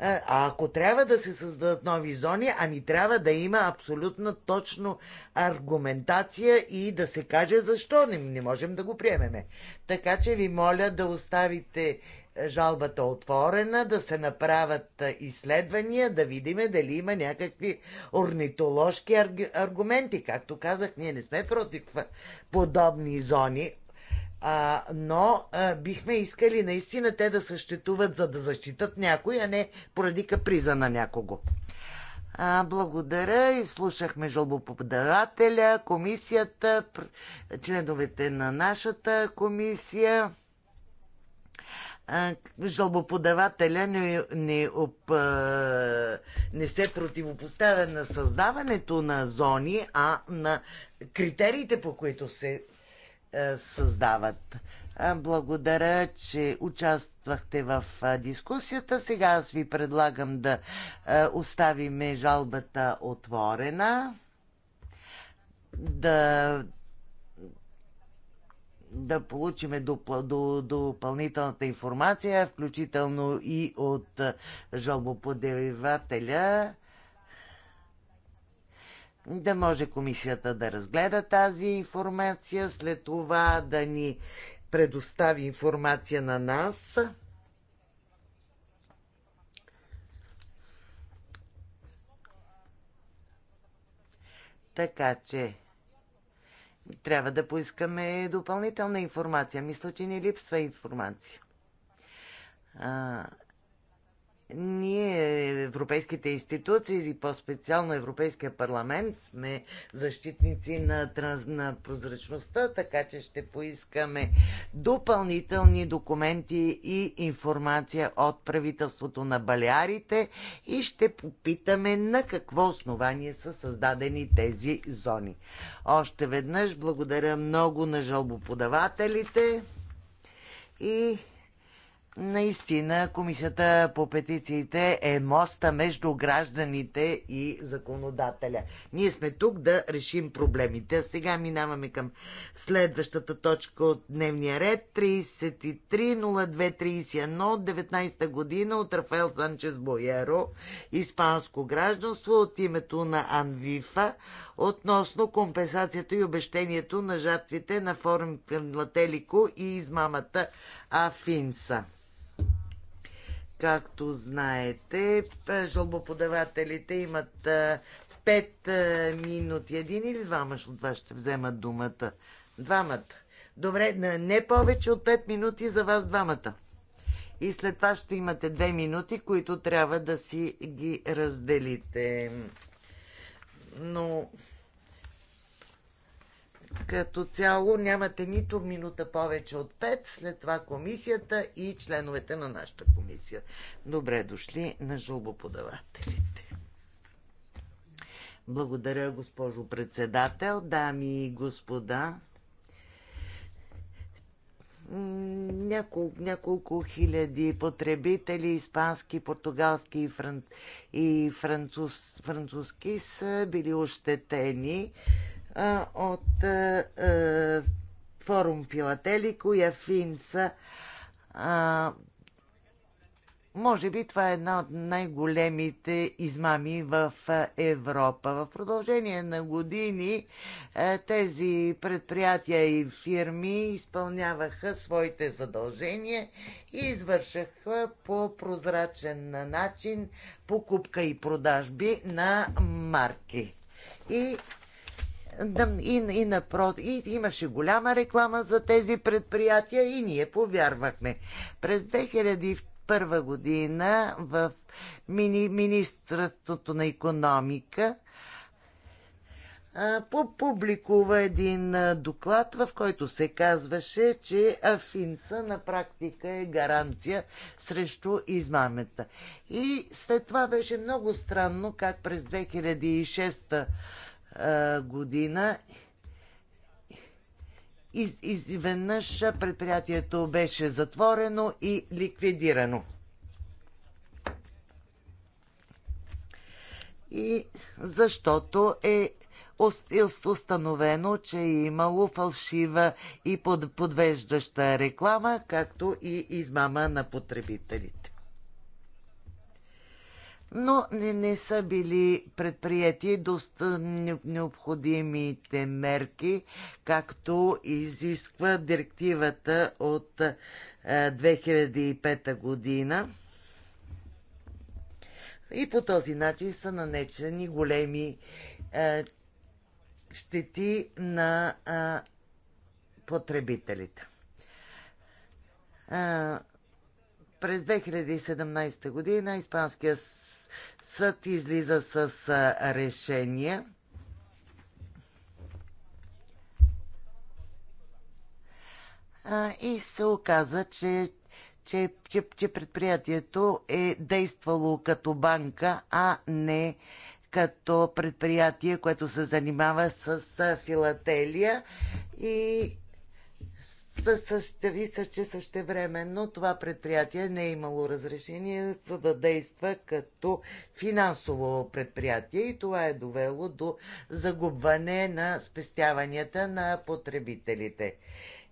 Е, а ако трябва да се създадат нови зони, ами трябва да има абсолютно точно аргументация и да се каже защо не, не можем да го приемеме. Така че ви моля да оставите жалбата отворена, да се направят изследвания, да видим дали има някакви орнитоложки аргументи. Както казах, ние не сме против подобни зони, а, но а, бихме искали наистина те да съществуват, за да защитат някой, а не поради каприза на някого. А, благодаря. слушахме жалбоподавателя, комисията, членовете на нашата комисия жалбоподавателя не, не, об, не се противопоставя на създаването на зони, а на критериите, по които се създават. Благодаря, че участвахте в дискусията. Сега аз ви предлагам да оставиме жалбата отворена, да да получиме допълнителната информация, включително и от жалбоподевателя, да може комисията да разгледа тази информация, след това да ни предостави информация на нас. Така че трябва да поискаме допълнителна информация. Мисля, че ни липсва информация. А, ние, европейските институции и по-специално Европейския парламент, сме защитници на, транс, на прозрачността, така че ще поискаме допълнителни документи и информация от правителството на Балярите и ще попитаме на какво основание са създадени тези зони. Още веднъж благодаря много на жалбоподавателите и Наистина, Комисията по петициите е моста между гражданите и законодателя. Ние сме тук да решим проблемите. Сега минаваме към следващата точка от дневния ред 330231 от 19 година от Рафаел Санчес Бояро, испанско гражданство от името на Анвифа относно компенсацията и обещението на жертвите на форум Лателико и измамата Афинса. Както знаете, жълбоподавателите имат 5 минути. Един или двама от вас ще вземат думата? Двамата. Добре, не повече от 5 минути за вас двамата. И след това ще имате 2 минути, които трябва да си ги разделите. Но като цяло нямате нито минута повече от 5, след това комисията и членовете на нашата комисия. Добре дошли на жълбоподавателите. Благодаря, госпожо председател, дами и господа. Няколко, няколко хиляди потребители, испански, португалски и, франц, и француз... французски, са били ощетени от форум Филателико и Афинса. Може би това е една от най-големите измами в Европа. В продължение на години тези предприятия и фирми изпълняваха своите задължения и извършаха по прозрачен начин покупка и продажби на марки. И и, и, напрот, и имаше голяма реклама за тези предприятия и ние повярвахме. През 2001 година в мини, Министрството на економика публикува един доклад, в който се казваше, че Афинса на практика е гаранция срещу измамета. И след това беше много странно как през 2006 година из, изведнъж предприятието беше затворено и ликвидирано. И защото е, е установено, че е имало фалшива и подвеждаща реклама, както и измама на потребителите но не, не са били предприяти доста необходимите мерки, както изисква директивата от 2005 е, година. И по този начин са нанечени големи е, щети на е, потребителите. през 2017 година Испанския съд излиза с решение. И се оказа, че, че, че, че предприятието е действало като банка, а не като предприятие, което се занимава с филателия и Състави се, че същевременно това предприятие не е имало разрешение за да действа като финансово предприятие и това е довело до загубване на спестяванията на потребителите.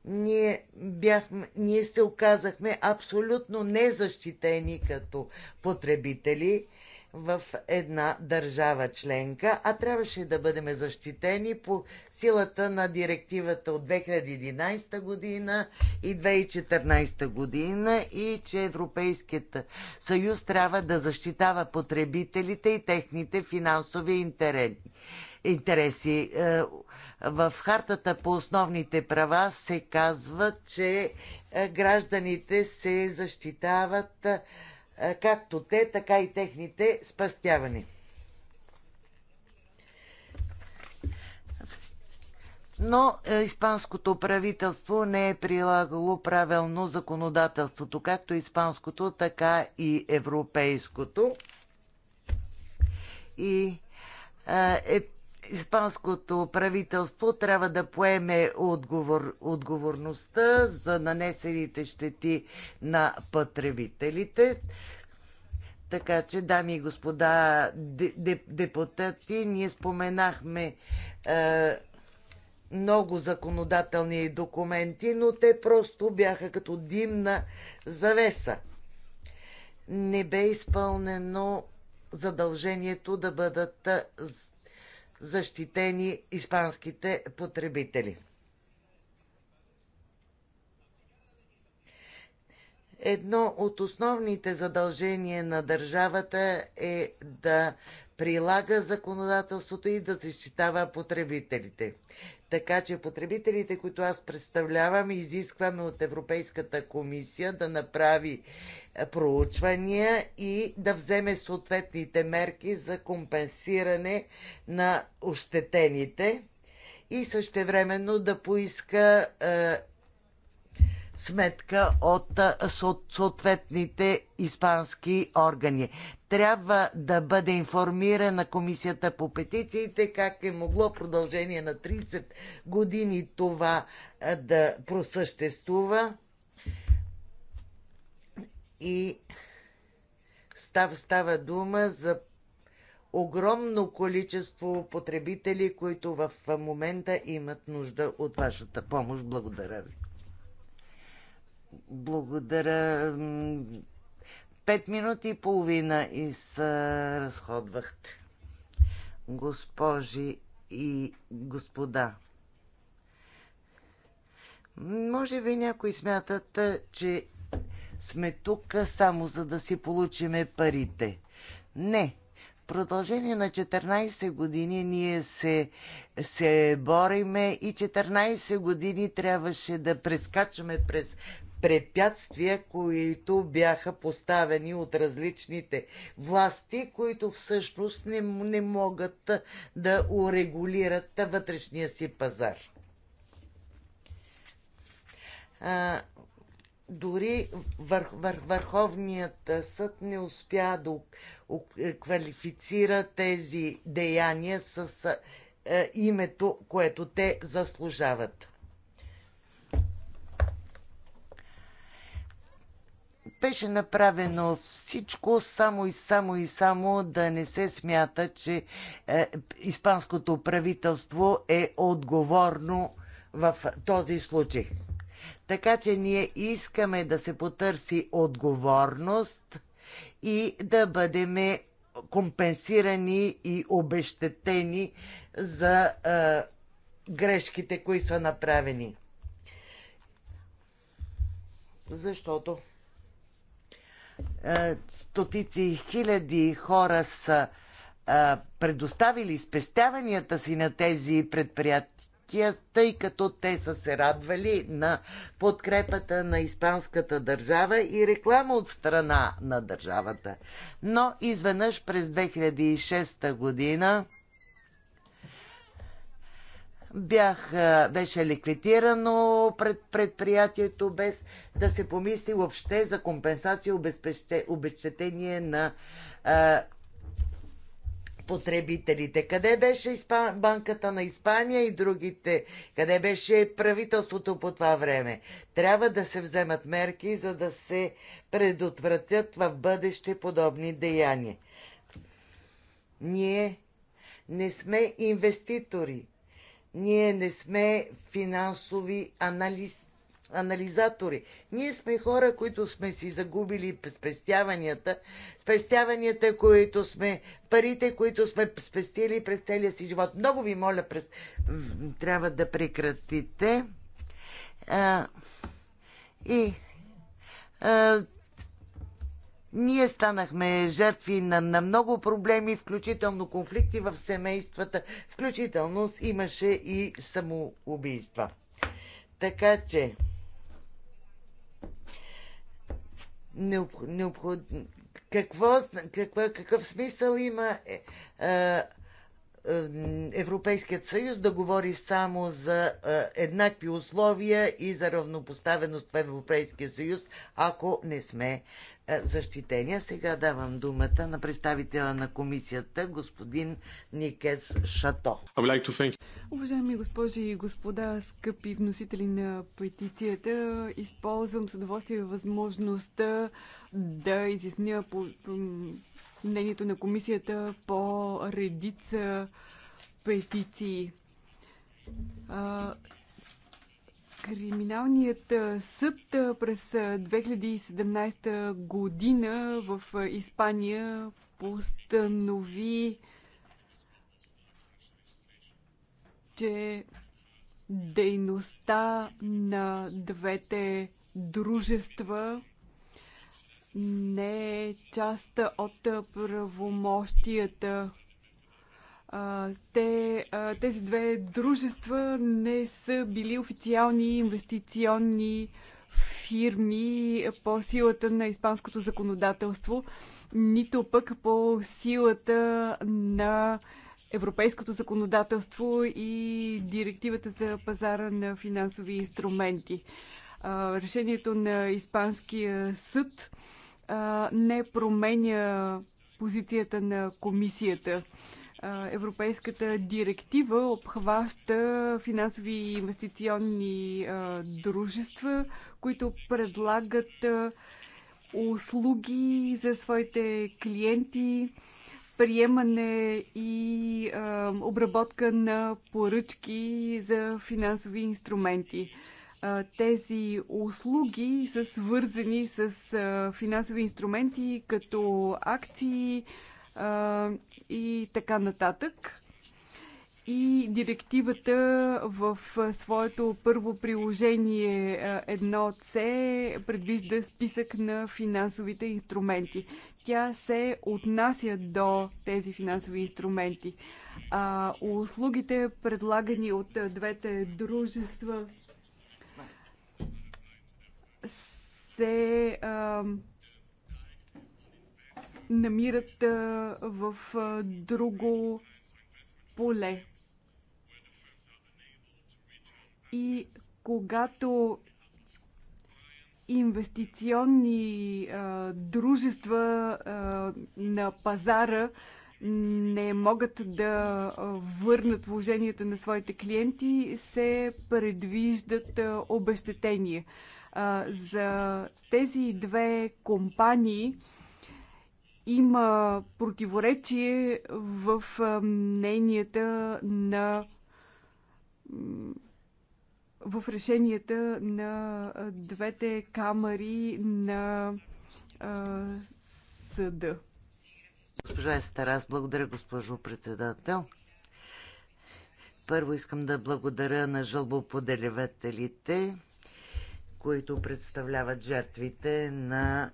Ние, бяхме, ние се оказахме абсолютно незащитени като потребители в една държава членка, а трябваше да бъдем защитени по силата на директивата от 2011 година и 2014 година и че Европейският съюз трябва да защитава потребителите и техните финансови интереси. Е, в хартата по основните права се казва, че е, гражданите се защитават както те, така и техните спастявани. но е, испанското правителство не е прилагало правилно законодателството, както испанското, така и европейското. И е, е Испанското правителство трябва да поеме отговор, отговорността за нанесените щети на потребителите. Така че, дами и господа депутати, ние споменахме е, много законодателни документи, но те просто бяха като димна завеса. Не бе изпълнено задължението да бъдат е, защитени испанските потребители. Едно от основните задължения на държавата е да прилага законодателството и да защитава потребителите. Така че потребителите, които аз представлявам, изискваме от Европейската комисия да направи е, проучвания и да вземе съответните мерки за компенсиране на ощетените и същевременно да поиска е, сметка от е, съответните испански органи трябва да бъде информирана комисията по петициите, как е могло в продължение на 30 години това да просъществува. И става, става дума за огромно количество потребители, които в момента имат нужда от вашата помощ. Благодаря ви. Благодаря Пет минути и половина изразходвахте. Госпожи и господа, може би някои смятат, е, че сме тук само за да си получиме парите. Не. В продължение на 14 години ние се, се бориме и 14 години трябваше да прескачаме през препятствия, които бяха поставени от различните власти, които всъщност не, не могат да урегулират вътрешния си пазар. А, дори вър, вър, Върховният съд не успя да квалифицира тези деяния с а, името, което те заслужават. Беше направено всичко само и само и само да не се смята, че е, испанското правителство е отговорно в този случай. Така че ние искаме да се потърси отговорност и да бъдем компенсирани и обещетени за е, грешките, които са направени. Защото е, стотици хиляди хора са е, предоставили спестяванията си на тези предприятия, тъй като те са се радвали на подкрепата на испанската държава и реклама от страна на държавата. Но изведнъж през 2006 година бях, беше ликвидирано пред предприятието без да се помисли въобще за компенсация обещетение на а, потребителите. Къде беше банката на Испания и другите? Къде беше правителството по това време? Трябва да се вземат мерки, за да се предотвратят в бъдеще подобни деяния. Ние не сме инвеститори ние не сме финансови анализ, анализатори. Ние сме хора, които сме си загубили спестяванията, спестяванията, които сме, парите, които сме спестили през целия си живот. Много ви моля, през... трябва да прекратите. А, и а, ние станахме жертви на, на много проблеми, включително конфликти в семействата, включително имаше и самоубийства. Така че, необход... какво, какво, какъв смисъл има е, е, е, Европейският съюз да говори само за е, еднакви условия и за равнопоставеност в Европейския съюз, ако не сме е, защитени. сега давам думата на представителя на комисията, господин Никес Шато. Уважаеми госпожи и господа, скъпи вносители на петицията, използвам с удоволствие възможността да изясня по мнението на комисията по редица петиции. Криминалният съд през 2017 година в Испания постанови, че дейността на двете дружества не е част от правомощията. Те, тези две дружества не са били официални инвестиционни фирми по силата на испанското законодателство, нито пък по силата на европейското законодателство и директивата за пазара на финансови инструменти. Решението на Испанския съд а, не променя позицията на комисията. Европейската директива обхваща финансови и инвестиционни дружества, които предлагат услуги за своите клиенти, приемане и обработка на поръчки за финансови инструменти тези услуги са свързани с финансови инструменти, като акции и така нататък. И директивата в своето първо приложение 1C предвижда списък на финансовите инструменти. Тя се отнася до тези финансови инструменти. А, услугите, предлагани от двете дружества, се а, намират а, в а, друго поле. И когато инвестиционни а, дружества а, на пазара не могат да върнат вложенията на своите клиенти, се предвиждат обещетения. За тези две компании има противоречие в мненията на в решенията на двете камери на а, съда. Госпожа Естерас, благодаря, госпожо председател. Първо искам да благодаря на жълбоподелевателите, които представляват жертвите на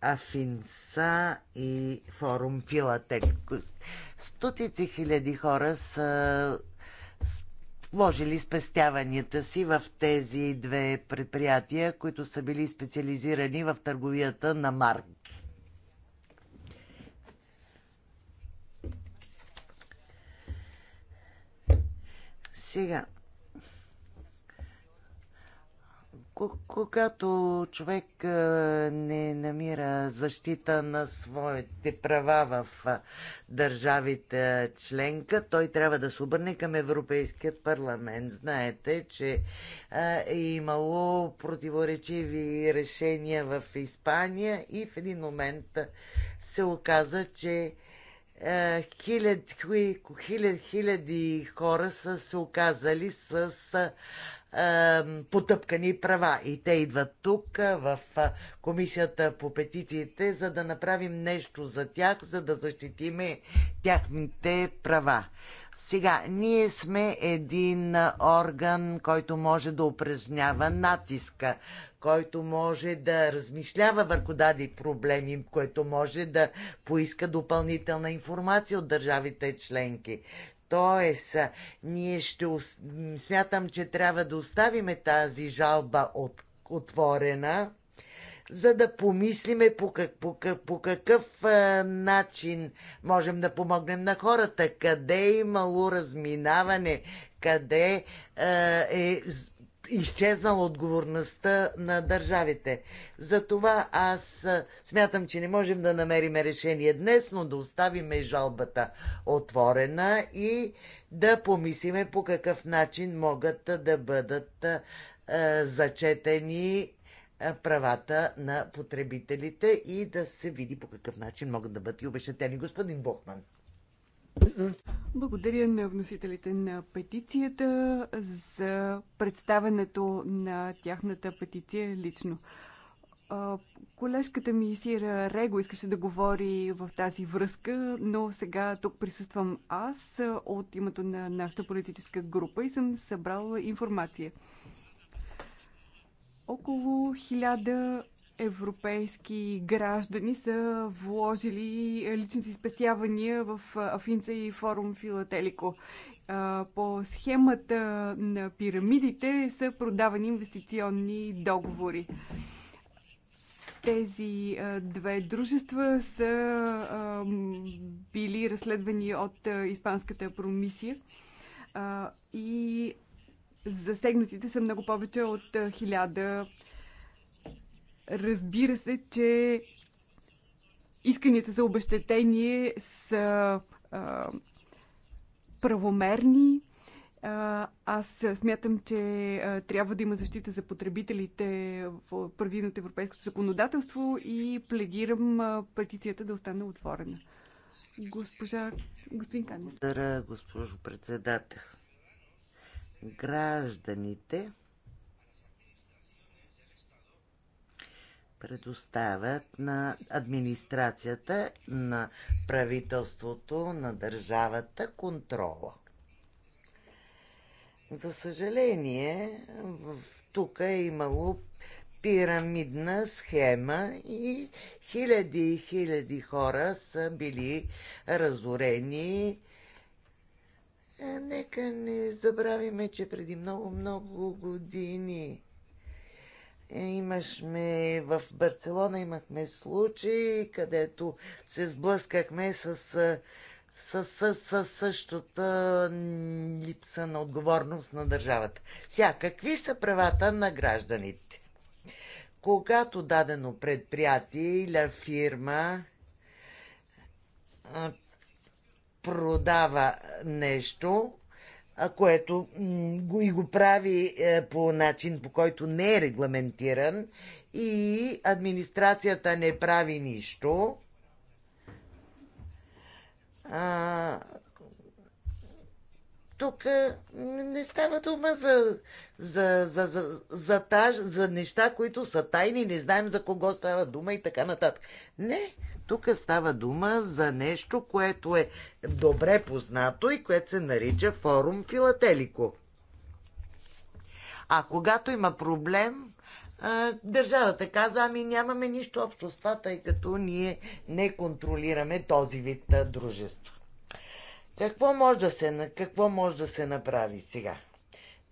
Афинса и форум Филатек. Стотици хиляди хора са вложили спестяванията си в тези две предприятия, които са били специализирани в търговията на марки. Сега, когато човек не намира защита на своите права в държавите членка, той трябва да се обърне към Европейския парламент. Знаете, че е имало противоречиви решения в Испания и в един момент се оказа, че хиляди, хиляди хора са се оказали с потъпкани права. И те идват тук, в комисията по петициите, за да направим нещо за тях, за да защитиме тяхните права. Сега, ние сме един орган, който може да упражнява натиска, който може да размишлява върху дади проблеми, който може да поиска допълнителна информация от държавите членки. Тоест, ние ще смятам, че трябва да оставиме тази жалба от, отворена, за да помислиме по, как, по, по какъв а, е, начин можем да помогнем на хората, къде е имало разминаване, къде а, е, е изчезнала отговорността на държавите. Затова аз смятам, че не можем да намерим решение днес, но да оставим жалбата отворена и да помислиме по какъв начин могат да бъдат зачетени правата на потребителите и да се види по какъв начин могат да бъдат и обещатени. Господин Бохман. Благодаря на вносителите на петицията за представенето на тяхната петиция лично. Колежката ми Сира Рего искаше да говори в тази връзка, но сега тук присъствам аз от името на нашата политическа група и съм събрала информация. Около хиляда европейски граждани са вложили лични си спестявания в Афинца и форум Филателико. По схемата на пирамидите са продавани инвестиционни договори. Тези две дружества са били разследвани от Испанската промисия и засегнатите са много повече от хиляда Разбира се, че исканията за обещетение са а, правомерни. А, аз смятам, че а, трябва да има защита за потребителите в първин от европейското законодателство и пледирам а, петицията да остане отворена. Госпожа, господин Канис. Благодаря, госпожо председател. Гражданите предоставят на администрацията, на правителството, на държавата контрола. За съжаление, тук е имало пирамидна схема и хиляди и хиляди хора са били разорени. Е, нека не забравиме, че преди много-много години е, имашме в Барселона, имахме случаи, където се сблъскахме е, с, с, с, с същата липса на отговорност на държавата. Сега, какви са правата на гражданите? Когато дадено предприятие или фирма е, продава нещо, което го и го прави е, по начин, по който не е регламентиран и администрацията не прави нищо. А, тук е, не става дума за, за, за, за, за, таж, за неща, които са тайни, не знаем за кого става дума и така нататък. Не, тук става дума за нещо, което е добре познато и което се нарича форум филателико. А когато има проблем, държавата каза, ами нямаме нищо общо с това, тъй като ние не контролираме този вид дружество. Какво може да се, какво може да се направи сега?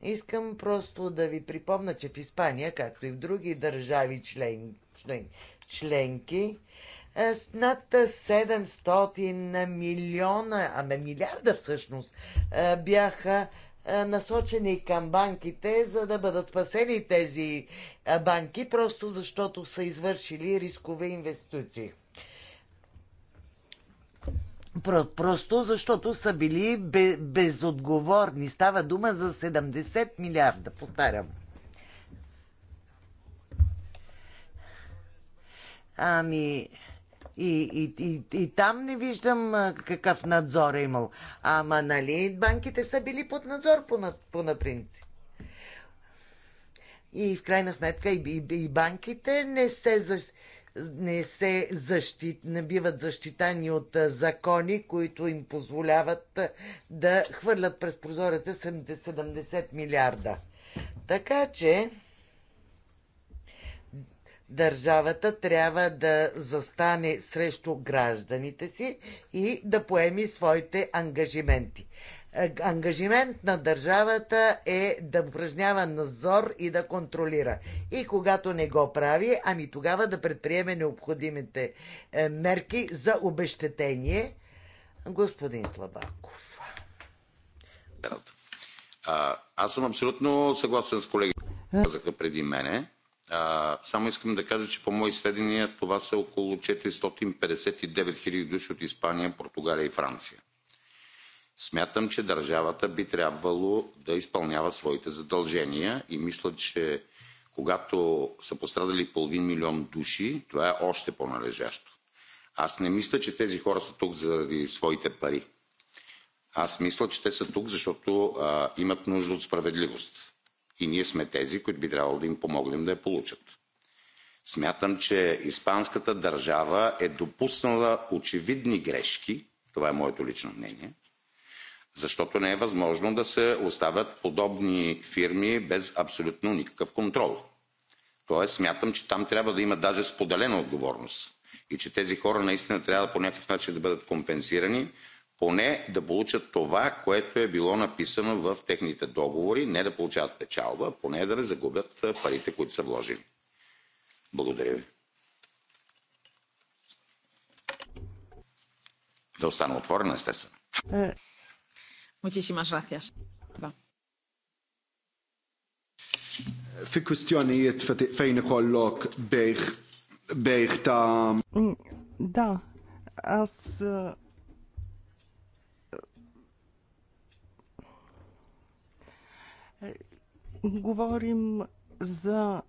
Искам просто да ви припомна, че в Испания, както и в други държави член, член, членки, е, с над 700 милиона, ами милиарда всъщност, е, бяха е, насочени към банките, за да бъдат спасени тези банки, просто защото са извършили рискови инвестиции. Просто защото са били безотговорни. Става дума за 70 милиарда, повтарям. Ами, и, и, и, и там не виждам какъв надзор е имал. Ама нали банките са били под надзор по, на, по на принцип. И в крайна сметка и, и, и банките не се не се защит, не биват защитани от а, закони, които им позволяват а, да хвърлят през прозореца 70, 70 милиарда. Така че държавата трябва да застане срещу гражданите си и да поеми своите ангажименти. Е, ангажимент на държавата е да упражнява надзор и да контролира. И когато не го прави, ами тогава да предприеме необходимите е, мерки за обещетение. Господин Слабаков. аз съм абсолютно съгласен с колегите, казаха преди мене само искам да кажа, че по мои сведения това са около 459 хиляди души от Испания, Португалия и Франция. Смятам, че държавата би трябвало да изпълнява своите задължения и мисля, че когато са пострадали половин милион души, това е още по-належащо. Аз не мисля, че тези хора са тук заради своите пари. Аз мисля, че те са тук, защото а, имат нужда от справедливост. И ние сме тези, които би трябвало да им помогнем да я получат. Смятам, че испанската държава е допуснала очевидни грешки, това е моето лично мнение, защото не е възможно да се оставят подобни фирми без абсолютно никакъв контрол. Тоест, смятам, че там трябва да има даже споделена отговорност и че тези хора наистина трябва по някакъв начин да бъдат компенсирани, поне да получат това, което е било написано в техните договори, не да получават печалба, поне да не загубят парите, които са вложили. Благодаря ви. Да остана отворена, естествено. Е. Muchísimas gracias. Fi kwistjonijiet fejn ikollok bejħ bejħ ta' Да, mm, аз Говорим за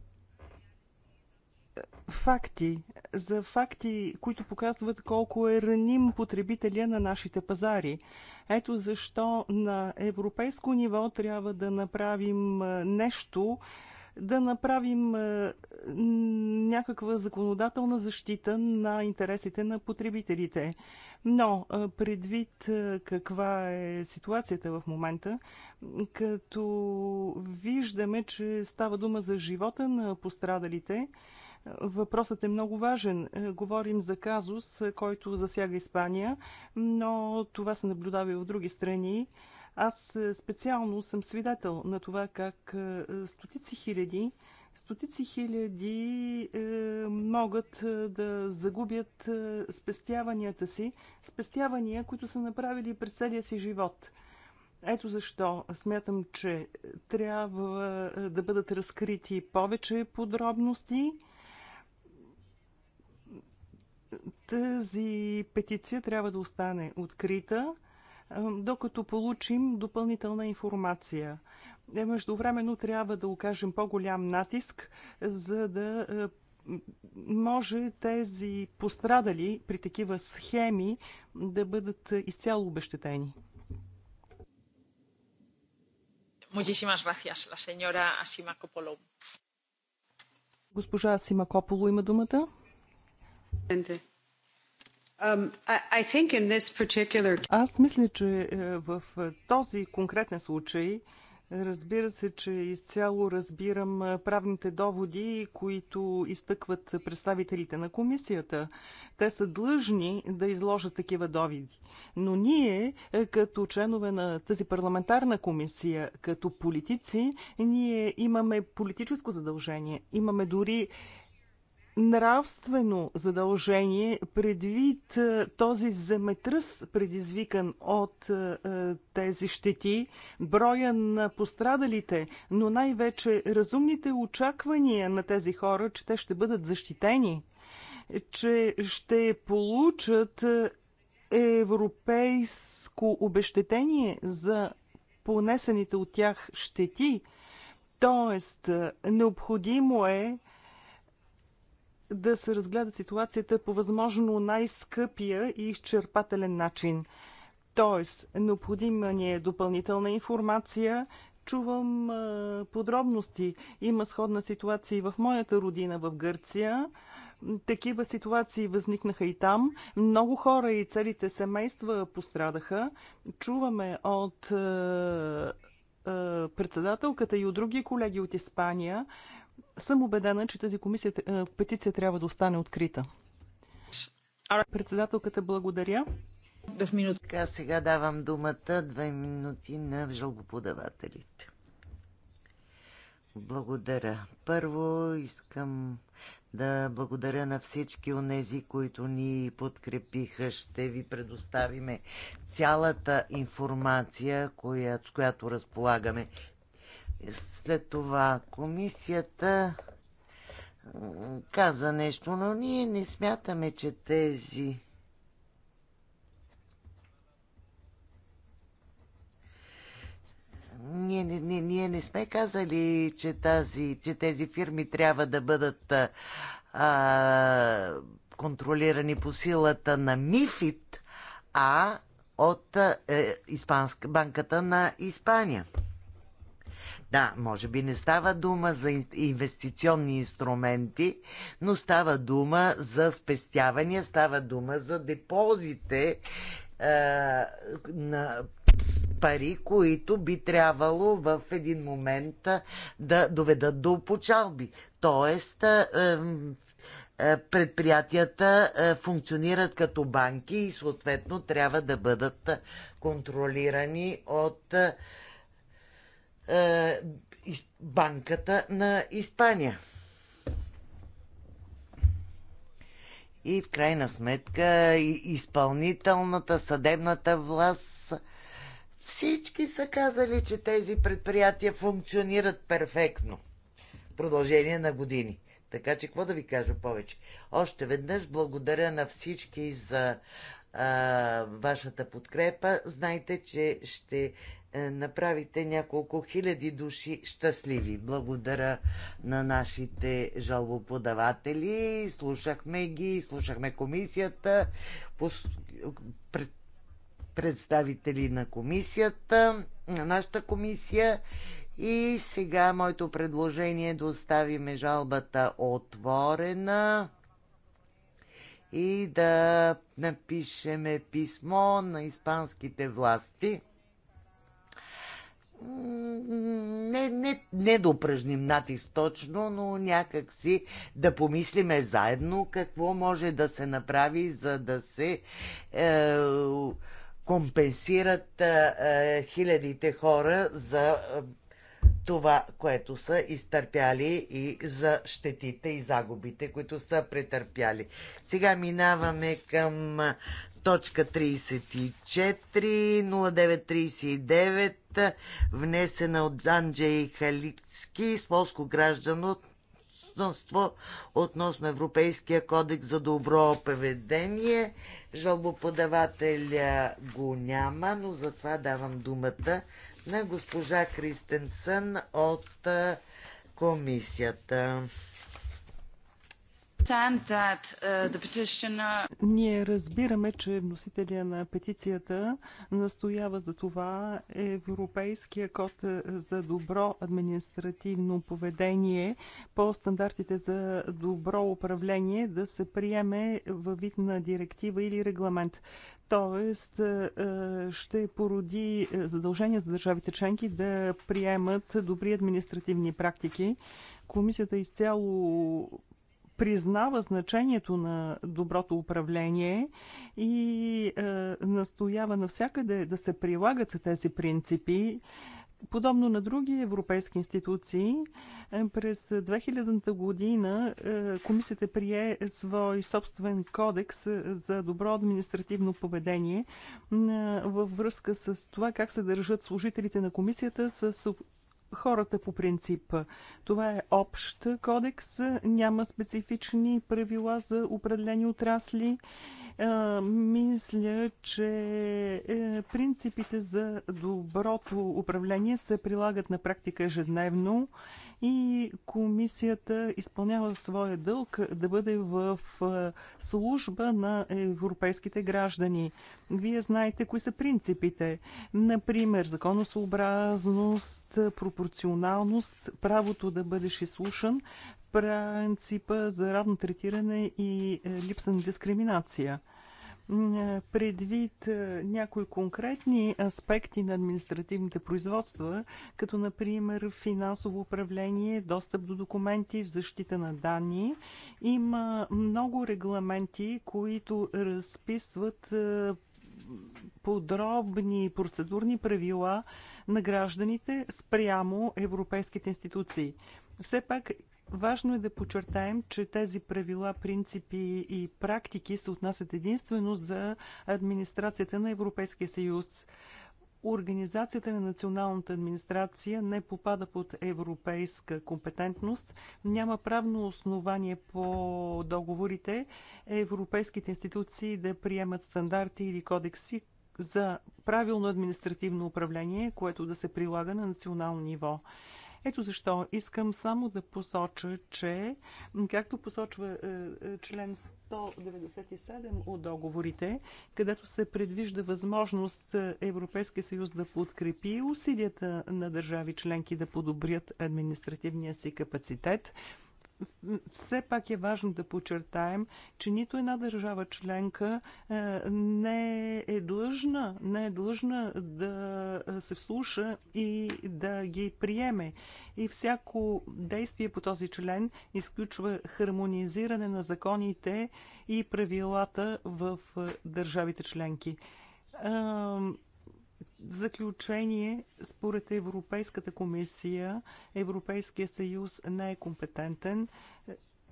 е, факти, за факти, които показват колко е раним потребителя на нашите пазари. Ето защо на европейско ниво трябва да направим е, нещо, да направим е, някаква законодателна защита на интересите на потребителите. Но е, предвид е, каква е ситуацията в момента, като виждаме, че става дума за живота на пострадалите, Въпросът е много важен. Говорим за казус, който засяга Испания, но това се наблюдава и в други страни. Аз е, специално съм свидетел на това как е, стотици хиляди стотици хиляди е, могат е, да загубят спестяванията си, спестявания, които са направили през целия си живот. Ето защо смятам, че трябва да бъдат разкрити повече подробности. Тази петиция трябва да остане открита докато получим допълнителна информация. Е, междувременно трябва да окажем по-голям натиск, за да е, може тези пострадали при такива схеми да бъдат изцяло обещетени. Muchísimas gracias, la señora Asima Госпожа Асима Кополо има думата. Um, Аз мисля, че е, в е, този конкретен случай Разбира се, че изцяло разбирам е, правните доводи, които изтъкват представителите на комисията. Те са длъжни да изложат такива доводи. Но ние, като членове на тази парламентарна комисия, като политици, ние имаме политическо задължение. Имаме дори нравствено задължение предвид е, този земетръс, предизвикан от е, е, тези щети, броя на пострадалите, но най-вече разумните очаквания на тези хора, че те ще бъдат защитени, че ще получат европейско обещетение за понесените от тях щети. Тоест, необходимо е да се разгледа ситуацията по възможно най-скъпия и изчерпателен начин. Тоест, необходима ни е допълнителна информация, чувам а, подробности. Има сходна ситуация и в моята родина в Гърция. Такива ситуации възникнаха и там. Много хора и целите семейства пострадаха. Чуваме от а, председателката и от други колеги от Испания, съм убедена, че тази комисия, е, петиция трябва да остане открита. Председателката благодаря. Така, сега давам думата две минути на жалбоподавателите. Благодаря. Първо искам да благодаря на всички онези, които ни подкрепиха. Ще ви предоставиме цялата информация, с която разполагаме. След това комисията каза нещо, но ние не смятаме, че тези ние, ние, ние не сме казали, че, тази, че тези фирми трябва да бъдат а, контролирани по силата на МИФИТ, а от е, Испанска, банката на Испания. Да, може би не става дума за инвестиционни инструменти, но става дума за спестявания, става дума за депозите е, на пари, които би трябвало в един момент да доведат до почалби. Тоест, е, предприятията функционират като банки и съответно трябва да бъдат контролирани от е, банката на Испания. И в крайна сметка изпълнителната, съдебната власт всички са казали, че тези предприятия функционират перфектно в продължение на години. Така че какво да ви кажа повече? Още веднъж благодаря на всички за а, вашата подкрепа. Знайте, че ще е, направите няколко хиляди души щастливи. Благодаря на нашите жалбоподаватели. Слушахме ги, слушахме комисията, представители на комисията, на нашата комисия. И сега моето предложение е да оставиме жалбата отворена и да напишеме писмо на испанските власти – не, не, не да упражним натиск точно, но някак си да помислиме заедно какво може да се направи, за да се е, компенсират е, е хилядите хора за е, това, което са изтърпяли и за щетите и загубите, които са претърпяли. Сега минаваме към точка 34 0939, внесена от Анджей Халицки с полско гражданство относно Европейския кодекс за добро поведение. Жалбоподавателя го няма, но затова давам думата на госпожа Кристенсън от комисията. Uh, Ние разбираме, че вносителя на петицията настоява за това Европейския код за добро административно поведение по стандартите за добро управление да се приеме във вид на директива или регламент. Тоест, е, ще породи задължение за държавите членки да приемат добри административни практики. Комисията изцяло признава значението на доброто управление и е, настоява навсякъде да се прилагат тези принципи. Подобно на други европейски институции, е, през 2000 година е, комисията прие свой собствен кодекс за добро административно поведение във връзка с това как се държат служителите на комисията с хората по принцип. Това е общ кодекс, няма специфични правила за определени отрасли. Мисля, че е, принципите за доброто управление се прилагат на практика ежедневно и комисията изпълнява своя дълг да бъде в е, служба на европейските граждани. Вие знаете кои са принципите. Например, законосъобразност, пропорционалност, правото да бъдеш изслушан принципа за равно третиране и е, липса на дискриминация. Е, предвид е, някои конкретни аспекти на административните производства, като например финансово управление, достъп до документи, защита на данни, има много регламенти, които разписват подробни процедурни правила на гражданите спрямо европейските институции. Все пак Важно е да подчертаем, че тези правила, принципи и практики се отнасят единствено за администрацията на Европейския съюз. Организацията на националната администрация не попада под европейска компетентност, няма правно основание по договорите европейските институции да приемат стандарти или кодекси за правилно административно управление, което да се прилага на национално ниво. Ето защо искам само да посоча, че, както посочва е, е, член 197 от договорите, където се предвижда възможност Европейския съюз да подкрепи усилията на държави членки да подобрят административния си капацитет, все пак е важно да подчертаем, че нито една държава членка е, не е длъжна, не е длъжна да е, се вслуша и да ги приеме. И всяко действие по този член изключва хармонизиране на законите и правилата в е, държавите членки в заключение, според Европейската комисия, Европейския съюз не е компетентен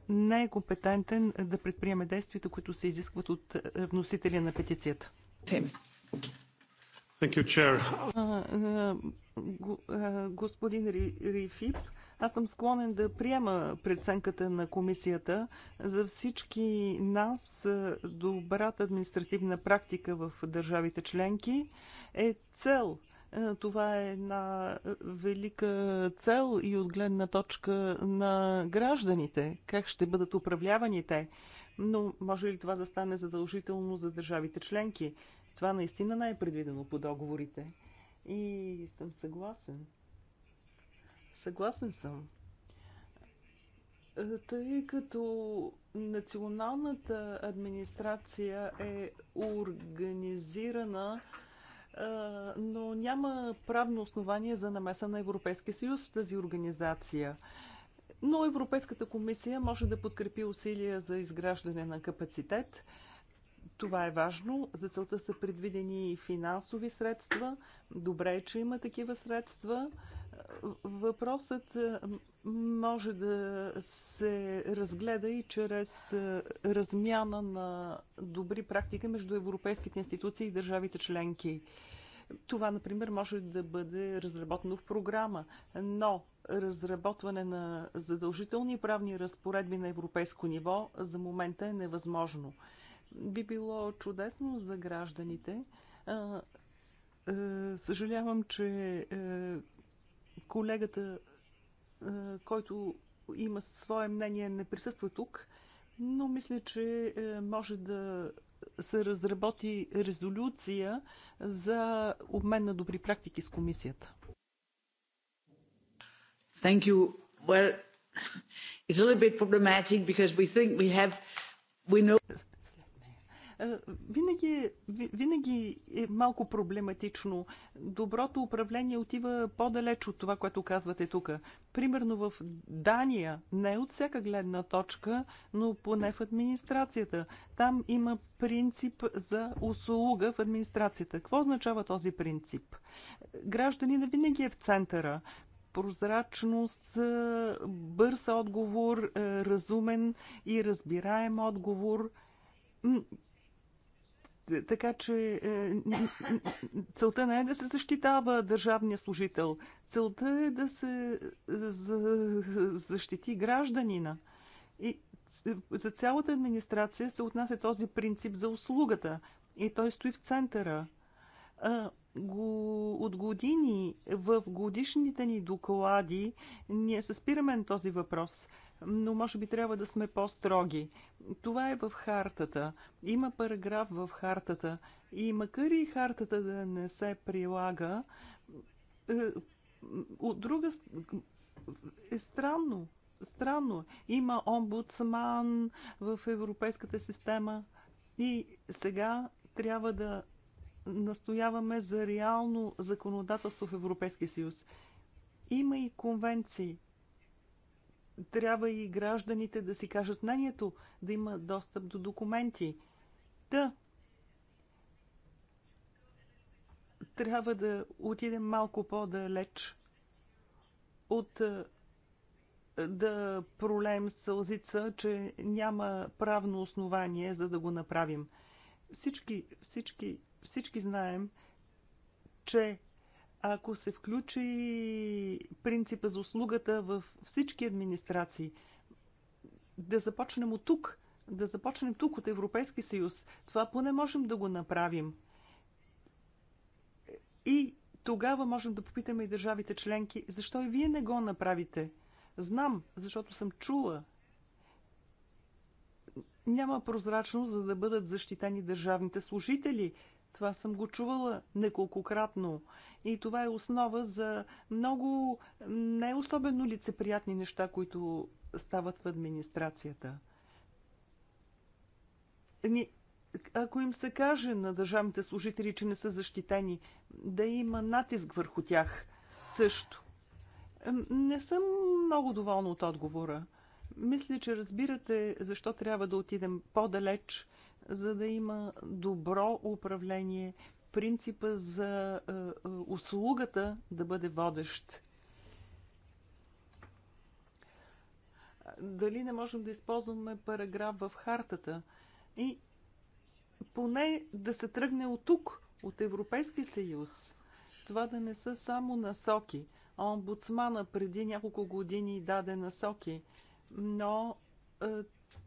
не е компетентен да предприеме действията, които се изискват от е, вносителя на петицията. You, господин Рифип, аз съм склонен да приема преценката на комисията. За всички нас е, добрата административна практика в държавите членки е цел. Е, това е една велика цел и от гледна точка на гражданите. Как ще бъдат управлявани те? Но може ли това да стане задължително за държавите членки? Това наистина не е предвидено по договорите. И съм съгласен. Съгласен съм. Е, тъй като националната администрация е организирана, е, но няма правно основание за намеса на Европейския съюз в тази организация. Но Европейската комисия може да подкрепи усилия за изграждане на капацитет. Това е важно. За целта са предвидени и финансови средства. Добре е, че има такива средства. Въпросът е, може да се разгледа и чрез е, размяна на добри практики между европейските институции и държавите членки. Това, например, може да бъде разработено в програма, но разработване на задължителни правни разпоредби на европейско ниво за момента е невъзможно. Би било чудесно за гражданите. Е, съжалявам, че колегата, който има свое мнение, не присъства тук, но мисля, че е, може да се разработи резолюция за обмен на добри практики с комисията. Thank you. Well, it's a little bit problematic because we think we have, we know... Е, винаги, е, винаги е малко проблематично. Доброто управление отива по-далеч от това, което казвате тук. Примерно в Дания, не е от всяка гледна точка, но поне в администрацията. Там има принцип за услуга в администрацията. Какво означава този принцип? Гражданина винаги е в центъра прозрачност, е, бърз отговор, разумен и разбираем отговор. Така че е, целта не е да се защитава държавния служител. Целта е да се защити гражданина. И за цялата администрация се отнася този принцип за услугата. И той стои в центъра го, от години в годишните ни доклади ние се спираме на този въпрос, но може би трябва да сме по-строги. Това е в хартата. Има параграф в хартата. И макар и хартата да не се прилага, е, от друга е странно. Странно. Има омбудсман в европейската система и сега трябва да настояваме за реално законодателство в Европейския съюз. Има и конвенции. Трябва и гражданите да си кажат мнението, да има достъп до документи. Та, да. трябва да отидем малко по-далеч от е, да пролеем сълзица, че няма правно основание за да го направим. Всички, всички всички знаем, че ако се включи принципа за услугата в всички администрации, да започнем от тук, да започнем тук от Европейски съюз, това поне можем да го направим. И тогава можем да попитаме и държавите членки, защо и вие не го направите. Знам, защото съм чула. Няма прозрачност, за да бъдат защитени държавните служители – това съм го чувала неколкократно. И това е основа за много не особено лицеприятни неща, които стават в администрацията. Ни, ако им се каже на държавните служители, че не са защитени, да има натиск върху тях също. Не съм много доволна от отговора. Мисля, че разбирате защо трябва да отидем по-далеч – за да има добро управление, принципа за е, е, услугата да бъде водещ. Дали не можем да използваме параграф в хартата и поне да се тръгне от тук, от Европейски съюз. Това да не са само насоки. Омбудсмана преди няколко години даде насоки, но е,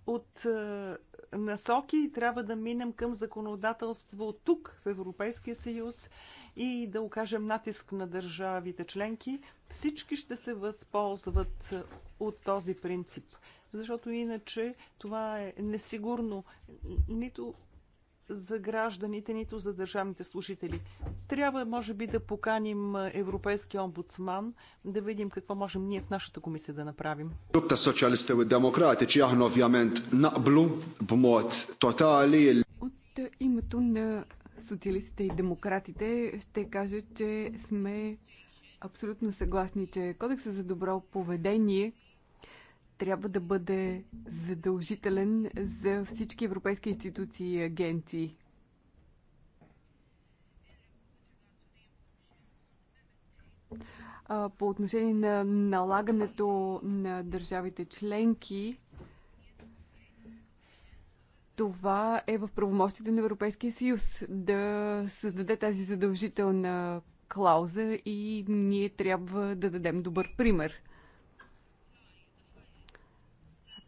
от е, насоки и трябва да минем към законодателство тук, в Европейския съюз и да окажем натиск на държавите членки, всички ще се възползват е, от този принцип. Защото иначе това е несигурно. Нито за гражданите, нито за държавните служители. Трябва, може би, да поканим Европейския омбудсман, да видим какво можем ние в нашата комисия да направим. Групта социалисти и демократи, че яхно овямент нақблу бмот тотали. Е От името на социалистите и демократите ще кажа, че сме абсолютно съгласни, че Кодексът за добро поведение – трябва да бъде задължителен за всички европейски институции и агенции. По отношение на налагането на държавите членки, това е в правомощите на Европейския съюз да създаде тази задължителна клауза и ние трябва да дадем добър пример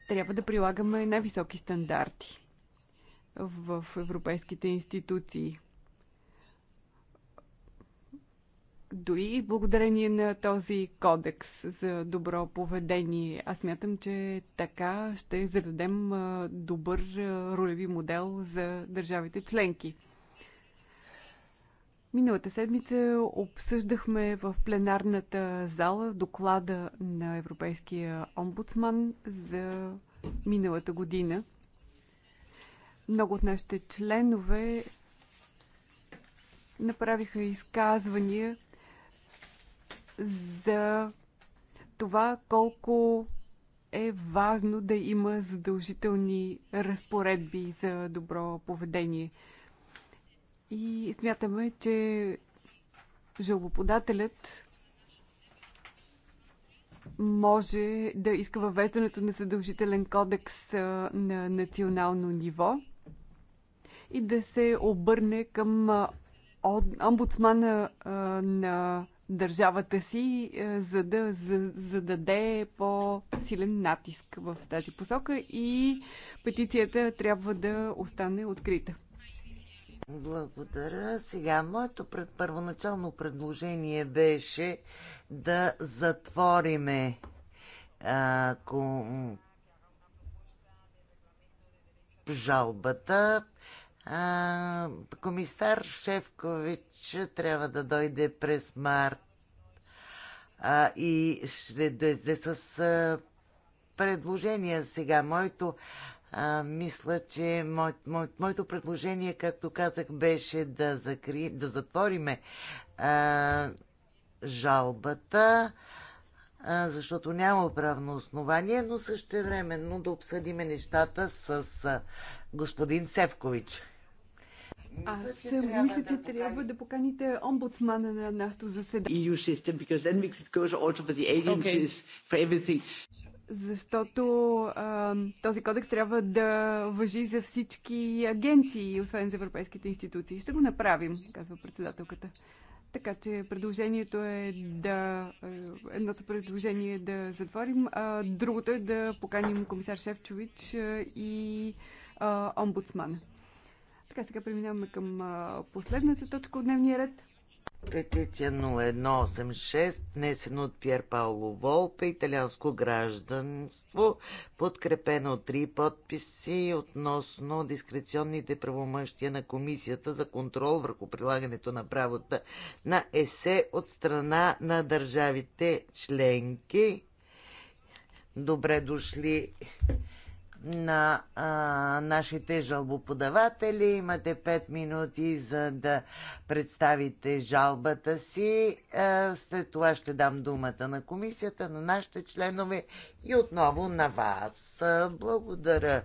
трябва да прилагаме най-високи стандарти в европейските институции. Дори благодарение на този кодекс за добро поведение, аз мятам, че така ще зададем добър ролеви модел за държавите членки. Миналата седмица обсъждахме в пленарната зала доклада на Европейския омбудсман за миналата година. Много от нашите членове направиха изказвания за това колко е важно да има задължителни разпоредби за добро поведение – и смятаме, че жалбоподателят може да иска въвеждането на съдължителен кодекс на национално ниво и да се обърне към омбудсмана на държавата си, за да зададе по-силен натиск в тази посока и петицията трябва да остане открита. Благодаря. Сега, моето пред, първоначално предложение беше да затвориме а, ком, жалбата. А, комисар Шевкович трябва да дойде през март а, и ще дойде с а, предложения сега. Моето а, мисля, че мое, мое, моето предложение, както казах, беше да, закри, да затвориме а, жалбата, а, защото няма правно основание, но също времено да обсъдиме нещата с а, господин Севкович. Аз мисля, че трябва, мисля, да, че да трябва да поканите омбудсмана на нашото заседание. EU system, because then we could go also for the agencies, okay. for everything защото а, този кодекс трябва да въжи за всички агенции, освен за европейските институции. Ще го направим, казва председателката. Така че предложението е да. Е, едното предложение е да затворим, а другото е да поканим комисар Шевчович и омбудсмана. Така, сега преминаваме към последната точка от дневния ред. Петиция 0186, внесена от Пьер Пауло Волпе, италианско гражданство, подкрепено от три подписи относно дискреционните правомъщия на Комисията за контрол върху прилагането на правота на ЕСЕ от страна на държавите членки. Добре дошли на а, нашите жалбоподаватели. Имате 5 минути за да представите жалбата си. А, след това ще дам думата на комисията, на нашите членове и отново на вас. благодаря,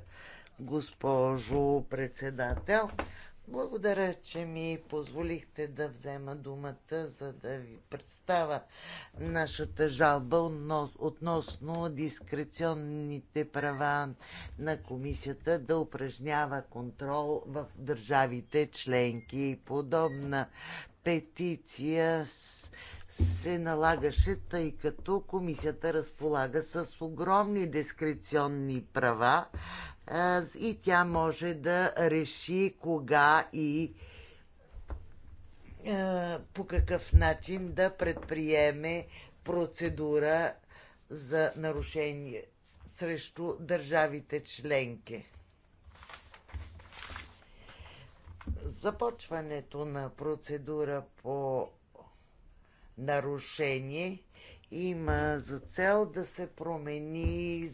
госпожо председател. Благодаря, че ми позволихте да взема думата, за да ви представя нашата жалба относно дискреционните права на комисията да упражнява контрол в държавите членки. Подобна петиция с се налагаше, тъй като комисията разполага с огромни дискреционни права и тя може да реши кога и по какъв начин да предприеме процедура за нарушение срещу държавите членки. Започването на процедура по нарушение има за цел да се промени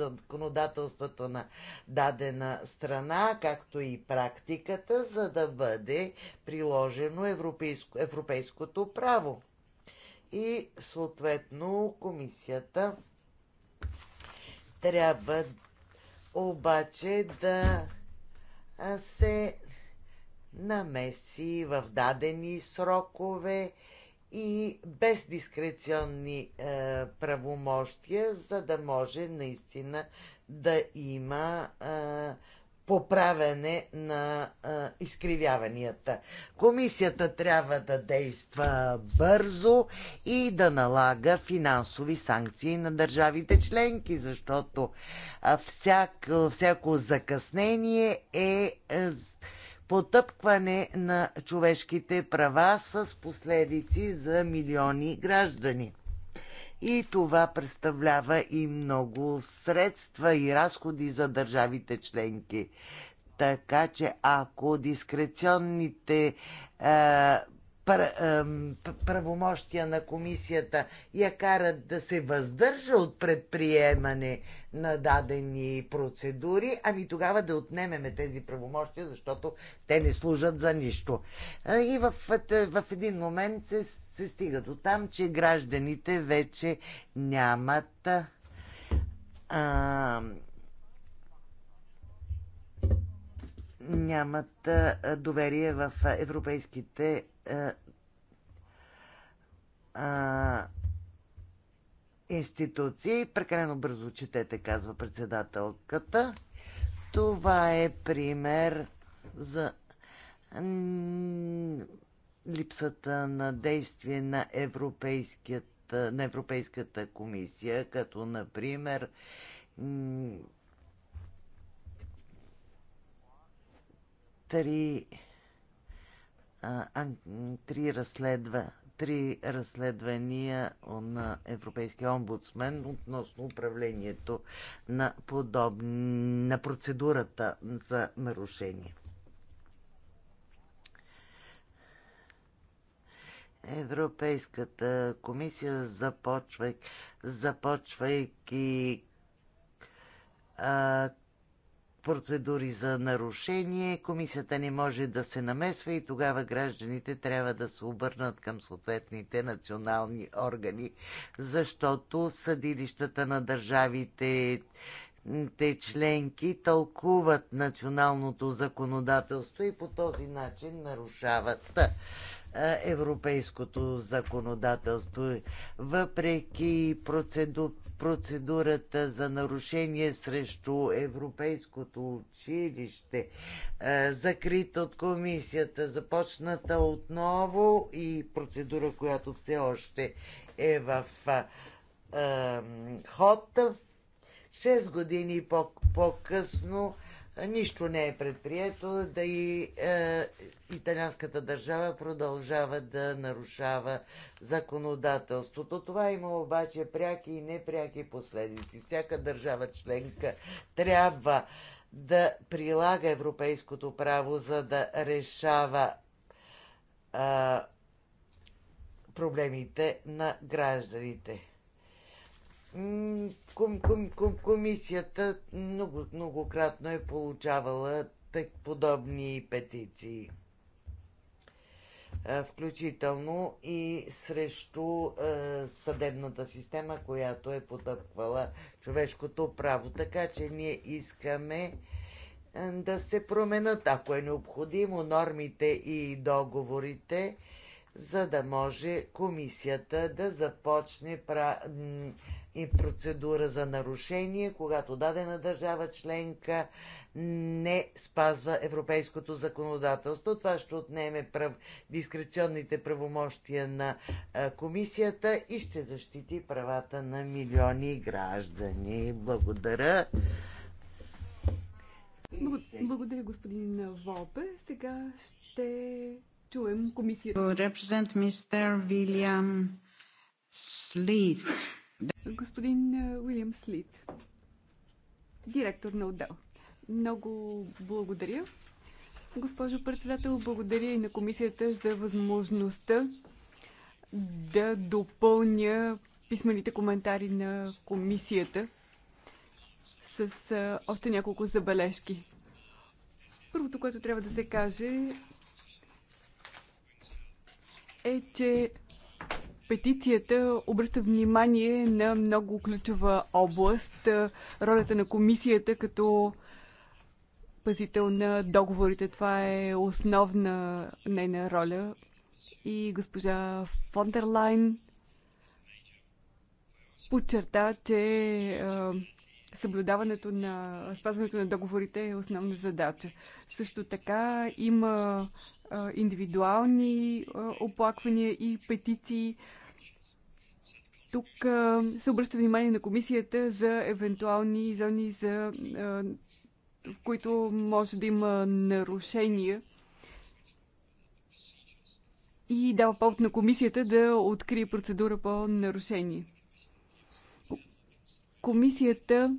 законодателството на дадена страна, както и практиката, за да бъде приложено европейско, европейското право. И съответно комисията трябва обаче да се намеси в дадени срокове, и без дискреционни е, правомощия, за да може наистина да има е, поправяне на е, изкривяванията. Комисията трябва да действа бързо и да налага финансови санкции на държавите членки, защото всяко, всяко закъснение е. е потъпкване на човешките права с последици за милиони граждани. И това представлява и много средства и разходи за държавите членки. Така че ако дискреционните е, правомощия на комисията я карат да се въздържа от предприемане на дадени процедури, ами тогава да отнемеме тези правомощия, защото те не служат за нищо. И в, в един момент се, се стига до там, че гражданите вече нямат а, нямат доверие в европейските е, а, институции. Прекалено бързо четете, казва председателката. Това е пример за липсата на действие на, на Европейската комисия, като, например, три а, три, разследва, три разследвания на Европейския омбудсмен относно управлението на, подоб... на процедурата за нарушение. Европейската комисия започва, започвайки а, процедури за нарушение, комисията не може да се намесва и тогава гражданите трябва да се обърнат към съответните национални органи, защото съдилищата на държавите те членки тълкуват националното законодателство и по този начин нарушават европейското законодателство. Въпреки процеду процедурата за нарушение срещу Европейското училище, закрита от комисията, започната отново и процедура, която все още е в ход. Шест години по-късно нищо не е предприето, да и е, италианската държава продължава да нарушава законодателството. Това има обаче пряки и непряки последици. Всяка държава членка трябва да прилага европейското право, за да решава е, проблемите на гражданите ком, ком, ком, комисията много, многократно е получавала так, подобни петиции. Включително и срещу е, съдебната система, която е потъпквала човешкото право. Така че ние искаме да се променят, ако е необходимо, нормите и договорите, за да може комисията да започне пра и процедура за нарушение, когато дадена държава членка не спазва европейското законодателство. Това ще отнеме прав... дискреционните правомощия на а, комисията и ще защити правата на милиони граждани. Благодаря. Благодаря, господин Волпе. Сега ще чуем комисията. репрезент мистер William Sleeth. Господин е, Уилям Слит, директор на отдел. Много благодаря. Госпожо председател, благодаря и на комисията за възможността да допълня писмените коментари на комисията с е, още няколко забележки. Първото, което трябва да се каже е, че петицията обръща внимание на много ключова област, ролята на комисията като пазител на договорите. Това е основна нейна роля. И госпожа Фондерлайн подчерта, че съблюдаването на спазването на договорите е основна задача. Също така има индивидуални оплаквания и петиции. Тук се обръща внимание на комисията за евентуални зони, за, в които може да има нарушения и дава повод на комисията да открие процедура по нарушение. Комисията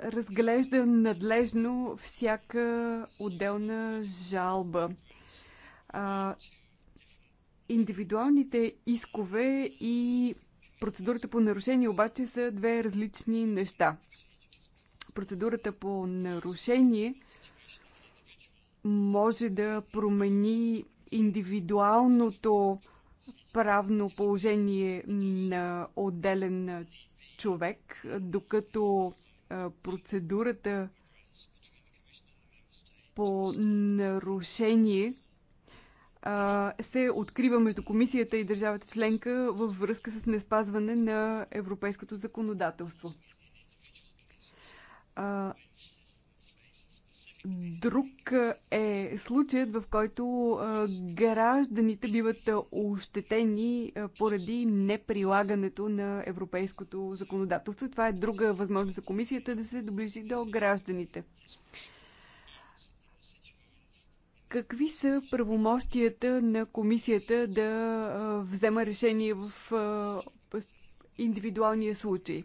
разглежда надлежно всяка отделна жалба. А, индивидуалните искове и процедурата по нарушение обаче са две различни неща. Процедурата по нарушение може да промени индивидуалното правно положение на отделен човек, докато процедурата по нарушение се открива между комисията и държавата членка във връзка с неспазване на европейското законодателство. Друг е, е случаят, в който е, гражданите биват е, ощетени поради неприлагането на европейското законодателство. Това е друга възможност за комисията да се доближи до гражданите. Какви са правомощията на комисията да взема решение в индивидуалния случай?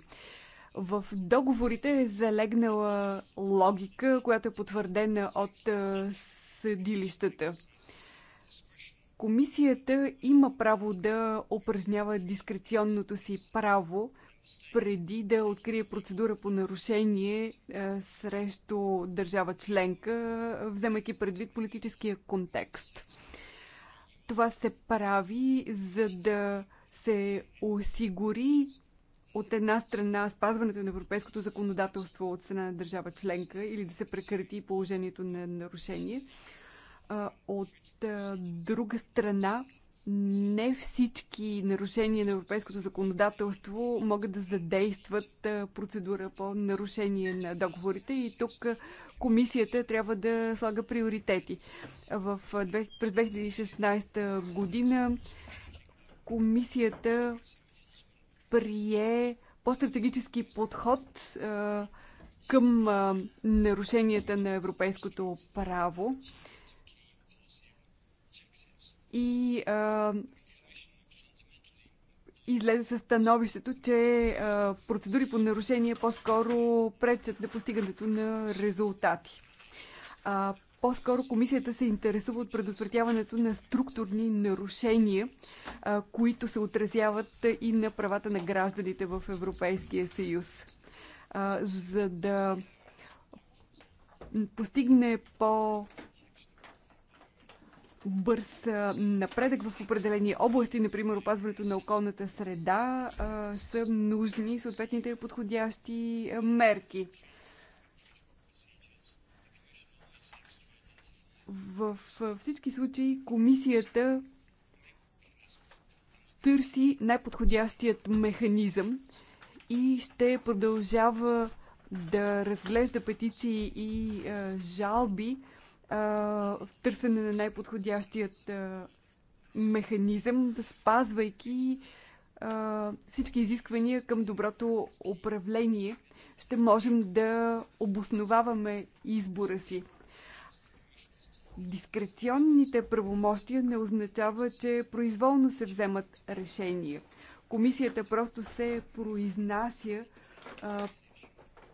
В договорите е залегнала логика, която е потвърдена от е, съдилищата. Комисията има право да упражнява дискреционното си право преди да открие процедура по нарушение а, е, срещу държава членка, вземайки предвид политическия контекст. Това се прави, за да се осигури от една страна спазването на европейското законодателство от страна на държава членка или да се прекрати положението на нарушение. От друга страна, не всички нарушения на европейското законодателство могат да задействат процедура по нарушение на договорите и тук комисията трябва да слага приоритети. В, през 2016 година комисията прие по-стратегически подход а, към а, нарушенията на европейското право и а, излезе със становището, че а, процедури по нарушение по-скоро пречат на постигането на резултати. А, по-скоро комисията се интересува от предотвратяването на структурни нарушения, които се отразяват и на правата на гражданите в Европейския съюз. За да постигне по бърз напредък в определени области, например опазването на околната среда, са нужни съответните подходящи мерки. В всички случаи комисията търси най-подходящият механизъм и ще продължава да разглежда петиции и а, жалби а, в търсене на най-подходящият механизъм, да спазвайки а, всички изисквания към доброто управление, ще можем да обосноваваме избора си. Дискреционните правомощия не означава, че произволно се вземат решения. Комисията просто се произнася а,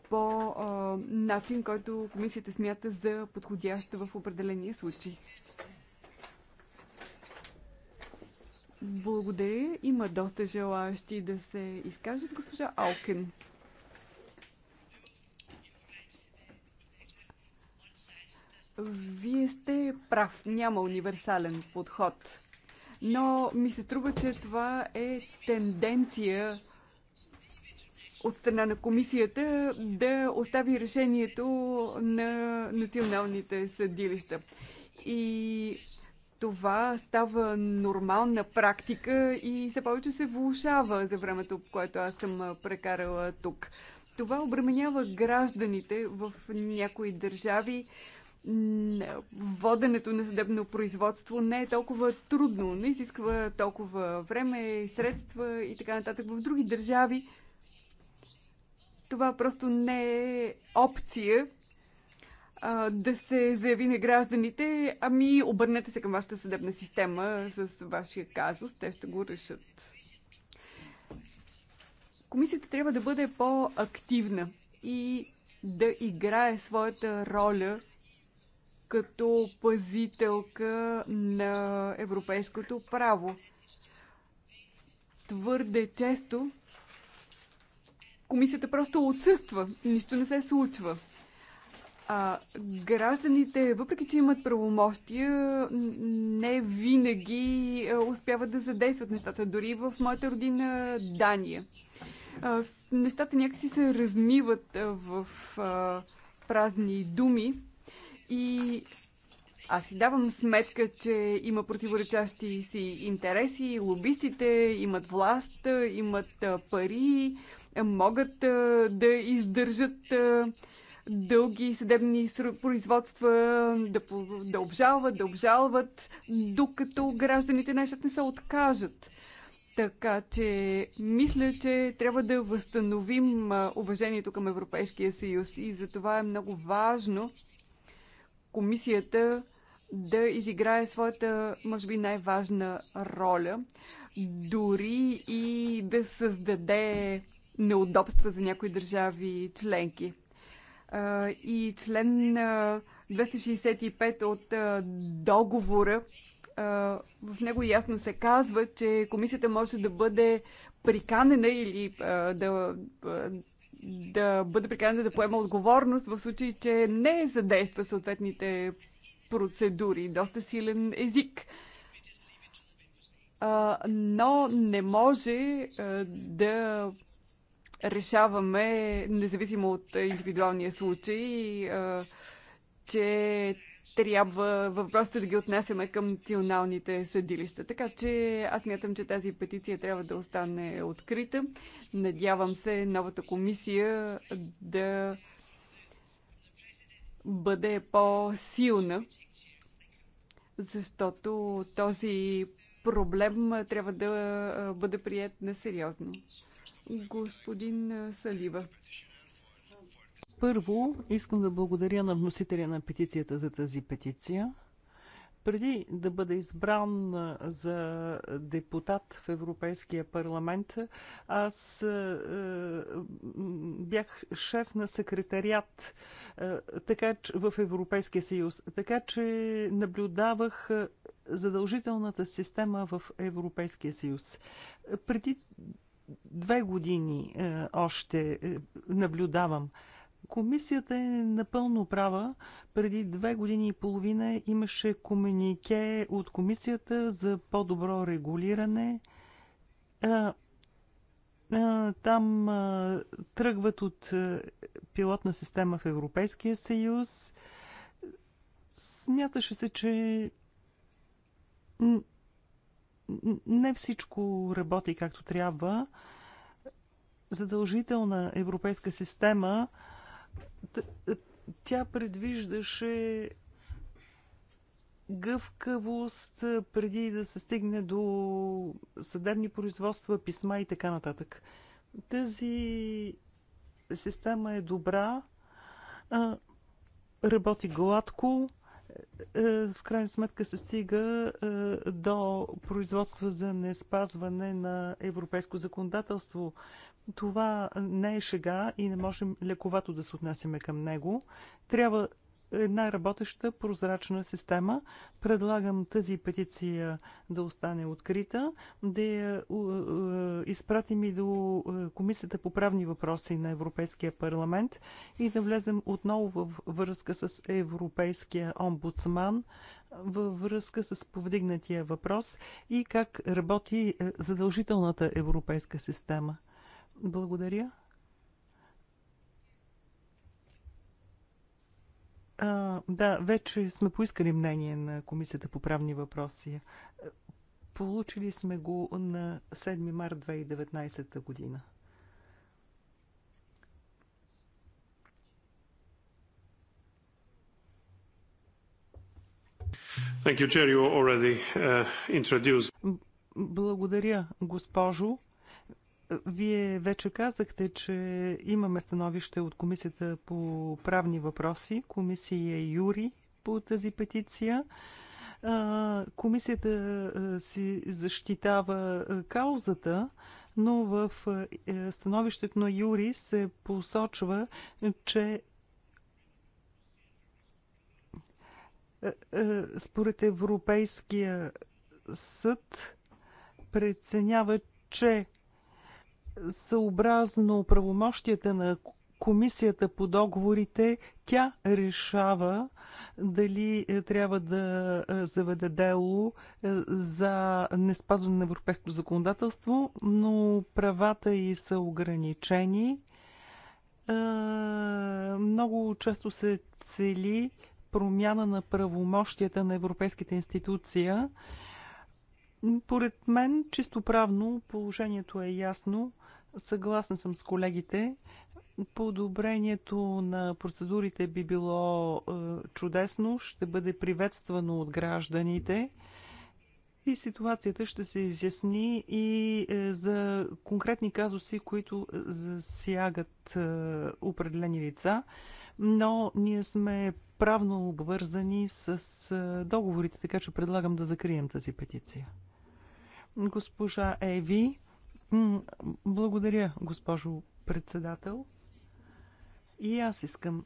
по а, начин, който комисията смята за подходящ в определения случай. Благодаря. Има доста желаящи да се изкажат. Госпожа Алкен. Вие сте прав, няма универсален подход. Но ми се струва, че това е тенденция от страна на комисията да остави решението на националните съдилища. И това става нормална практика и все повече се влушава за времето, което аз съм прекарала тук. Това обременява гражданите в някои държави воденето на съдебно производство не е толкова трудно, не изисква толкова време и средства и така нататък. В други държави това просто не е опция а, да се заяви на гражданите, ами обърнете се към вашата съдебна система с вашия казус, те ще го решат. Комисията трябва да бъде по-активна и да играе своята роля като пазителка на европейското право. Твърде често комисията просто отсъства, нищо не се случва. А, гражданите, въпреки че имат правомощия, не винаги успяват да задействат нещата, дори в моята родина Дания. А, нещата някакси се размиват в а, празни думи. И аз си давам сметка, че има противоречащи си интереси, лобистите имат власт, имат пари, могат да издържат дълги съдебни производства, да, да обжалват, да обжалват, докато гражданите най не се откажат. Така че мисля, че трябва да възстановим уважението към Европейския съюз и за това е много важно комисията да изиграе своята, може би, най-важна роля, дори и да създаде неудобства за някои държави членки. И член 265 от договора, в него ясно се казва, че комисията може да бъде приканена или да да бъде приканена да поема отговорност в случай, че не задейства съответните процедури. Доста силен език. Но не може да решаваме, независимо от индивидуалния случай, че трябва въпросите да ги отнесеме към националните съдилища. Така че аз мятам, че тази петиция трябва да остане открита. Надявам се новата комисия да бъде по-силна, защото този проблем трябва да бъде прият на сериозно. Господин Салива. Първо, искам да благодаря на вносителя на петицията за тази петиция. Преди да бъда избран за депутат в Европейския парламент, аз бях шеф на секретариат така, че, в Европейския съюз, така че наблюдавах задължителната система в Европейския съюз. Преди две години още наблюдавам. Комисията е напълно права. Преди две години и половина имаше комунике от комисията за по-добро регулиране. Там тръгват от пилотна система в Европейския съюз. Смяташе се, че не всичко работи както трябва. Задължителна европейска система – е, тя предвиждаше гъвкавост е, преди да се стигне до съдебни производства, писма и така нататък. Тази система е добра, работи гладко, е, в крайна сметка се стига до производства за неспазване на европейско законодателство. Това не е шега и не можем лековато да се отнасяме към него. Трябва една работеща, прозрачна система. Предлагам тази петиция да остане открита, да я изпратим и до е, Комисията по правни въпроси на Европейския парламент и да влезем отново в връзка с Европейския омбудсман във връзка с повдигнатия въпрос и как работи е, задължителната европейска система. Благодаря. А, да, вече сме поискали мнение на Комисията по правни въпроси. Получили сме го на 7 март 2019 година. You, Chair, uh, Благодаря, госпожо. Вие вече казахте, че имаме становище от Комисията по правни въпроси, Комисия Юри по тази петиция. Комисията си защитава каузата, но в е, становището на Юри се посочва, че според Европейския съд преценява, че съобразно правомощията на комисията по договорите, тя решава дали е, трябва да е, заведе дело е, за неспазване на европейското законодателство, но правата й са ограничени. Много често се цели промяна на правомощията на европейските институция. Поред мен, чисто правно, положението е ясно Съгласен съм с колегите. Подобрението на процедурите би било е, чудесно, ще бъде приветствано от гражданите и ситуацията ще се изясни и е, за конкретни казуси, които засягат е, определени лица, но ние сме правно обвързани с е, договорите, така че предлагам да закрием тази петиция. Госпожа Еви, благодаря, госпожо председател. И аз искам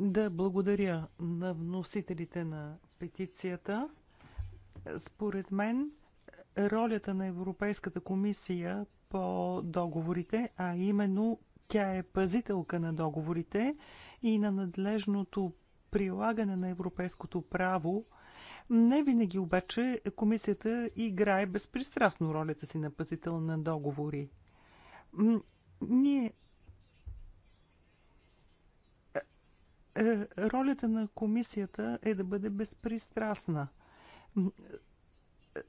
да благодаря на вносителите на петицията. Според мен, ролята на Европейската комисия по договорите, а именно тя е пазителка на договорите и на надлежното прилагане на европейското право – не винаги обаче комисията играе безпристрастно ролята си на пазител на договори. Ние е, е, ролята на комисията е да бъде безпристрастна, е,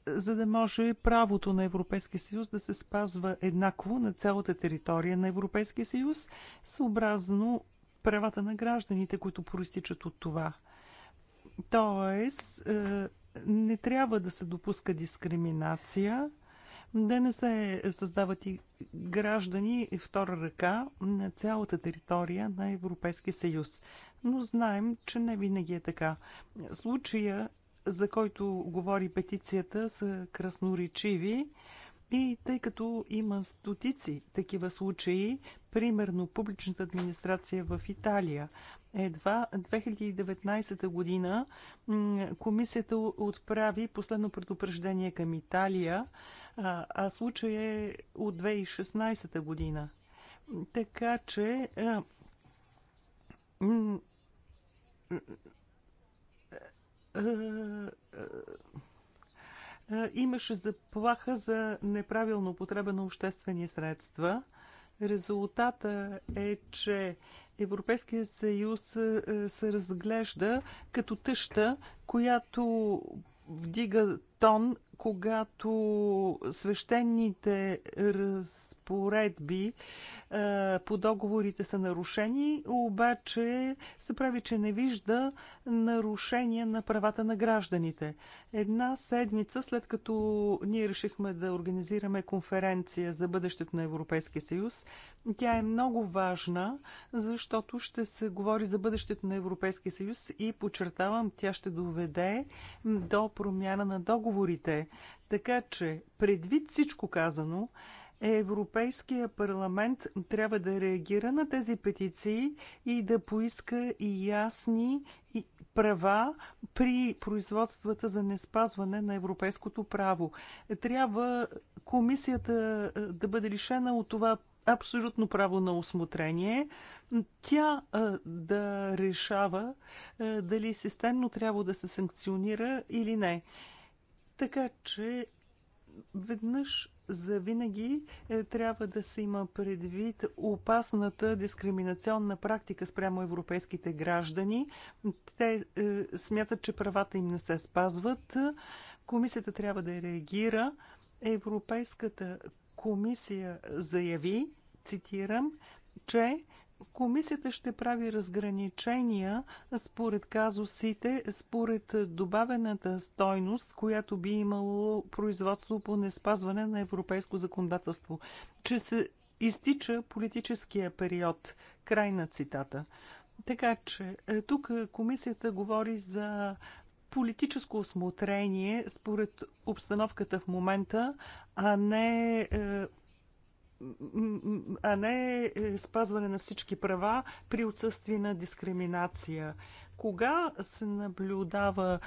за да може правото на Европейския съюз да се спазва еднакво на цялата територия на Европейския съюз, съобразно правата на гражданите, които проистичат от това – Тоест, е, не трябва да се допуска дискриминация, да не се създават и граждани втора ръка на цялата територия на Европейския съюз. Но знаем, че не винаги е така. Случая, за който говори петицията, са красноречиви. И тъй като има стотици такива случаи, примерно публичната администрация в Италия, едва 2019 година комисията отправи последно предупреждение към Италия, а случай е от 2016 година. Така че имаше заплаха за неправилно употреба на обществени средства. Резултата е, че Европейския съюз се разглежда като тъща, която вдига тон, когато свещените раз разпоредби е, по договорите са нарушени, обаче се прави, че не вижда нарушения на правата на гражданите. Една седмица след като ние решихме да организираме конференция за бъдещето на Европейския съюз, тя е много важна, защото ще се говори за бъдещето на Европейския съюз и подчертавам, тя ще доведе до промяна на договорите. Така че, предвид всичко казано, Европейския парламент трябва да реагира на тези петиции и да поиска и ясни права при производствата за неспазване на европейското право. Трябва комисията е, да бъде лишена от това абсолютно право на осмотрение. Тя е, да решава е, дали системно трябва да се санкционира или не. Така че веднъж завинаги е, трябва да се има предвид опасната дискриминационна практика спрямо европейските граждани. Те е, смятат, че правата им не се спазват. Комисията трябва да реагира. Европейската комисия заяви, цитирам, че Комисията ще прави разграничения според казусите, според добавената стойност, която би имало производство по неспазване на европейско законодателство, че се изтича политическия период. Край на цитата. Така че е, тук комисията говори за политическо осмотрение според обстановката в момента, а не е, а не е спазване на всички права при отсъствие на дискриминация. Кога се наблюдава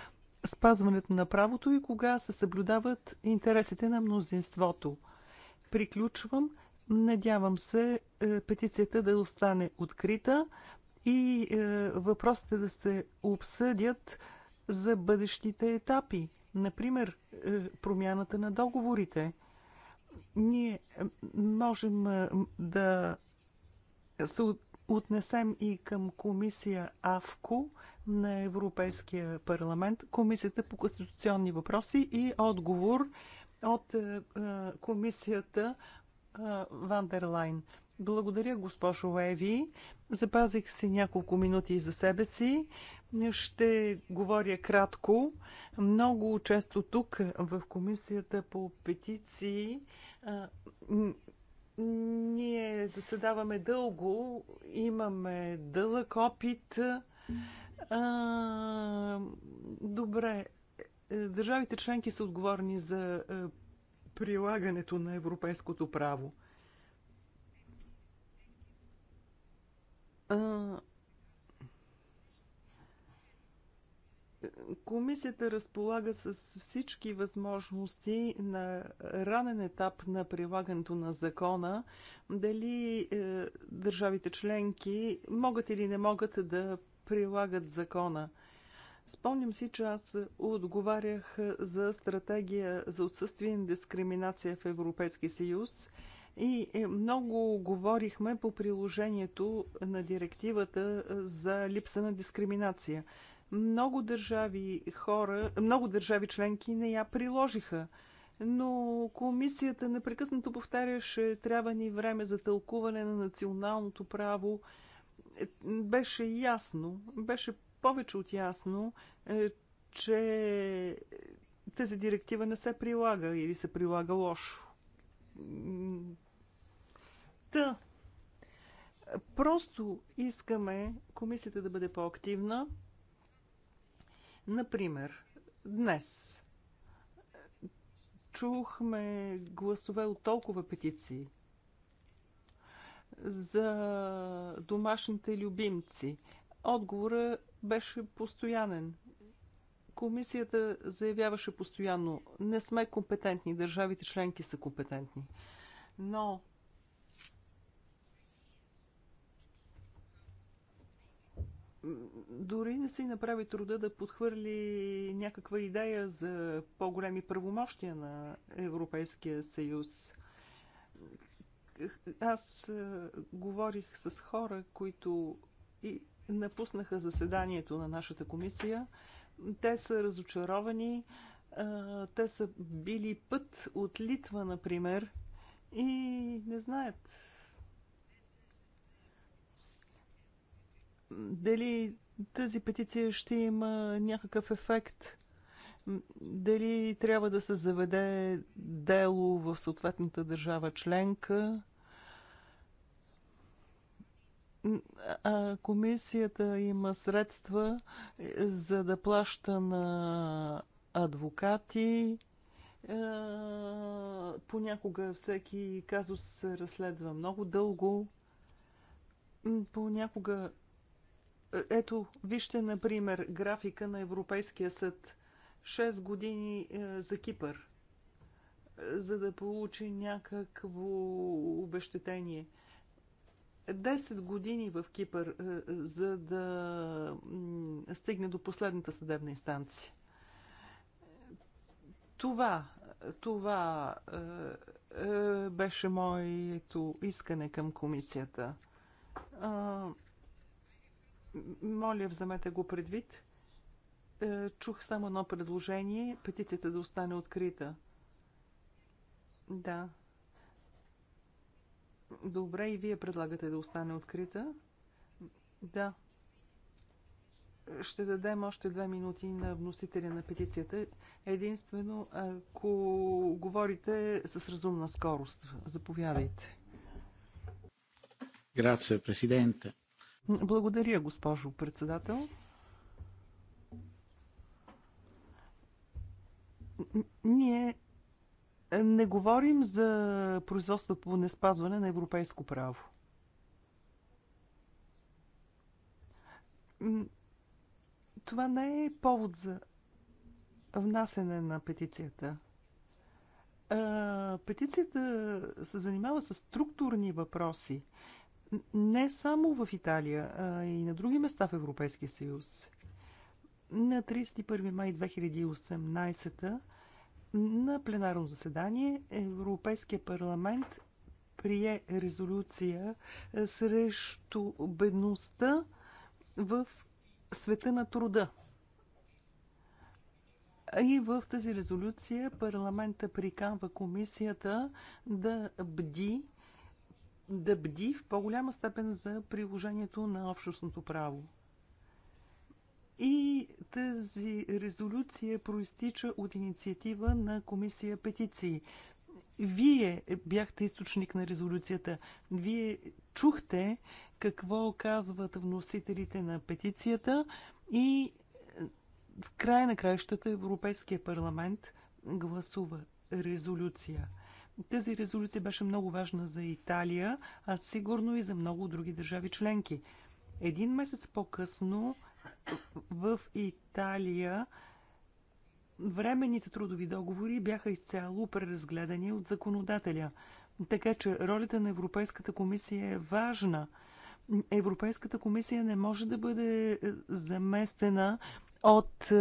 спазването на правото и кога се съблюдават интересите на мнозинството? Приключвам. Надявам се е, петицията да остане открита и е, въпросите да се обсъдят за бъдещите етапи. Например, промяната на договорите ние можем да се отнесем и към комисия АВКО на Европейския парламент, комисията по конституционни въпроси и отговор от е, е, комисията е, Вандерлайн. Благодаря, госпожо Леви. Запазих си няколко минути за себе си. Ще говоря кратко. Много често тук в комисията по петиции ние заседаваме дълго, имаме дълъг опит. Добре, е, държавите членки са отговорни за е, прилагането на европейското право. Комисията разполага с всички възможности на ранен етап на прилагането на закона, дали е, държавите членки могат или не могат да прилагат закона. Спомням си, че аз отговарях за стратегия за отсъствие на дискриминация в Европейския съюз и е, много говорихме по приложението на директивата за липса на дискриминация. Много държави хора, много държави членки не я приложиха. Но комисията непрекъснато повтаряше, трябва ни време за тълкуване на националното право. Беше ясно, беше повече от ясно, е, че тази директива не се прилага или се прилага лошо. Та, просто искаме комисията да бъде по-активна, Например, днес чухме гласове от толкова петиции за домашните любимци. Отговора беше постоянен. Комисията заявяваше постоянно, не сме компетентни, държавите членки са компетентни. Но дори не си направи труда да подхвърли някаква идея за по-големи правомощия на Европейския съюз. Аз е, говорих с хора, които и напуснаха заседанието на нашата комисия. Те са разочаровани. Е, те са били път от Литва, например, и не знаят дали тази петиция ще има някакъв ефект, дали трябва да се заведе дело в съответната държава членка. А комисията има средства е, за да плаща на адвокати. Е, понякога всеки казус се разследва много дълго. Понякога ето, вижте, например, графика на Европейския съд. 6 години е, за Кипър, е, за да получи някакво обещетение. 10 години в Кипър, е, за да стигне до последната съдебна инстанция. Това, това беше моето искане към комисията. Моля, вземете го предвид. Е, чух само едно предложение петицията да остане открита. Да. Добре, и вие предлагате да остане открита. Да. Ще дадем още две минути на вносителя на петицията. Единствено, ако говорите с разумна скорост. Заповядайте. Грация, президенте. Благодаря, госпожо председател. Ние не говорим за производство по неспазване на европейско право. Това не е повод за внасене на петицията. Петицията се занимава с структурни въпроси не само в Италия, а и на други места в Европейския съюз. На 31 май 2018 на пленарно заседание Европейския парламент прие резолюция срещу бедността в света на труда. И в тази резолюция парламента приканва комисията да бди да бди в по-голяма степен за приложението на общностното право. И тази резолюция проистича от инициатива на Комисия петиции. Вие бяхте източник на резолюцията. Вие чухте какво казват вносителите на петицията и е, с края на краищата Европейския парламент гласува резолюция – тази резолюция беше много важна за Италия, а сигурно и за много други държави членки. Един месец по-късно в Италия временните трудови договори бяха изцяло преразгледани от законодателя. Така че ролята на Европейската комисия е важна. Европейската комисия не може да бъде е, заместена от е,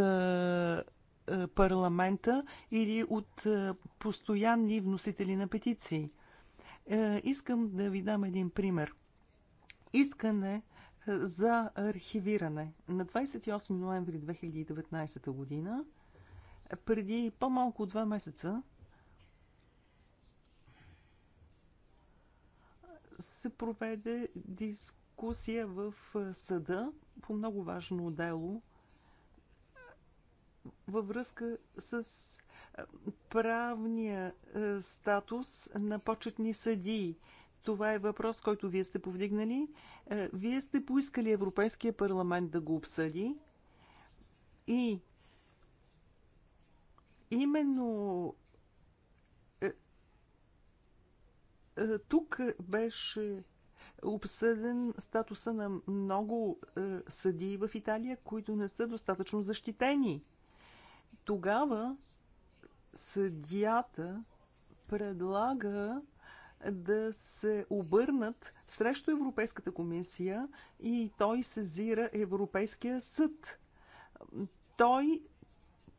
е, парламента или от е, постоянни вносители на петиции. Е, искам да ви дам един пример. Искане за архивиране. На 28 ноември 2019 година, преди по-малко от два месеца, се проведе дискусия в съда по много важно дело във връзка с правния статус на почетни съдии. Това е въпрос, който вие сте повдигнали. Вие сте поискали Европейския парламент да го обсъди и именно тук беше обсъден статуса на много съдии в Италия, които не са достатъчно защитени тогава съдията предлага да се обърнат срещу Европейската комисия и той сезира Европейския съд. Той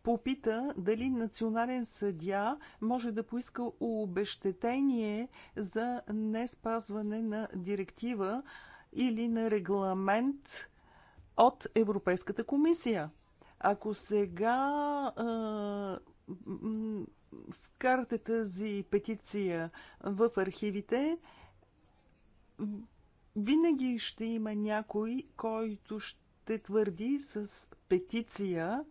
попита дали национален съдя може да поиска обещетение за не спазване на директива или на регламент от Европейската комисия. Ако сега вкарате тази петиция в архивите, винаги ще има някой, който ще твърди с петиция,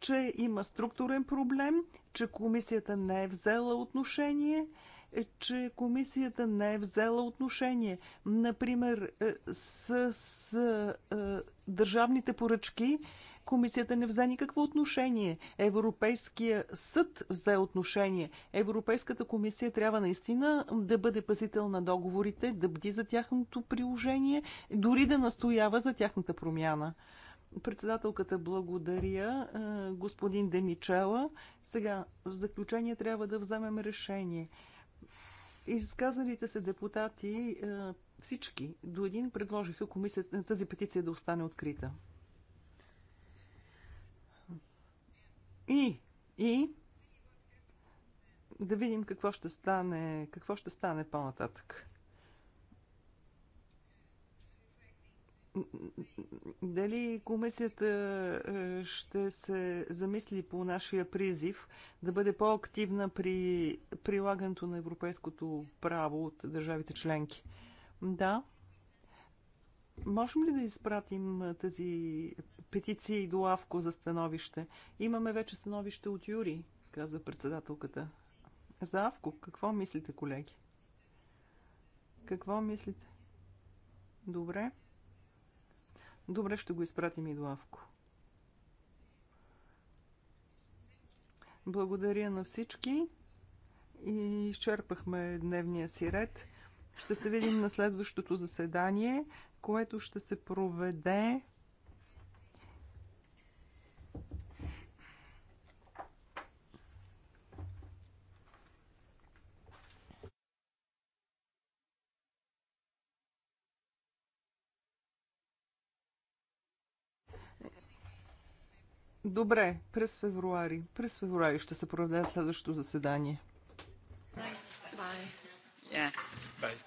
че има структурен проблем, че комисията не е взела отношение, е, че комисията не е взела отношение. Например, е, с, с е, държавните поръчки, Комисията не взе никакво отношение. Европейския съд взе отношение. Европейската комисия трябва наистина да бъде пазител на договорите, да бди за тяхното приложение, дори да настоява за тяхната промяна. Председателката благодаря, е, господин Демичела. Сега, в заключение трябва да вземем решение. Изказалите се депутати, е, всички до един предложиха комисията, тази петиция да остане открита. И, и да видим какво ще стане, какво ще стане по-нататък. Дали комисията е, ще се замисли по нашия призив да бъде по-активна при прилагането на европейското право от държавите членки? Да. Можем ли да изпратим е, тази петиции до Авко за становище. Имаме вече становище от Юри, каза председателката. За Авко, какво мислите, колеги? Какво мислите? Добре. Добре, ще го изпратим и до Авко. Благодаря на всички и изчерпахме дневния си ред. Ще се видим на следващото заседание, което ще се проведе Добре, през февруари. През февруари ще се проведе следващото заседание. Yeah. Bye.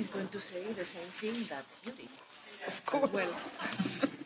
is going to say the same thing that Of course. Well.